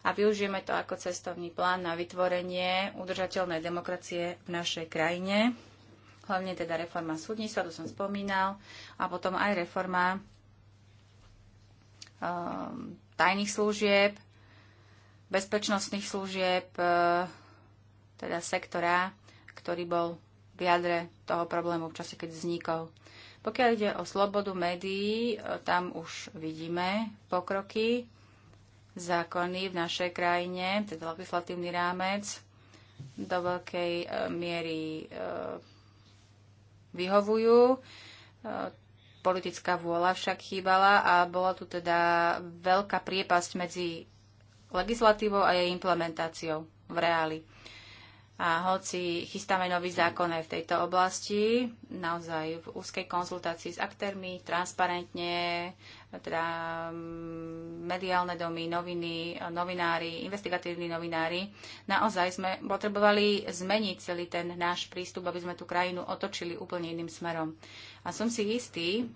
a využijeme to ako cestovný plán na vytvorenie udržateľnej demokracie v našej krajine. Hlavne teda reforma súdnictva, to som spomínal, a potom aj reforma um, tajných služieb, bezpečnostných služieb, e, teda sektora, ktorý bol v jadre toho problému v čase, keď vznikol. Pokiaľ ide o slobodu médií, e, tam už vidíme pokroky, zákony v našej krajine, teda legislatívny rámec do veľkej e, miery e, vyhovujú. Politická vôľa však chýbala a bola tu teda veľká priepasť medzi legislatívou a jej implementáciou v reáli. A hoci chystáme nový zákon aj v tejto oblasti, naozaj v úzkej konzultácii s aktérmi, transparentne, teda mm, mediálne domy, noviny, novinári, investigatívni novinári, naozaj sme potrebovali zmeniť celý ten náš prístup, aby sme tú krajinu otočili úplne iným smerom. A som si istý,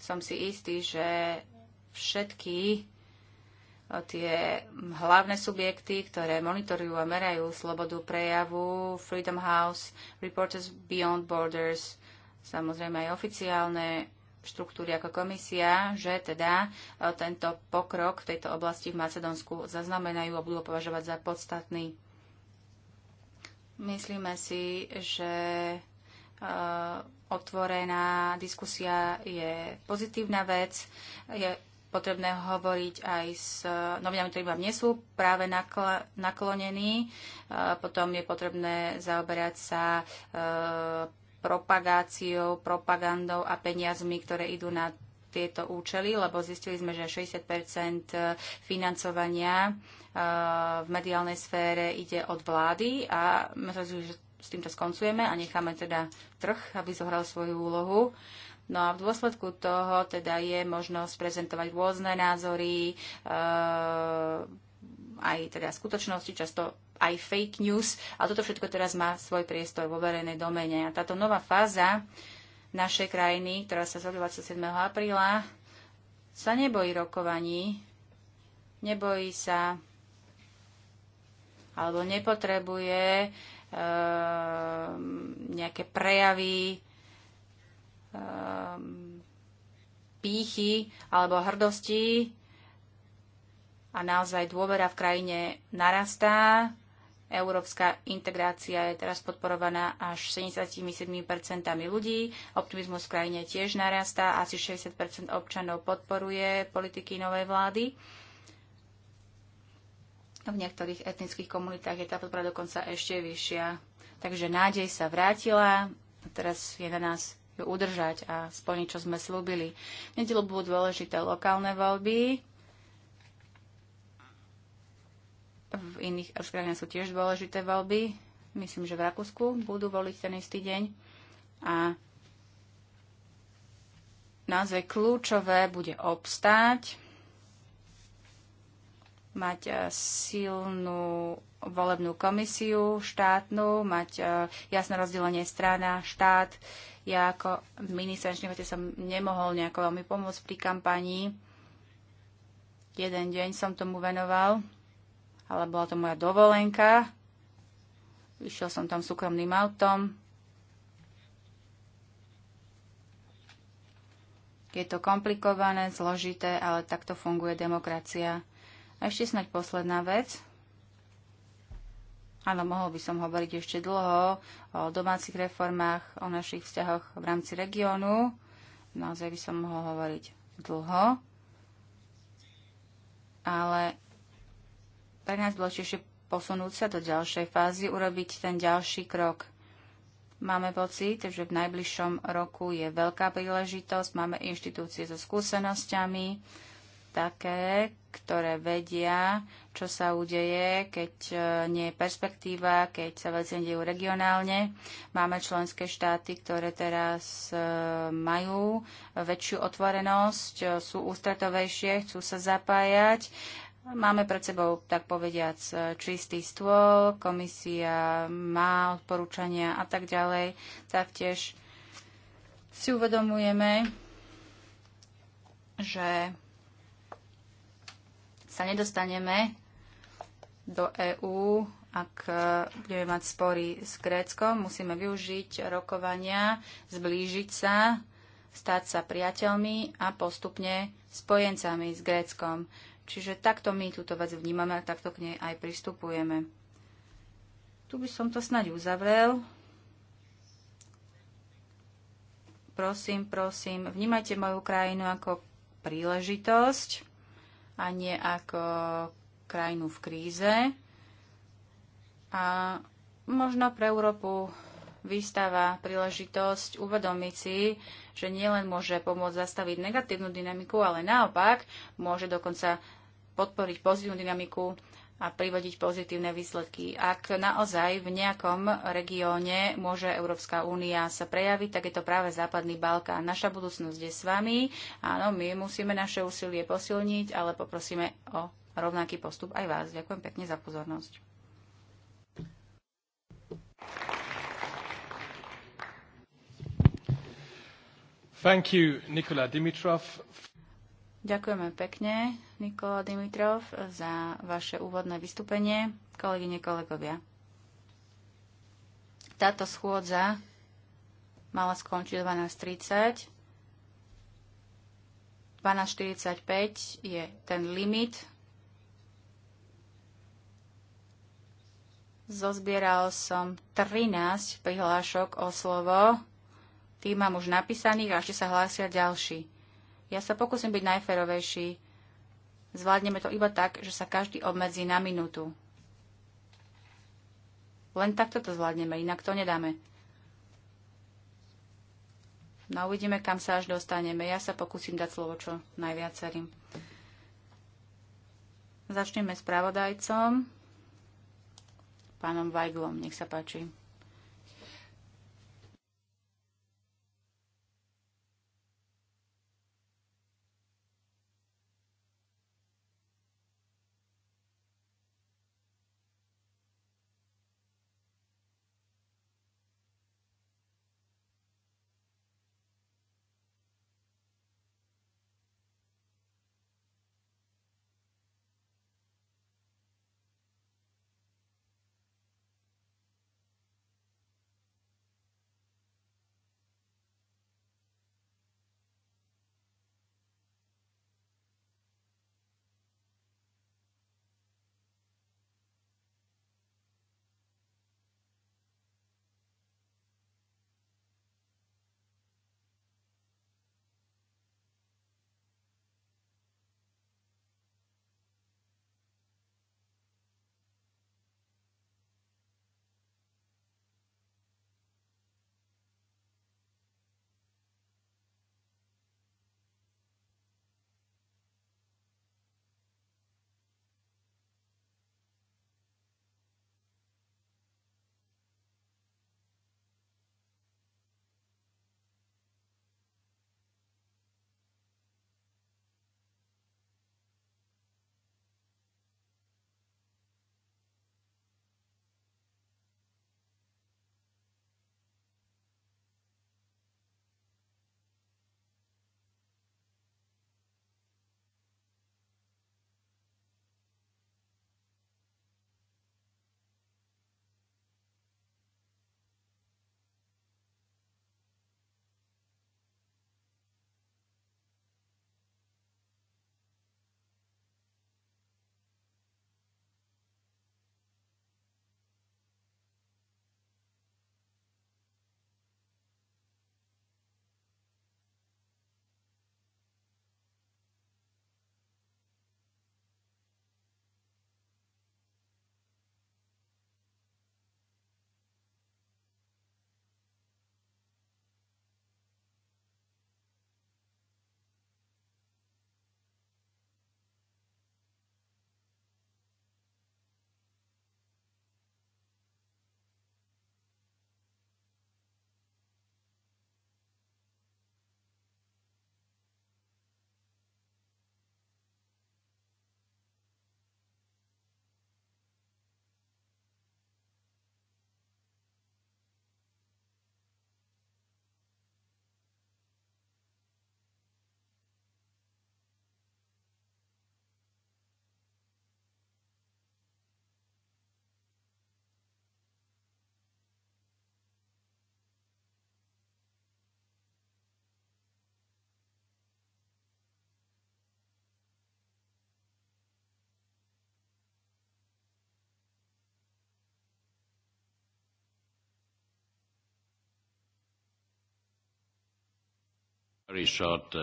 som si istý, že všetky tie hlavné subjekty, ktoré monitorujú a merajú slobodu prejavu, Freedom House, Reporters Beyond Borders, samozrejme aj oficiálne štruktúry ako komisia, že teda e, tento pokrok v tejto oblasti v Macedónsku zaznamenajú a budú považovať za podstatný. Myslíme si, že e, otvorená diskusia je pozitívna vec. Je potrebné hovoriť aj s novinami, ktorí vám nie sú práve nakl- naklonení. E, potom je potrebné zaoberať sa e, propagáciou, propagandou a peniazmi, ktoré idú na tieto účely, lebo zistili sme, že 60 e, financovania v mediálnej sfére ide od vlády a my sa že s týmto skoncujeme a necháme teda trh, aby zohral svoju úlohu. Uh, No a v dôsledku toho teda je možnosť prezentovať rôzne názory, eh, aj teda skutočnosti, často aj fake news. A toto všetko teraz má svoj priestor vo verejnej domene. A táto nová fáza našej krajiny, ktorá sa zhodla 27. apríla, sa nebojí rokovaní, nebojí sa alebo nepotrebuje e, nejaké prejavy Ehm, pýchy alebo hrdosti a naozaj dôvera v krajine narastá. Európska integrácia je teraz podporovaná až 77% ľudí. Optimizmus v krajine tiež narastá. Asi 60% občanov podporuje politiky novej vlády. V niektorých etnických komunitách je tá podpora dokonca ešte vyššia. Takže nádej sa vrátila a teraz je na nás ju udržať a splniť, čo sme slúbili. V nedelu budú dôležité lokálne voľby. V iných krajinách sú tiež dôležité voľby. Myslím, že v Rakúsku budú voliť ten istý deň. A naozaj kľúčové bude obstáť, mať e, silnú volebnú komisiu štátnu, mať e, jasné rozdelenie strana, štát, ja ako minister inžiniernosti som nemohol nejako veľmi pomôcť pri kampanii. Jeden deň som tomu venoval, ale bola to moja dovolenka. Vyšiel som tam súkromným autom. Je to komplikované, zložité, ale takto funguje demokracia. A ešte snáď posledná vec. Áno, mohol by som hovoriť ešte dlho o domácich reformách, o našich vzťahoch v rámci regiónu. Naozaj by som mohol hovoriť dlho. Ale pre nás bolo ešte posunúť sa do ďalšej fázy, urobiť ten ďalší krok. Máme pocit, že v najbližšom roku je veľká príležitosť, máme inštitúcie so skúsenosťami, také, ktoré vedia, čo sa udeje, keď e, nie je perspektíva, keď sa veci dejú regionálne. Máme členské štáty, ktoré teraz e, majú väčšiu otvorenosť, e, sú ústretovejšie, chcú sa zapájať. Máme pred sebou, tak povediac, čistý stôl, komisia má odporúčania a tak ďalej. Taktiež si uvedomujeme, že sa nedostaneme do EÚ, ak e, budeme mať spory s Gréckom, musíme využiť rokovania, zblížiť sa, stať sa priateľmi a postupne spojencami s Gréckom. Čiže takto my túto vec vnímame a takto k nej aj pristupujeme. Tu by som to snaď uzavrel. Prosím, prosím, vnímajte moju krajinu ako príležitosť a nie ako krajinu v kríze. A možno pre Európu výstava príležitosť uvedomiť si, že nielen môže pomôcť zastaviť negatívnu dynamiku, ale naopak môže dokonca podporiť pozitívnu dynamiku a privodiť pozitívne výsledky. Ak naozaj v nejakom regióne môže Európska únia sa prejaviť, tak je to práve Západný Balkán. Naša budúcnosť je s vami. Áno, my musíme naše úsilie posilniť, ale poprosíme o rovnaký postup aj vás. Ďakujem pekne za pozornosť. Thank you, Nikola Dimitrov. Ďakujeme pekne Nikola Dimitrov, za vaše úvodné vystúpenie. Kolegyne, kolegovia, táto schôdza mala skončiť 12.30. 12.45 je ten limit. Zozbieral som 13 prihlášok o slovo. Tým mám už napísaných a ešte sa hlásia ďalší. Ja sa pokúsim byť najferovejší. Zvládneme to iba tak, že sa každý obmedzí na minútu. Len takto to zvládneme, inak to nedáme. No uvidíme, kam sa až dostaneme. Ja sa pokúsim dať slovo čo najviacerým. Začneme s pravodajcom, pánom Vajglom. Nech sa páči. Very short. Uh,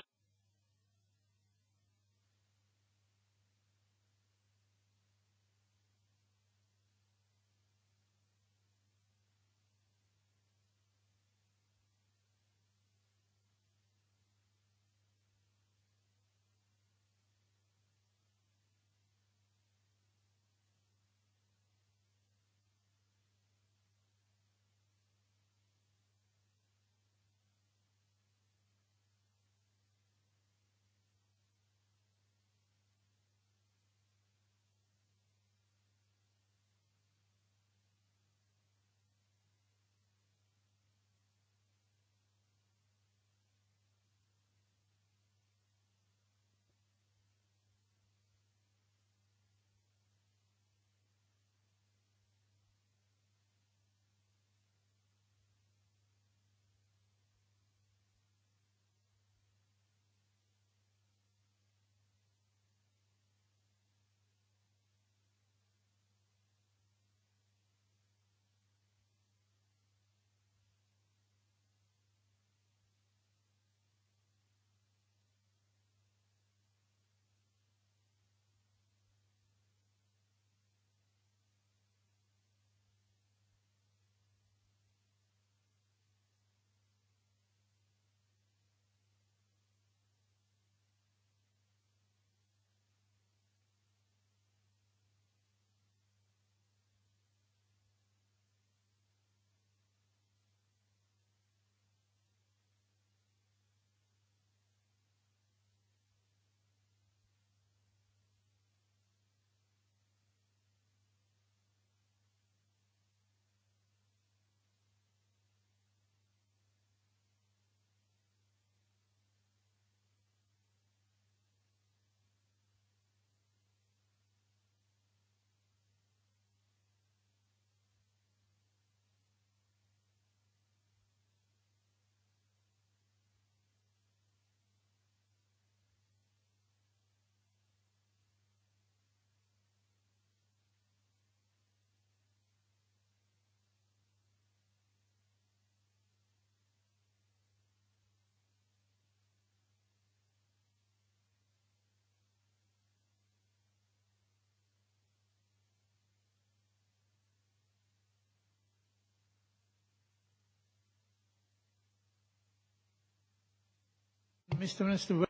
Mr. Minister...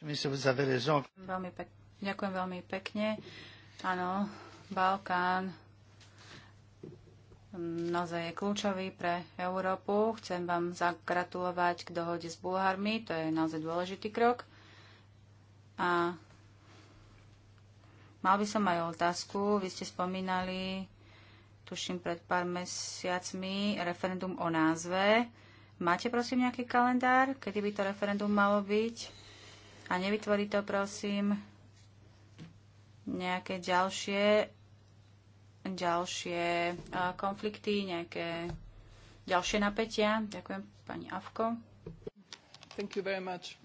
Veľmi pek- ďakujem veľmi pekne. Áno, Balkán naozaj je kľúčový pre Európu. Chcem vám zagratulovať k dohode s Bulharmi. To je naozaj dôležitý krok. A mal by som aj otázku. Vy ste spomínali, tuším pred pár mesiacmi, referendum o názve. Máte prosím nejaký kalendár, kedy by to referendum malo byť? a nevytvorí to, prosím, nejaké ďalšie, ďalšie konflikty, nejaké ďalšie napätia. Ďakujem, pani Avko. Thank you very much.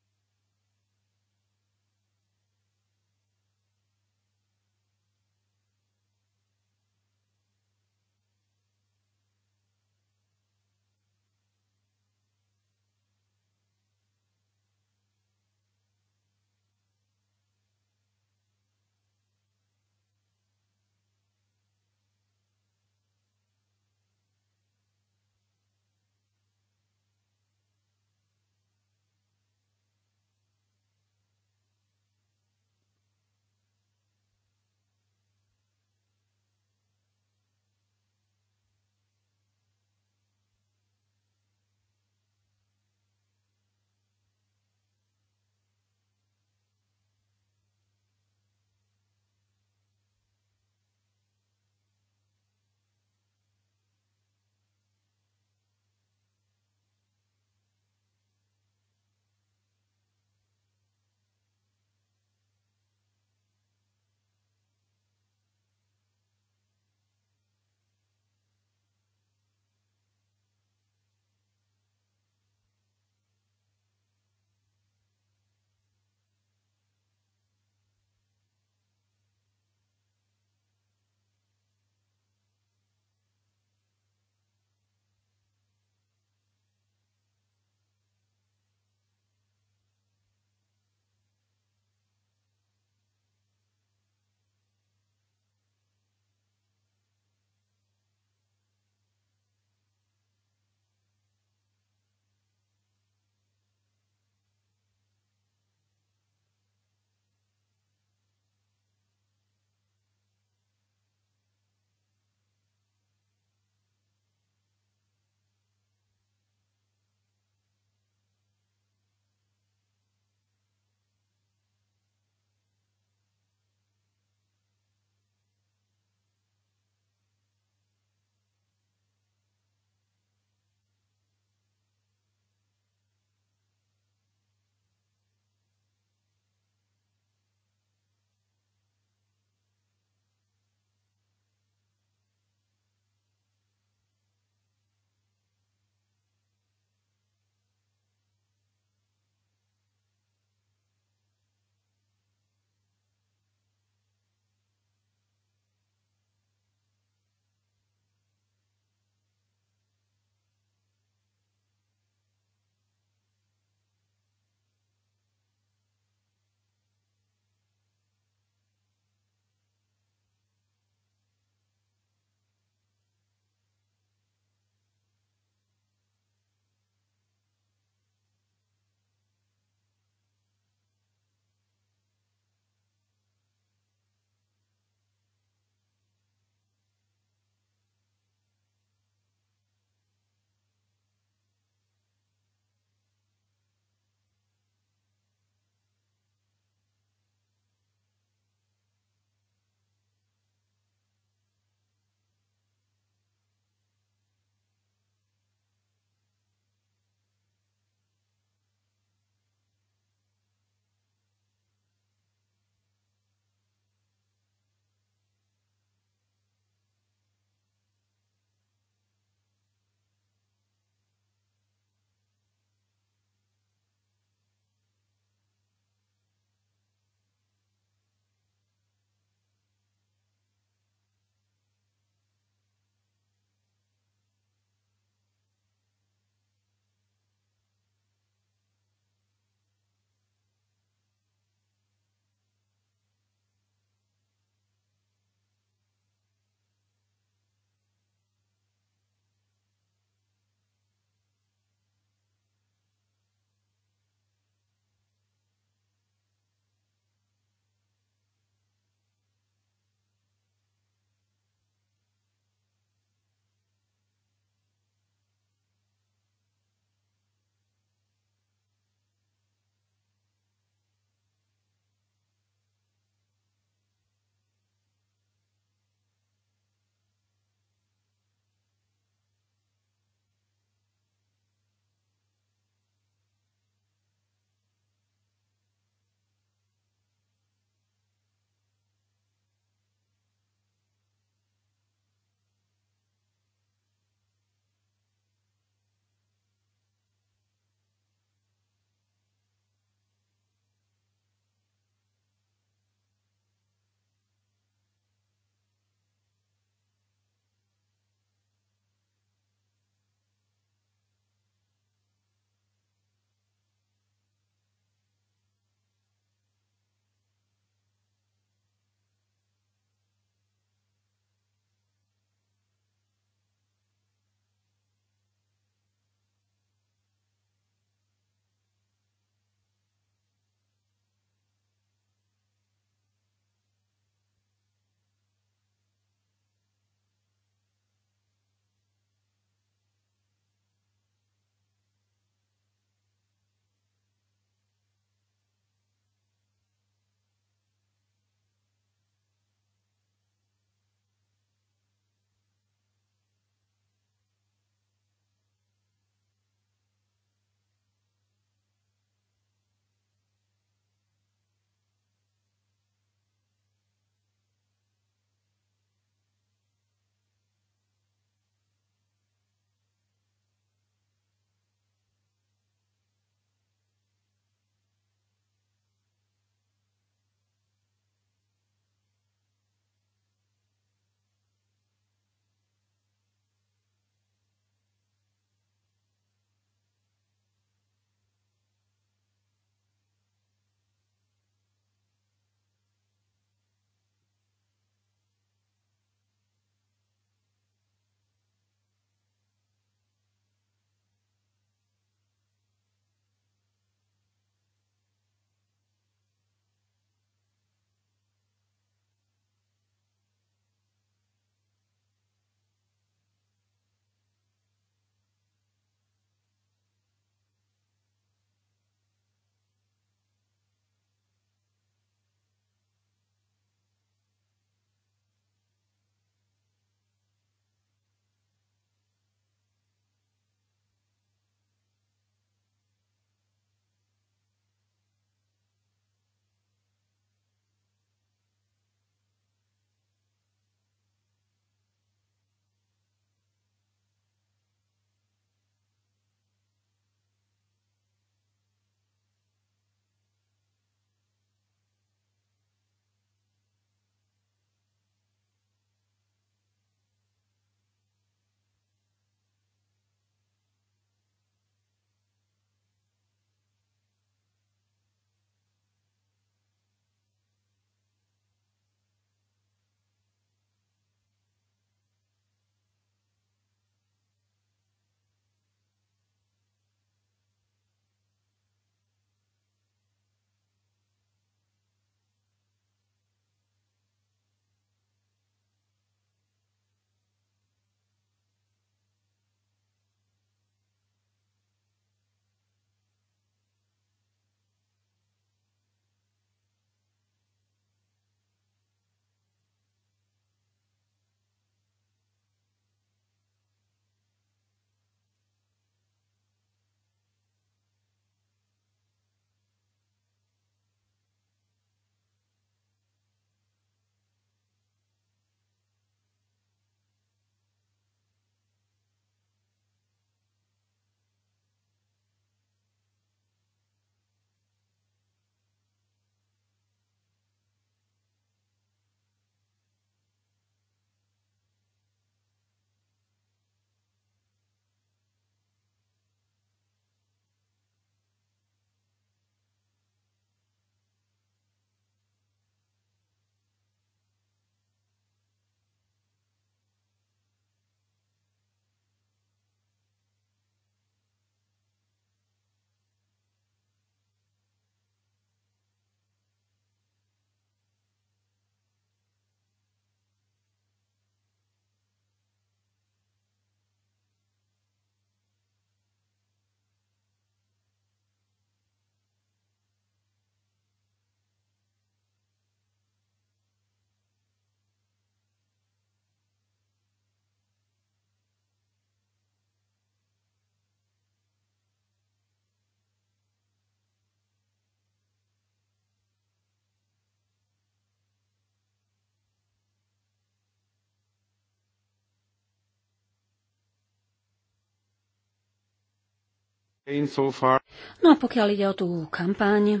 No a pokiaľ ide o tú kampaň,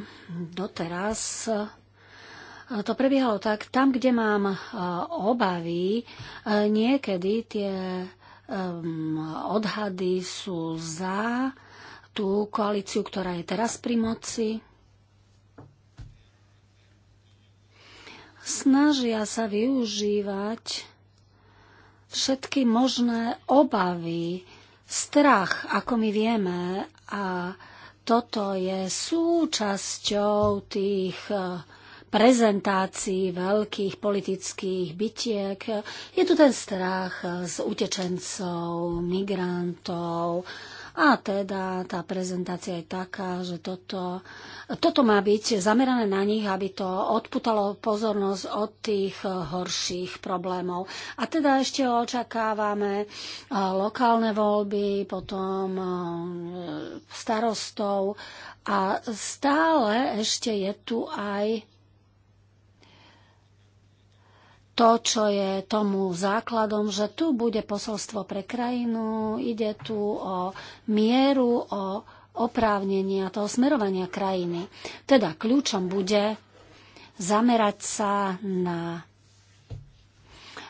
doteraz eh, to prebiehalo tak, tam, kde mám eh, obavy, eh, niekedy tie odhady sú za tú koalíciu, ktorá je teraz pri moci. Snažia sa využívať všetky možné obavy, strach, ako my vieme, a toto je súčasťou tých e, prezentácií veľkých politických bytiek. Je tu ten strach e, z utečencov, migrantov, a teda tá prezentácia je taká, že toto, toto má byť zamerané na nich, aby to odputalo pozornosť od tých eh, horších problémov. A teda ešte očakávame eh, lokálne voľby, potom eh, starostov a stále ešte je tu aj to, čo je tomu základom, že tu bude posolstvo pre krajinu, ide tu o mieru, o oprávnenia toho smerovania krajiny. Teda kľúčom bude zamerať sa na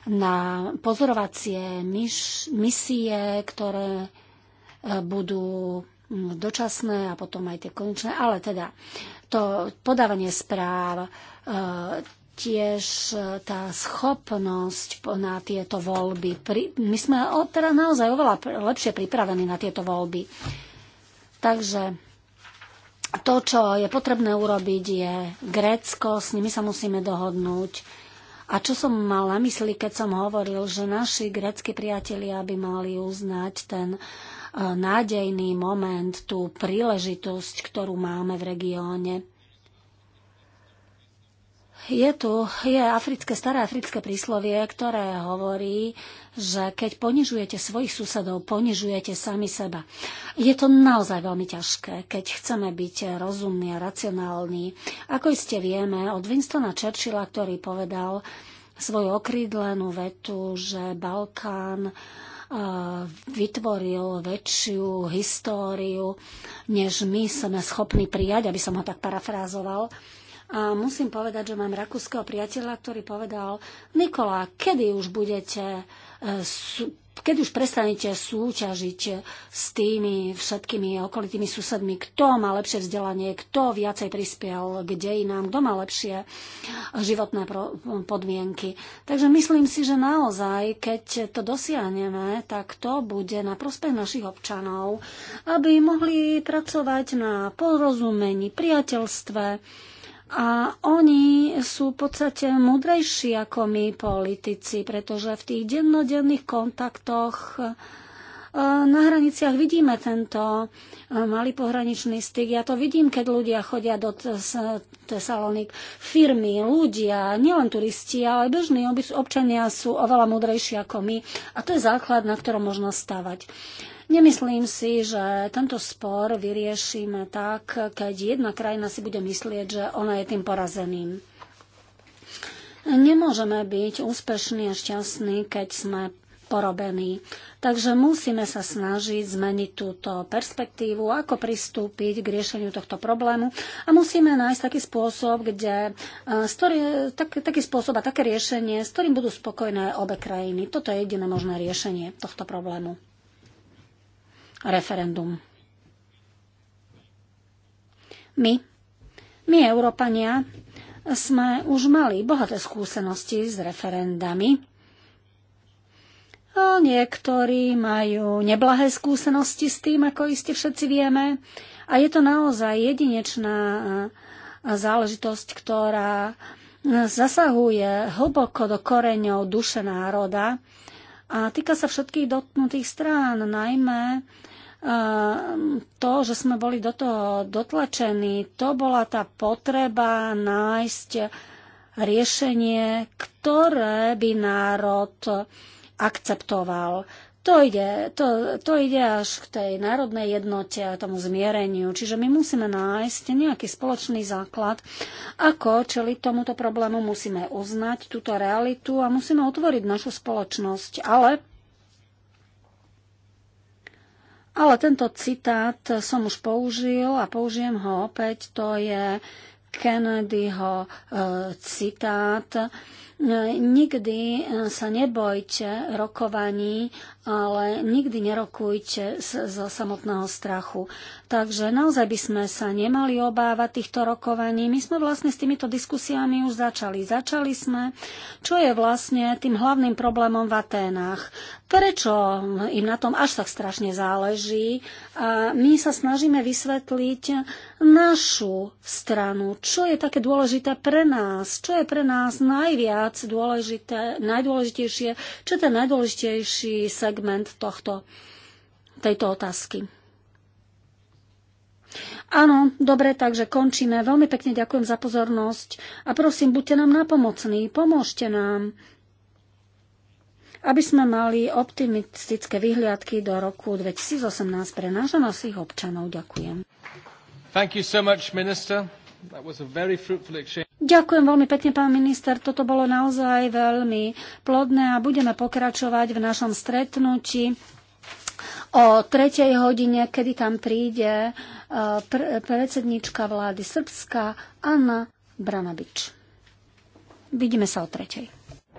na pozorovacie myš, misie, ktoré e, budú dočasné a potom aj tie konečné, ale teda to podávanie správ, e, tiež e, tá schopnosť na tieto voľby. My sme teraz naozaj oveľa lepšie pripravení na tieto voľby. Takže to, čo je potrebné urobiť, je Grécko, s nimi sa musíme dohodnúť. A čo som mal na mysli, keď som hovoril, že naši grécky priatelia by mali uznať ten e, nádejný moment, tú príležitosť, ktorú máme v regióne je tu, je africké, staré africké príslovie, ktoré hovorí, že keď ponižujete svojich susedov, ponižujete sami seba. Je to naozaj veľmi ťažké, keď chceme byť rozumní a racionálni. Ako iste vieme, od Winstona Churchilla, ktorý povedal svoju okrídlenú vetu, že Balkán eh, vytvoril väčšiu históriu, než my sme schopní prijať, aby som ho tak parafrázoval. A musím povedať, že mám rakúskeho priateľa, ktorý povedal, Nikola, kedy už budete e, keď už prestanete súťažiť s tými všetkými okolitými susedmi, kto má lepšie vzdelanie, kto viacej prispiel k dejinám, kto má lepšie životné podmienky. Takže myslím si, že naozaj, keď to dosiahneme, tak to bude na prospech našich občanov, aby mohli pracovať na porozumení, priateľstve, a oni sú v podstate múdrejší ako my politici, pretože v tých dennodenných kontaktoch e, na hraniciach vidíme tento e, malý pohraničný styk. Ja to vidím, keď ľudia chodia do Tesalonik. Firmy, ľudia, nielen turisti, ale bežní občania sú oveľa múdrejší ako my. A to je základ, na ktorom možno stavať. Nemyslím si, že tento spor vyriešime tak, keď jedna krajina si bude myslieť, že ona je tým porazeným. Nemôžeme byť úspešní a šťastní, keď sme porobení. Takže musíme sa snažiť zmeniť túto perspektívu, ako pristúpiť k riešeniu tohto problému a musíme nájsť taký spôsob, kde, eh, ktorý, tak, taký spôsob a také riešenie, s ktorým budú spokojné obe krajiny. Toto je jediné možné riešenie tohto problému referendum. My, my Európania, sme už mali bohaté skúsenosti s referendami. A niektorí majú neblahé skúsenosti s tým, ako iste všetci vieme. A je to naozaj jedinečná záležitosť, ktorá zasahuje hlboko do koreňov duše národa a týka sa všetkých dotknutých strán, najmä Ehm, to, že sme boli do toho dotlačení, to bola tá potreba nájsť riešenie, ktoré by národ akceptoval. To ide, to, to ide až k tej národnej jednote a tomu zmiereniu. Čiže my musíme nájsť nejaký spoločný základ, ako čeliť tomuto problému. Musíme uznať túto realitu a musíme otvoriť našu spoločnosť. Ale ale tento citát som už použil a použijem ho opäť. To je Kennedyho e, citát. Nikdy e, sa nebojte rokovaní, ale nikdy nerokujte zo samotného strachu. Takže naozaj by sme sa nemali obávať týchto rokovaní. My sme vlastne s týmito diskusiami už začali. Začali sme, čo je vlastne tým hlavným problémom v aténách. Prečo im na tom až tak strašne záleží? A my sa snažíme vysvetliť našu stranu, čo je také dôležité pre nás, čo je pre nás najviac viac dôležité, najdôležitejšie, čo je ten najdôležitejší segment tohto, tejto otázky. Áno, dobre, takže končíme. Veľmi pekne ďakujem za pozornosť a prosím, buďte nám napomocní, pomôžte nám, aby sme mali optimistické vyhliadky do roku 2018 pre náš a našich občanov. Ďakujem. Thank you so much, minister. Ďakujem veľmi pekne, pán minister. Toto bolo naozaj veľmi plodné a budeme pokračovať v našom stretnutí o tretej hodine, kedy tam príde e, predsednička vlády Srbska Anna Branabič. Vidíme sa o tretej.